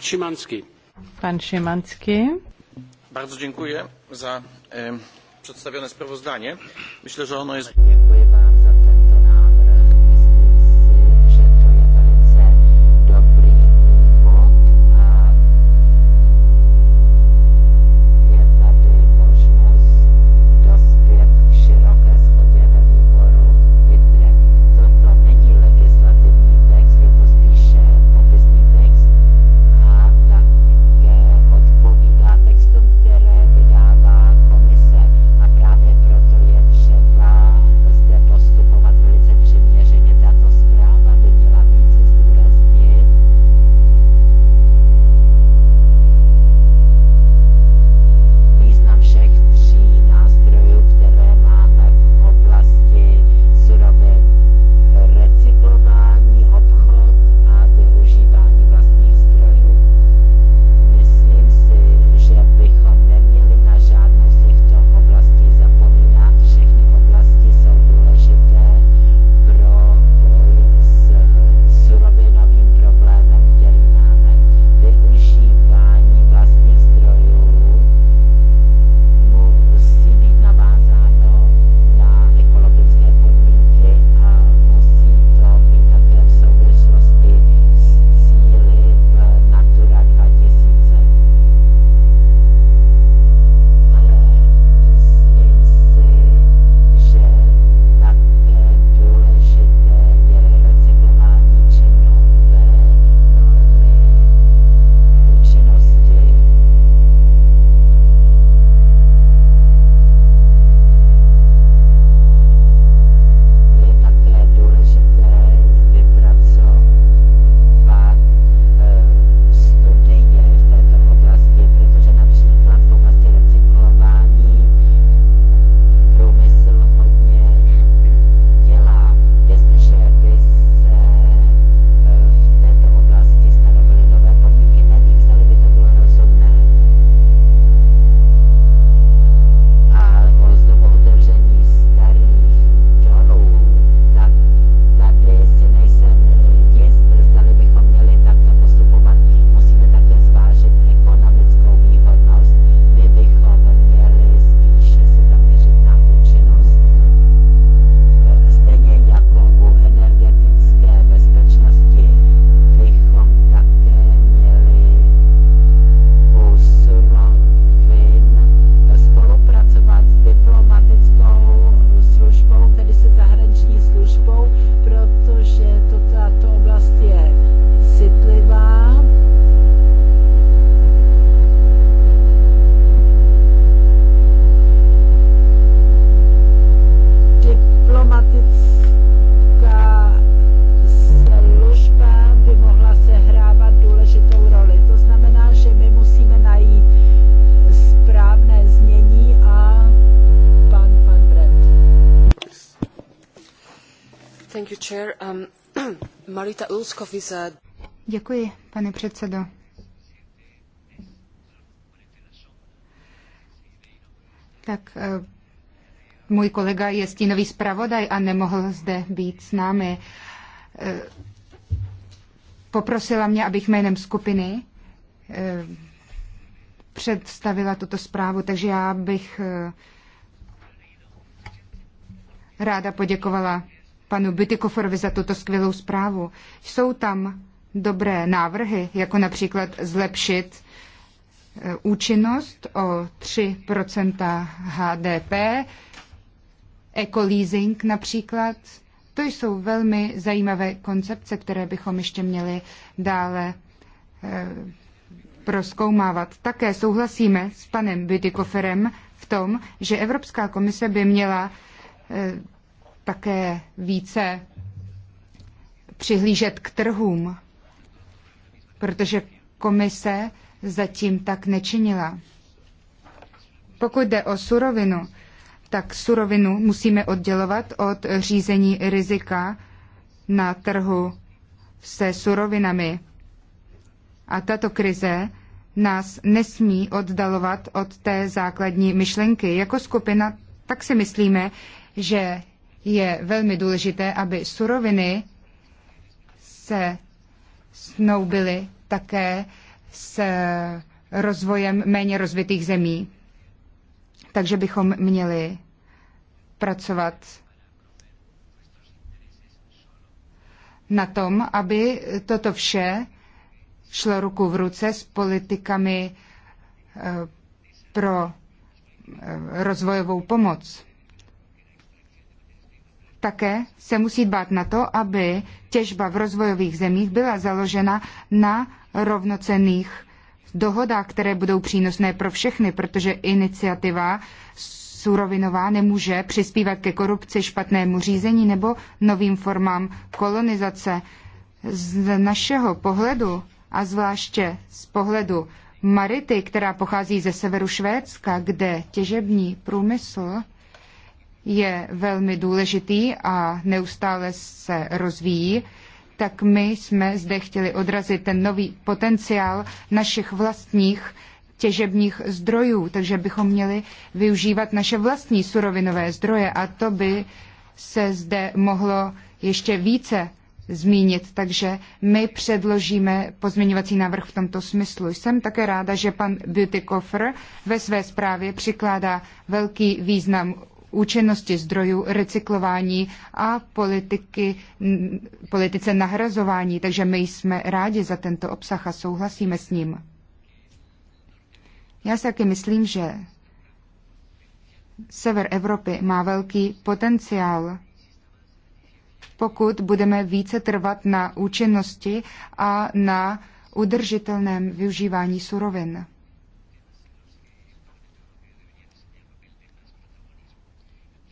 Szymanski. Pan Szymanski. Bardzo dziękuję za e, przedstawione sprawozdanie. Myślę, że ono jest... Dziękuję bardzo. Chair. Um, Marita Ulskov is a... Uh, Děkuji, pane předsedo. Tak eh, můj kolega je stínový zpravodaj a nemohl zde být s námi. Eh, poprosila mě, abych jménem skupiny eh, představila tuto zprávu, takže já bych ráda poděkovala panu Bytykoforovi za tuto skvělou zprávu. Jsou tam dobré návrhy, jako například zlepšit e, účinnost o 3 HDP, ekoleasing například. To jsou velmi zajímavé koncepce, které bychom ještě měli dále e, proskoumávat. Také souhlasíme s panem Bytykoferem v tom, že Evropská komise by měla e, také více přihlížet k trhům, protože komise zatím tak nečinila. Pokud jde o surovinu, tak surovinu musíme oddělovat od řízení rizika na trhu se surovinami. A tato krize nás nesmí oddalovat od té základní myšlenky. Jako skupina tak si myslíme, že je velmi důležité, aby suroviny se snoubily také s eh, rozvojem méně rozvitých zemí. Takže bychom měli pracovat na tom, aby toto vše šlo ruku v ruce s politikami eh, pro eh, rozvojovou pomoc. Také se musí dbát na to, aby těžba v rozvojových zemích byla založena na rovnocených dohodách, které budou přínosné pro všechny, protože iniciativa surovinová nemůže přispívat ke korupci, špatnému řízení nebo novým formám kolonizace. Z našeho pohledu a zvláště z pohledu Marity, která pochází ze severu Švédska, kde těžební průmysl je velmi důležitý a neustále se rozvíjí, tak my jsme zde chtěli odrazit ten nový potenciál našich vlastních těžebních zdrojů, takže bychom měli využívat naše vlastní surovinové zdroje a to by se zde mohlo ještě více zmínit, takže my předložíme pozměňovací návrh v tomto smyslu. Jsem také ráda, že pan Koffer ve své zprávě přikládá velký význam účinnosti zdrojů, recyklování a politiky, politice nahrazování, takže my jsme rádi za tento obsah a souhlasíme s ním. Já si taky myslím, že sever Evropy má velký potenciál, pokud budeme více trvat na účinnosti a na udržitelném využívání surovin.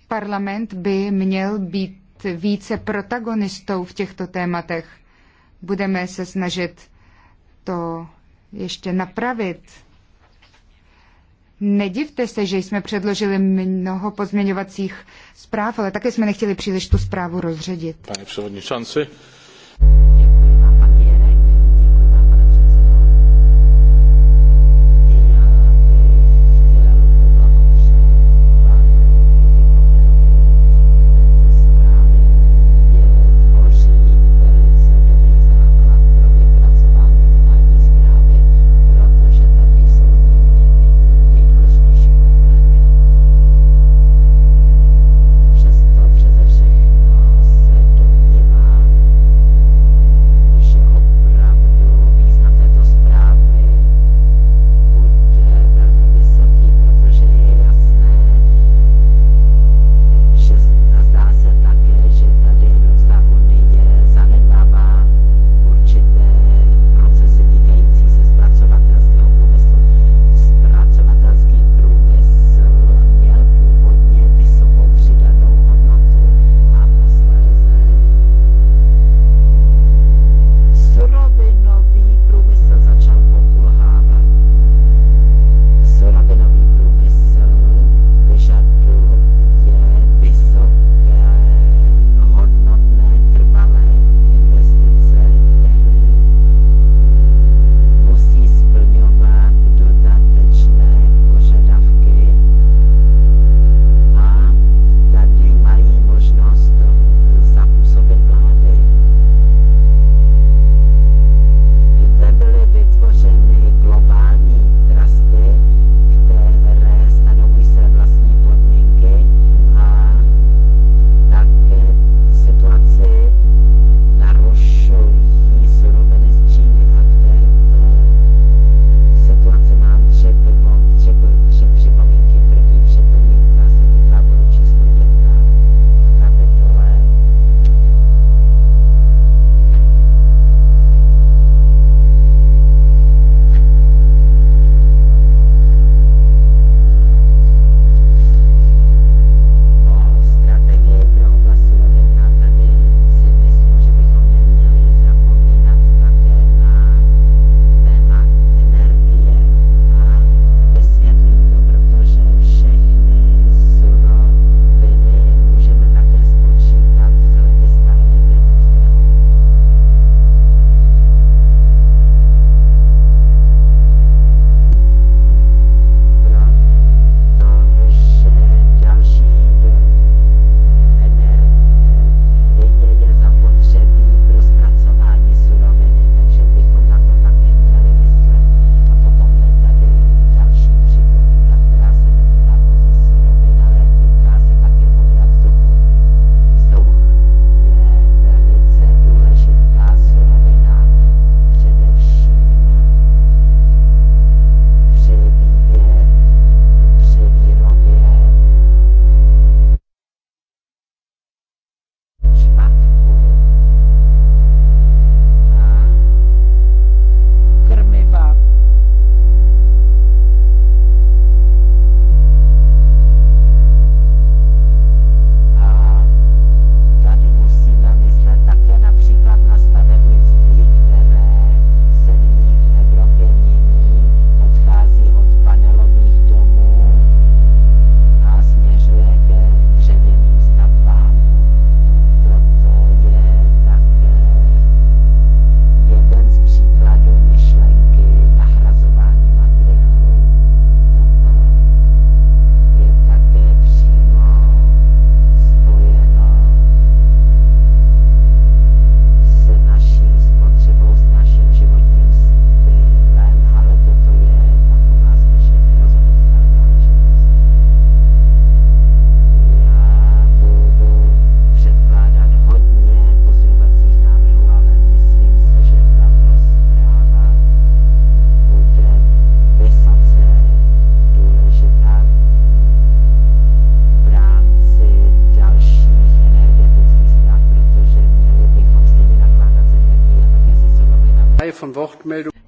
Parlament by měl být více protagonistou v těchto tématech. Budeme se snažit to ještě napravit. Nedivte se, že jsme předložili mnoho pozměňovacích zpráv, ale také jsme nechtěli příliš tu zprávu rozředit. Pane předsedající,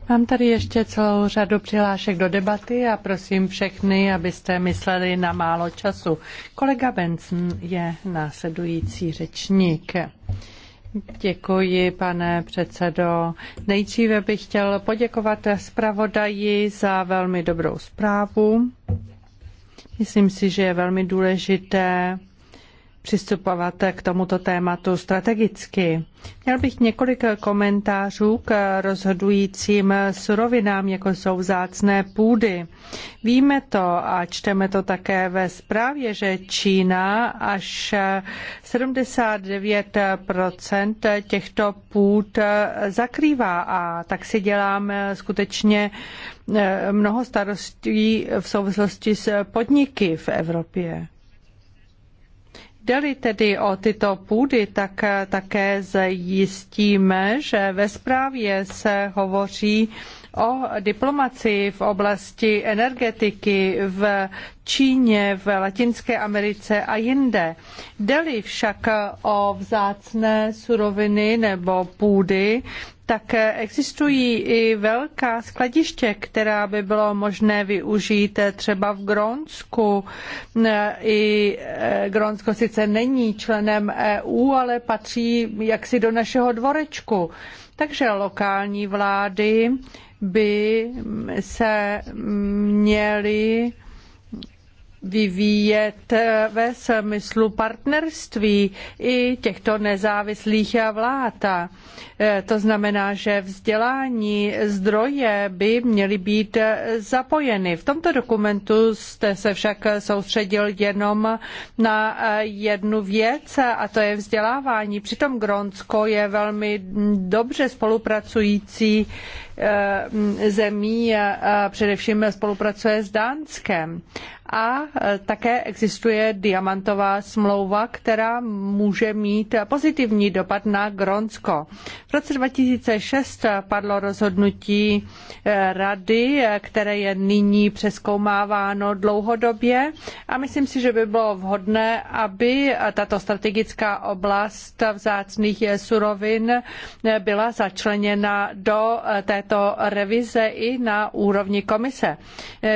Mám tady ještě celou řadu přihlášek do debaty a prosím všechny, abyste mysleli na málo času. Kolega Benson je následující řečník. Děkuji, pane předsedo. Nejdříve bych chtěl poděkovat zpravodaji za velmi dobrou zprávu. Myslím si, že je velmi důležité přistupovat k tomuto tématu strategicky. Měl bych několik komentářů k rozhodujícím surovinám, jako jsou vzácné půdy. Víme to a čteme to také ve zprávě, že Čína až 79 těchto půd zakrývá a tak si děláme skutečně eh, mnoho starostí v souvislosti s podniky v Evropě. Jde-li tedy o tyto půdy, tak eh, také zajistíme, že ve zprávě se hovoří o diplomacii v oblasti energetiky v Číně, v Latinské Americe a jinde. Jde-li však o vzácné suroviny nebo půdy, tak existují i velká skladiště, která by bylo možné využít třeba v Grónsku. I eh, Grónsko sice není členem EU, ale patří jaksi do našeho dvorečku. Takže lokální vlády by se měly vyvíjet eh, ve smyslu partnerství i těchto nezávislých vlád. Eh, to znamená, že vzdělání zdroje by měly být eh, zapojeny. V tomto dokumentu jste se však soustředil jenom na jednu věc a to je vzdělávání. Přitom Grónsko je velmi dobře spolupracující zemí, především spolupracuje s Dánskem a e, také existuje diamantová smlouva, která může mít pozitivní dopad na Grónsko. V roce 2006 padlo rozhodnutí e, rady, e, které je nyní přeskoumáváno dlouhodobě a myslím si, že by bylo vhodné, aby tato strategická oblast vzácných surovin byla začleněna do této revize i na úrovni komise.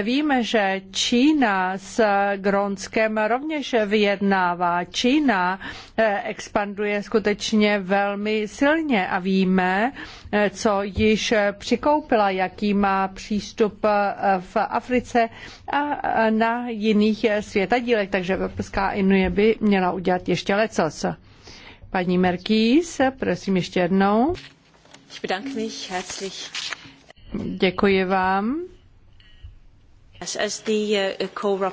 Víme, že Čína s Grónskem rovněž vyjednává. Čína eh, expanduje skutečně velmi silně a víme, eh, co již přikoupila, jaký má přístup eh, v Africe a na jiných světadílech, takže Evropská unie by měla udělat ještě lecos. Paní Merkýs, prosím ještě jednou. Děkuji vám. As, as the, uh,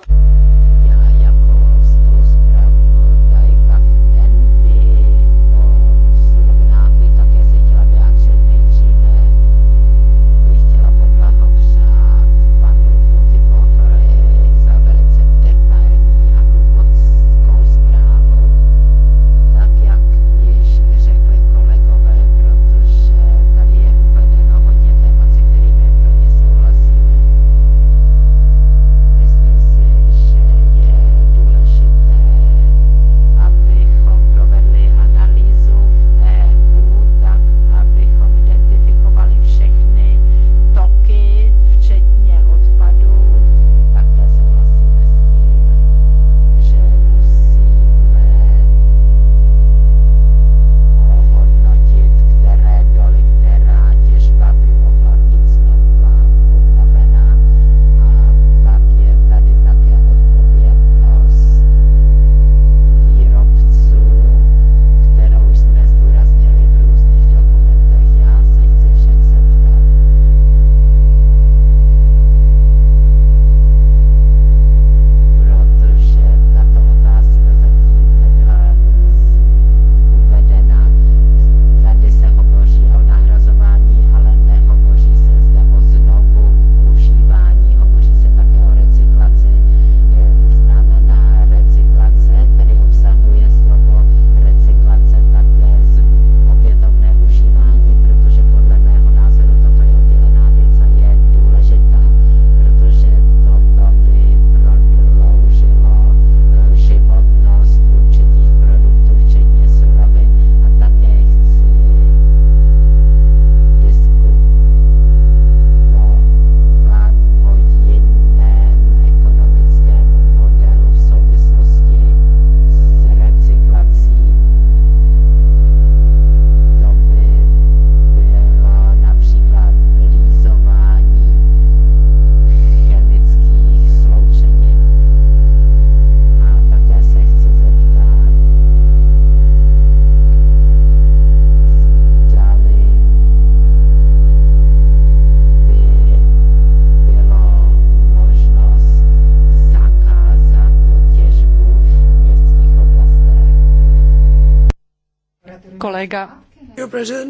Kolega,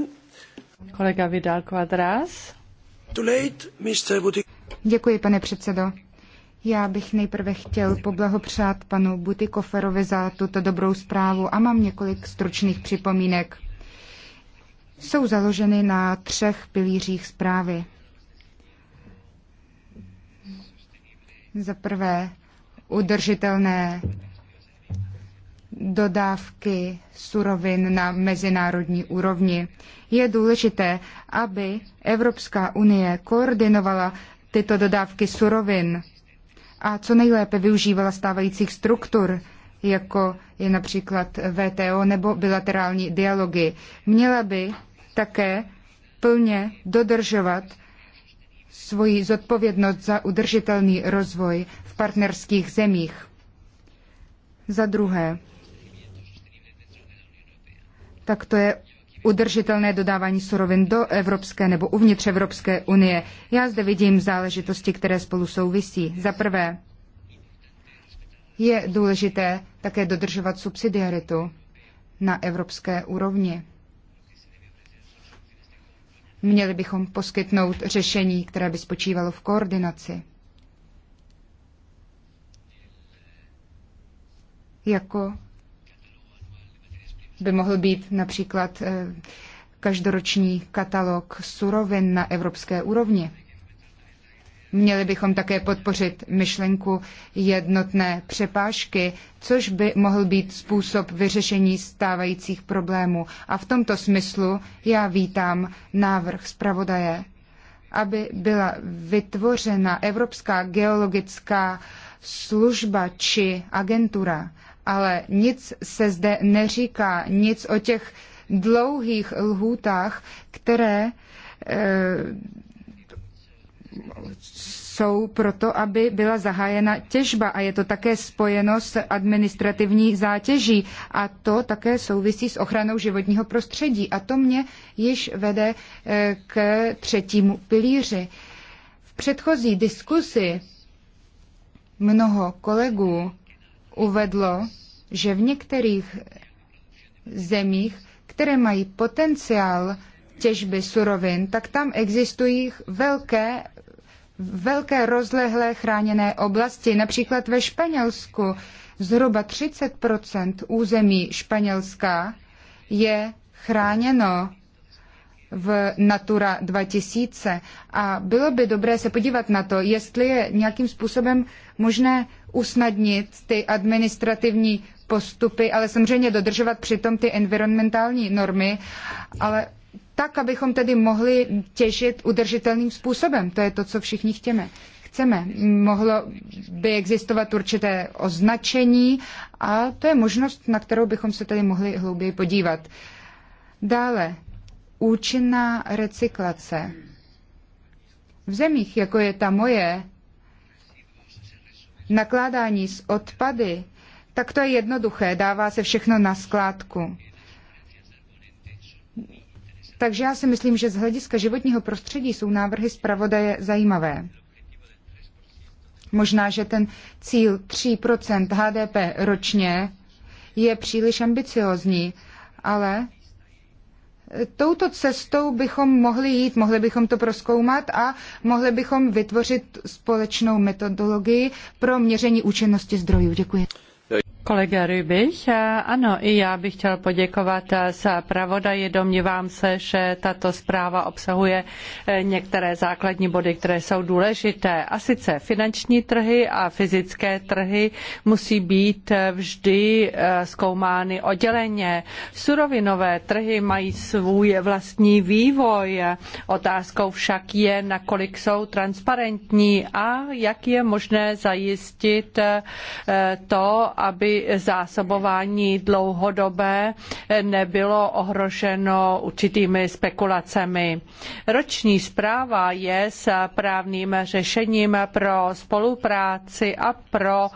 kolega Vidal Quadras. Děkuji, pane předsedo. Já bych nejprve chtěl poblahopřát panu Butikoferovi za tuto dobrou zprávu a mám několik stručných připomínek. Jsou založeny na třech pilířích zprávy. Za prvé udržitelné dodávky surovin na mezinárodní úrovni. Je důležité, aby Evropská unie koordinovala tyto dodávky surovin a co nejlépe využívala stávajících struktur, jako je například VTO nebo bilaterální dialogy. Měla by také plně dodržovat svoji zodpovědnost za udržitelný rozvoj v partnerských zemích. Za druhé, tak to je udržitelné dodávání surovin do Evropské nebo uvnitř Evropské unie. Já zde vidím záležitosti, které spolu souvisí. Za prvé, je důležité také dodržovat subsidiaritu na evropské úrovni. Měli bychom poskytnout řešení, které by spočívalo v koordinaci. Jako by mohl být například eh, každoroční katalog surovin na evropské úrovni. Měli bychom také podpořit myšlenku jednotné přepážky, což by mohl být způsob vyřešení stávajících problémů. A v tomto smyslu já vítám návrh zpravodaje, aby byla vytvořena Evropská geologická služba či agentura ale nic se zde neříká, nic o těch dlouhých lhůtách, které eh, jsou proto, aby byla zahájena těžba a je to také spojeno s administrativní zátěží a to také souvisí s ochranou životního prostředí a to mě již vede eh, k třetímu pilíři. V předchozí diskusi mnoho kolegů uvedlo, že v některých zemích, které mají potenciál těžby surovin, tak tam existují velké velké rozlehlé chráněné oblasti, například ve Španělsku. Zhruba 30 území Španělska je chráněno v Natura 2000 a bylo by dobré se podívat na to, jestli je nějakým způsobem možné usnadnit ty administrativní postupy, ale samozřejmě dodržovat přitom ty environmentální normy, ale tak, abychom tedy mohli těžit udržitelným způsobem. To je to, co všichni chtěme. chceme. Mohlo by existovat určité označení a to je možnost, na kterou bychom se tedy mohli hlouběji podívat. Dále, účinná recyklace. V zemích, jako je ta moje, nakládání s odpady tak to je jednoduché, dává se všechno na skládku. Takže já si myslím, že z hlediska životního prostředí jsou návrhy zpravodaje zajímavé. Možná, že ten cíl 3% HDP ročně je příliš ambiciozní, ale touto cestou bychom mohli jít, mohli bychom to proskoumat a mohli bychom vytvořit společnou metodologii pro měření účinnosti zdrojů. Děkuji. Kolega Rybich, ano, i já bych chtěl poděkovat eh, za pravodaji. Domnívám se, že tato zpráva obsahuje eh, některé základní body, které jsou důležité. A sice finanční trhy a fyzické trhy musí být eh, vždy zkoumány odděleně. Surovinové trhy mají svůj vlastní vývoj. Otázkou však je, nakolik jsou transparentní a jak je možné zajistit to, aby zásobování dlouhodobé nebylo ohroženo určitými spekulacemi. Roční zpráva je s právným řešením pro spolupráci a pro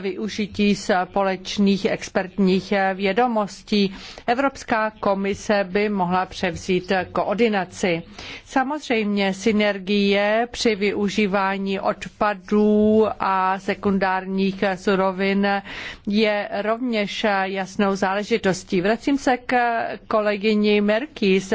využití společných expertních vědomostí. Evropská komise by mohla převzít koordinaci. Samozřejmě synergie při využívání odpadů a sekundárních surovin je je rovněž jasnou záležitostí. Vracím se k kolegyni Merkýz.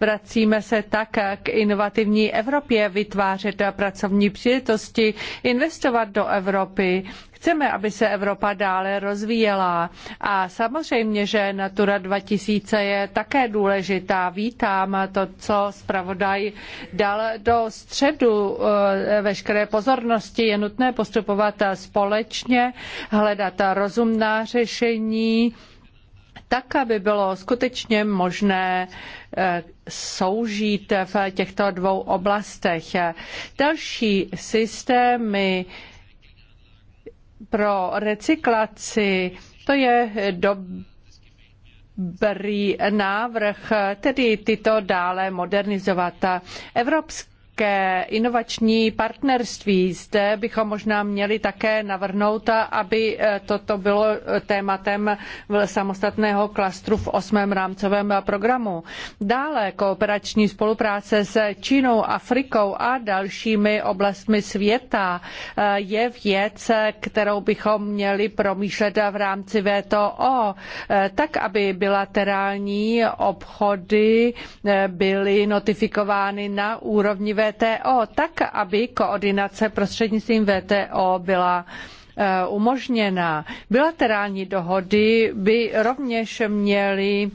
Vracíme se tak k inovativní Evropě, vytvářet pracovní příležitosti, investovat do Evropy. Chceme, aby se Evropa dále rozvíjela a samozřejmě, že Natura 2000 je také důležitá. Vítám to, co zpravodaj dal do středu eh, veškeré pozornosti. Je nutné postupovat společně, hledat rozumná řešení, tak, aby bylo skutečně možné eh, soužít v těchto dvou oblastech. Další systémy pro recyklaci, to je dobrý návrh, tedy tyto dále modernizovat. Evropský také inovační partnerství. Zde bychom možná měli také navrhnout, aby eh, toto bylo eh, tématem samostatného klastru v osmém rámcovém programu. Dále kooperační spolupráce s Čínou, Afrikou a dalšími oblastmi světa eh, je věc, kterou bychom měli promýšlet v rámci VTO, tak aby bilaterální obchody byly notifikovány na úrovni VTO VTO, tak aby koordinace prostřednictvím VTO byla eh, umožněna. Bilaterální dohody by rovněž měly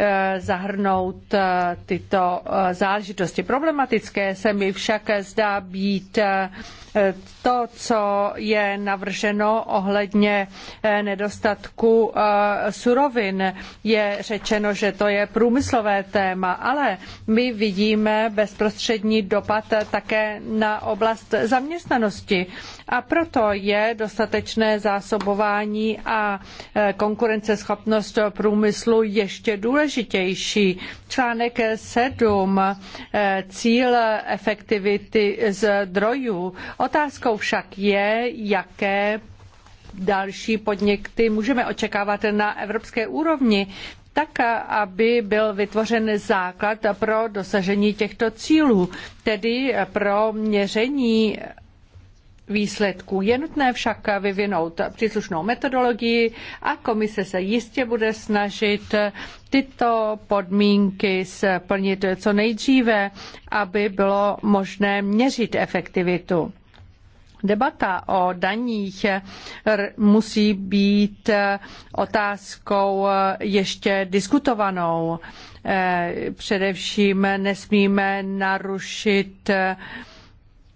Eh, zahrnout eh, tyto eh, záležitosti. Problematické se mi však zdá být to, co je navrženo ohledně nedostatku surovin. Je řečeno, že to je průmyslové téma, ale my vidíme bezprostřední dopad také na oblast zaměstnanosti. A proto je dostatečné zásobování a konkurenceschopnost průmyslu ještě důležitější důležitější. Článek 7. Eh, cíl efektivity zdrojů. Otázkou však je, jaké další podněty můžeme očekávat na evropské úrovni, tak, aby byl vytvořen základ pro dosažení těchto cílů, tedy pro měření výsledků. Je nutné však vyvinout příslušnou metodologii a komise se jistě bude snažit tyto podmínky splnit co nejdříve, aby bylo možné měřit efektivitu. Debata o daních musí být otázkou ještě diskutovanou. Eh, především nesmíme narušit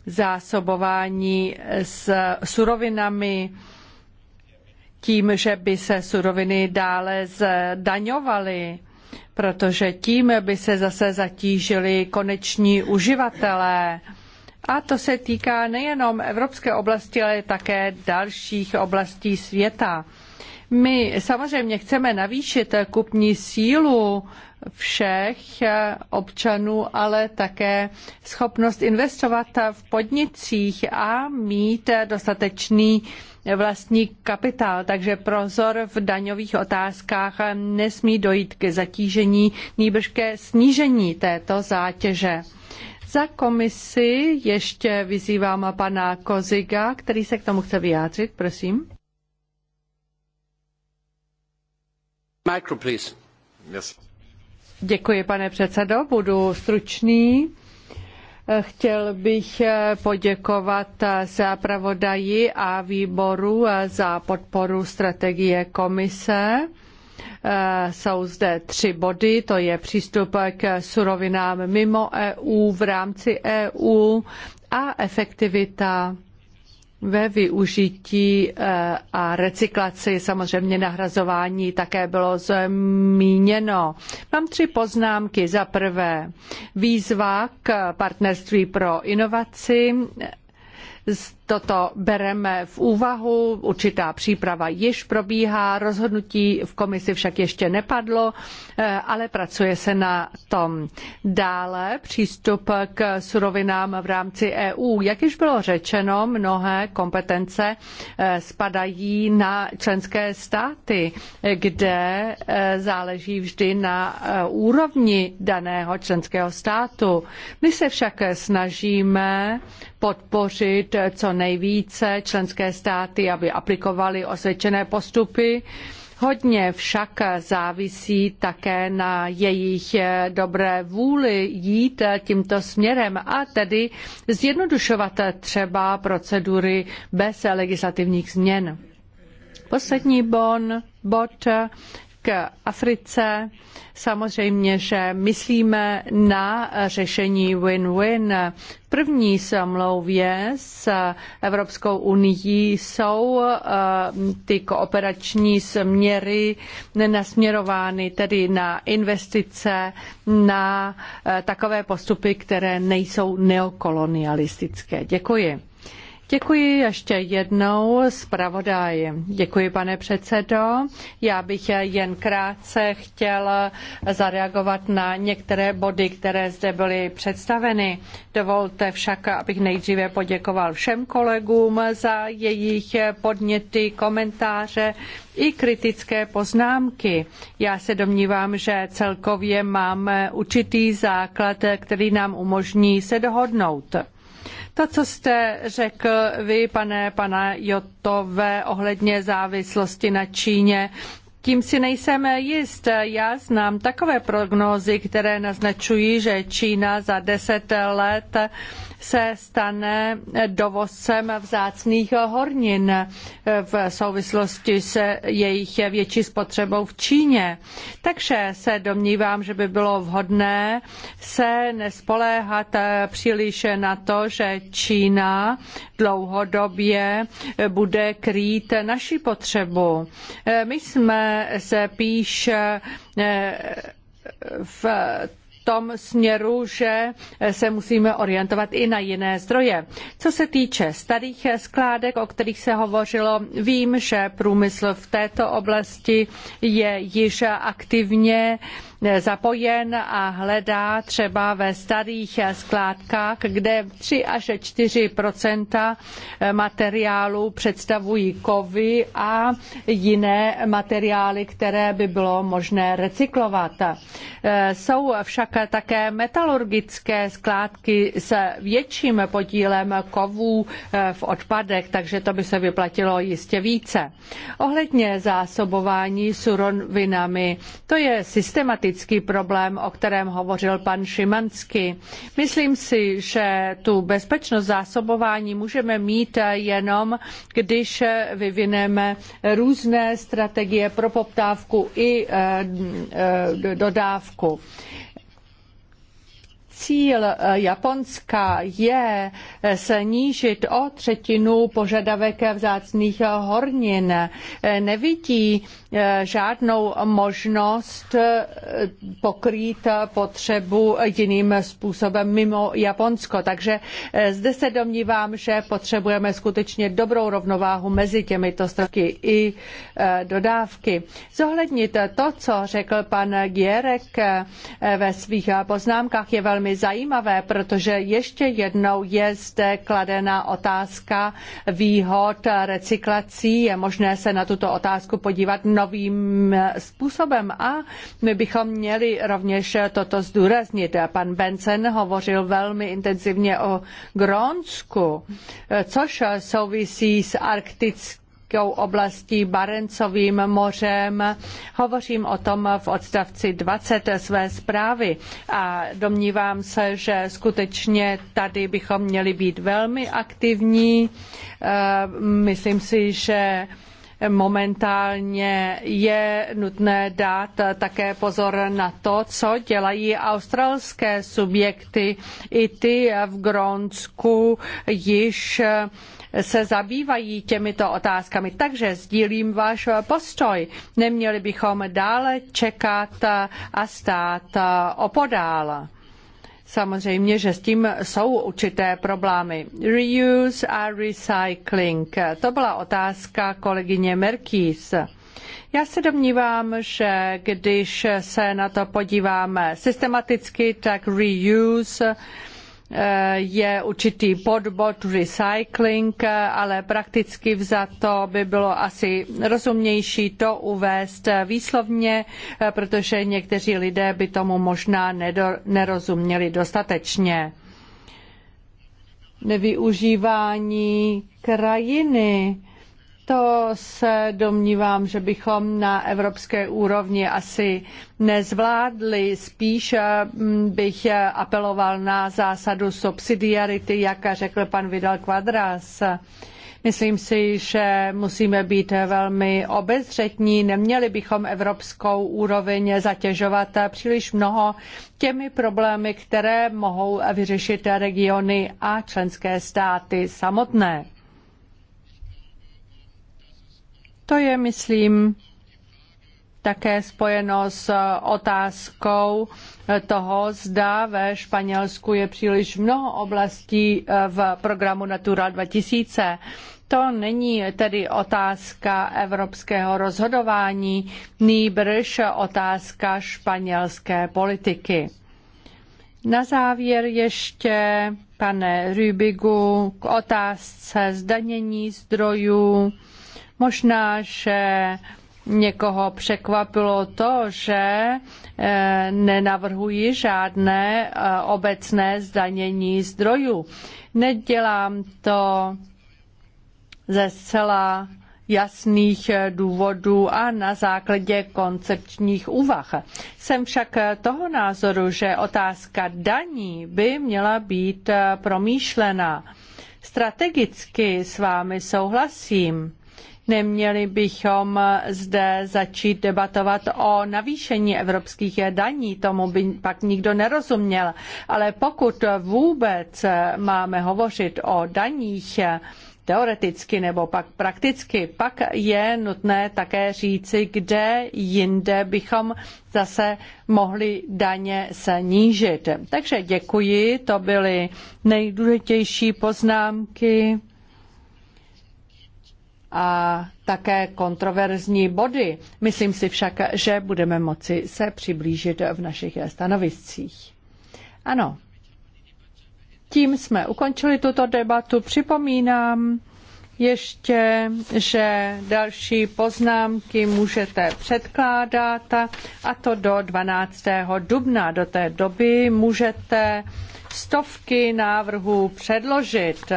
zásobování s surovinami tím, že by se suroviny dále zdaňovaly, protože tím by se zase zatížili koneční uživatelé. A to se týká nejenom evropské oblasti, ale také dalších oblastí světa. My samozřejmě chceme navýšit kupní sílu všech občanů, ale také schopnost investovat v podnicích a mít dostatečný vlastní kapitál. Takže prozor v daňových otázkách nesmí dojít ke zatížení, nýbrž ke snížení této zátěže. Za komisi ještě vyzývám pana Koziga, který se k tomu chce vyjádřit, prosím. pane předsedající budu stručný. Chtěl bych poděkovat zpravodaji a výboru za podporu strategie komise. Jsou zde tři body, to je přístup k surovinám mimo EU, v rámci EU a efektivita ve využití eh, a recyklaci, samozřejmě nahrazování také bylo zmíněno. Mám tři poznámky. Za prvé, výzva k partnerství pro inovaci Toto bereme v úvahu, určitá příprava již probíhá, rozhodnutí v komisi však ještě nepadlo, eh, ale pracuje se na tom. Dále přístup k surovinám v rámci EU. Jak již bylo řečeno, mnohé kompetence eh, spadají na členské státy, kde eh, záleží vždy na úrovni daného členského státu. My se však snažíme podpořit co nejvíce členské státy, aby aplikovaly osvědčené postupy. Hodně však závisí také na jejich eh, dobré vůli jít eh, tímto směrem a tedy zjednodušovat eh, třeba procedury bez legislativních změn. Poslední bon, bod k Africe. Samozřejmě, že myslíme na řešení win-win. V první samlouvě s Evropskou unii jsou eh, ty kooperační směry nasměrovány tedy na investice, na eh, takové postupy, které nejsou neokolonialistické. Děkuji. Děkuji ještě jednou zpravodaji. Děkuji, pane předsedo. Já bych jen krátce chtěl zareagovat na některé body, které zde byly představeny. Dovolte však, abych nejdříve poděkoval všem kolegům za jejich podněty, komentáře i kritické poznámky. Já se domnívám, že celkově máme určitý základ, který nám umožní se dohodnout. To, co jste řekl vy, pane, pana Jotové, ohledně závislosti na Číně, tím si nejsem jist. Já znám takové prognózy, které naznačují, že Čína za deset let se stane dovozcem vzácných hornin v souvislosti se jejich větší spotřebou v Číně. Takže se domnívám, že by bylo vhodné se nespoléhat příliš na to, že Čína dlouhodobě bude krýt naši potřebu. My jsme se píš eh, v tom směru, že se musíme orientovat i na jiné zdroje. Co se týče starých skládek, o kterých se hovořilo, vím, že průmysl v této oblasti je již aktivně zapojen a hledá třeba ve starých skládkách, kde 3 až 4 materiálu představují kovy a jiné materiály, které by bylo možné recyklovat. E, jsou však také metalurgické skládky s větším podílem kovů e, v odpadech, takže to by se vyplatilo jistě více. Ohledně zásobování surovinami, to je systematické lidský problém, o kterém hovořil pan Šimanský. Myslím si, že tu bezpečnost zásobování můžeme mít jenom, když vyvineme různé strategie pro poptávku i eh, eh, dodávku cíl eh, Japonska je snížit o třetinu požadavek vzácných hornin. Nevidí žádnou možnost eh, pokrýt eh, potřebu jiným způsobem mimo Japonsko. Takže eh, zde se domnívám, že potřebujeme skutečně dobrou rovnováhu mezi těmito stroky i dodávky. Zohlednit to, co řekl pan Gierek ve svých poznámkách, je velmi zajímavé, protože ještě jednou je zde kladena otázka výhod recyklací. Je možné se na tuto otázku podívat no novým způsobem a my bychom měli rovněž toto zdůraznit. Pan Benson hovořil velmi intenzivně o Grónsku, což souvisí s arktickým oblastí, Barencovým mořem. Hovořím o tom v odstavci 20 své zprávy a domnívám se, že skutečně tady bychom měli být velmi aktivní. Myslím si, že Momentálně je nutné dát také pozor na to, co dělají australské subjekty. I ty v Grónsku již se zabývají těmito otázkami. Takže sdílím váš postoj. Neměli bychom dále čekat a stát opodál. Samozřejmě, že s tím jsou určité problémy. Reuse a recycling. To byla otázka kolegyně Merkýs. Já se domnívám, že když se na to podíváme systematicky, tak reuse Eh, je určitý podbod recycling, eh, ale prakticky vzato by bylo asi rozumnější to uvést výslovně, eh, protože někteří lidé by tomu možná nerozuměli dostatečně. Nevyužívání krajiny proto se domnívám, že bychom na evropské úrovni asi nezvládli. Spíš eh, bych eh, apeloval na zásadu subsidiarity, jak řekl pan Vidal Quadras. Myslím si, že musíme být velmi obezřetní, neměli bychom evropskou úroveň zatěžovat příliš mnoho těmi problémy, které mohou vyřešit regiony a členské státy samotné. To je, myslím, také spojeno s eh, otázkou eh, toho, zda ve Španělsku je příliš mnoho oblastí eh, v programu Natura 2000. To není tedy otázka evropského rozhodování, nýbrž otázka španělské politiky. Na závěr ještě, pane Rübigu, k otázce zdanění zdrojů Možná, že Někoho překvapilo to, že eh, nenavrhuji žádné eh, obecné zdanění zdrojů. Nedělám to ze zcela jasných eh, důvodů a na základě koncepčních úvah. Jsem však toho názoru, že otázka daní by měla být promýšlená. Strategicky s vámi souhlasím Neměli bychom zde začít debatovat o navýšení evropských daní, tomu by pak nikdo nerozuměl. Ale pokud vůbec máme hovořit o daních, teoreticky nebo pak prakticky, pak je nutné také říci, kde jinde bychom zase mohli daně snížit. Takže děkuji, to byly nejdůležitější poznámky a také kontroverzní body. Myslím si však, že budeme moci se přiblížit v našich stanoviscích. Ano. Tím jsme ukončili tuto debatu. Připomínám ještě, že další poznámky můžete předkládat a to do 12. dubna. Do té doby můžete stovky návrhů předložit.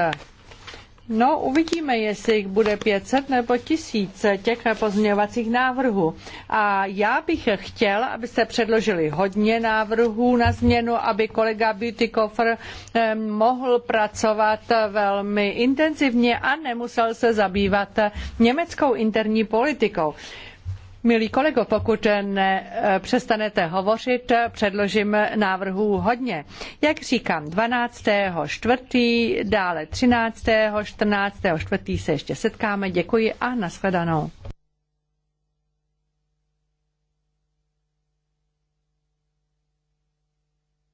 No, uvidíme, jestli jich bude 500 nebo 1000 těch pozměňovacích návrhů. A já bych chtěl, abyste předložili hodně návrhů na změnu, aby kolega Beautykofer eh, mohl pracovat velmi intenzivně a nemusel se zabývat německou interní politikou. Milí kolego, pokud ne eh, přestanete hovořit, předložím návrhů hodně. Jak říkám, 12. čtvrtý, dále 13. 14. čtvrtý se ještě setkáme. Děkuji a nashledanou.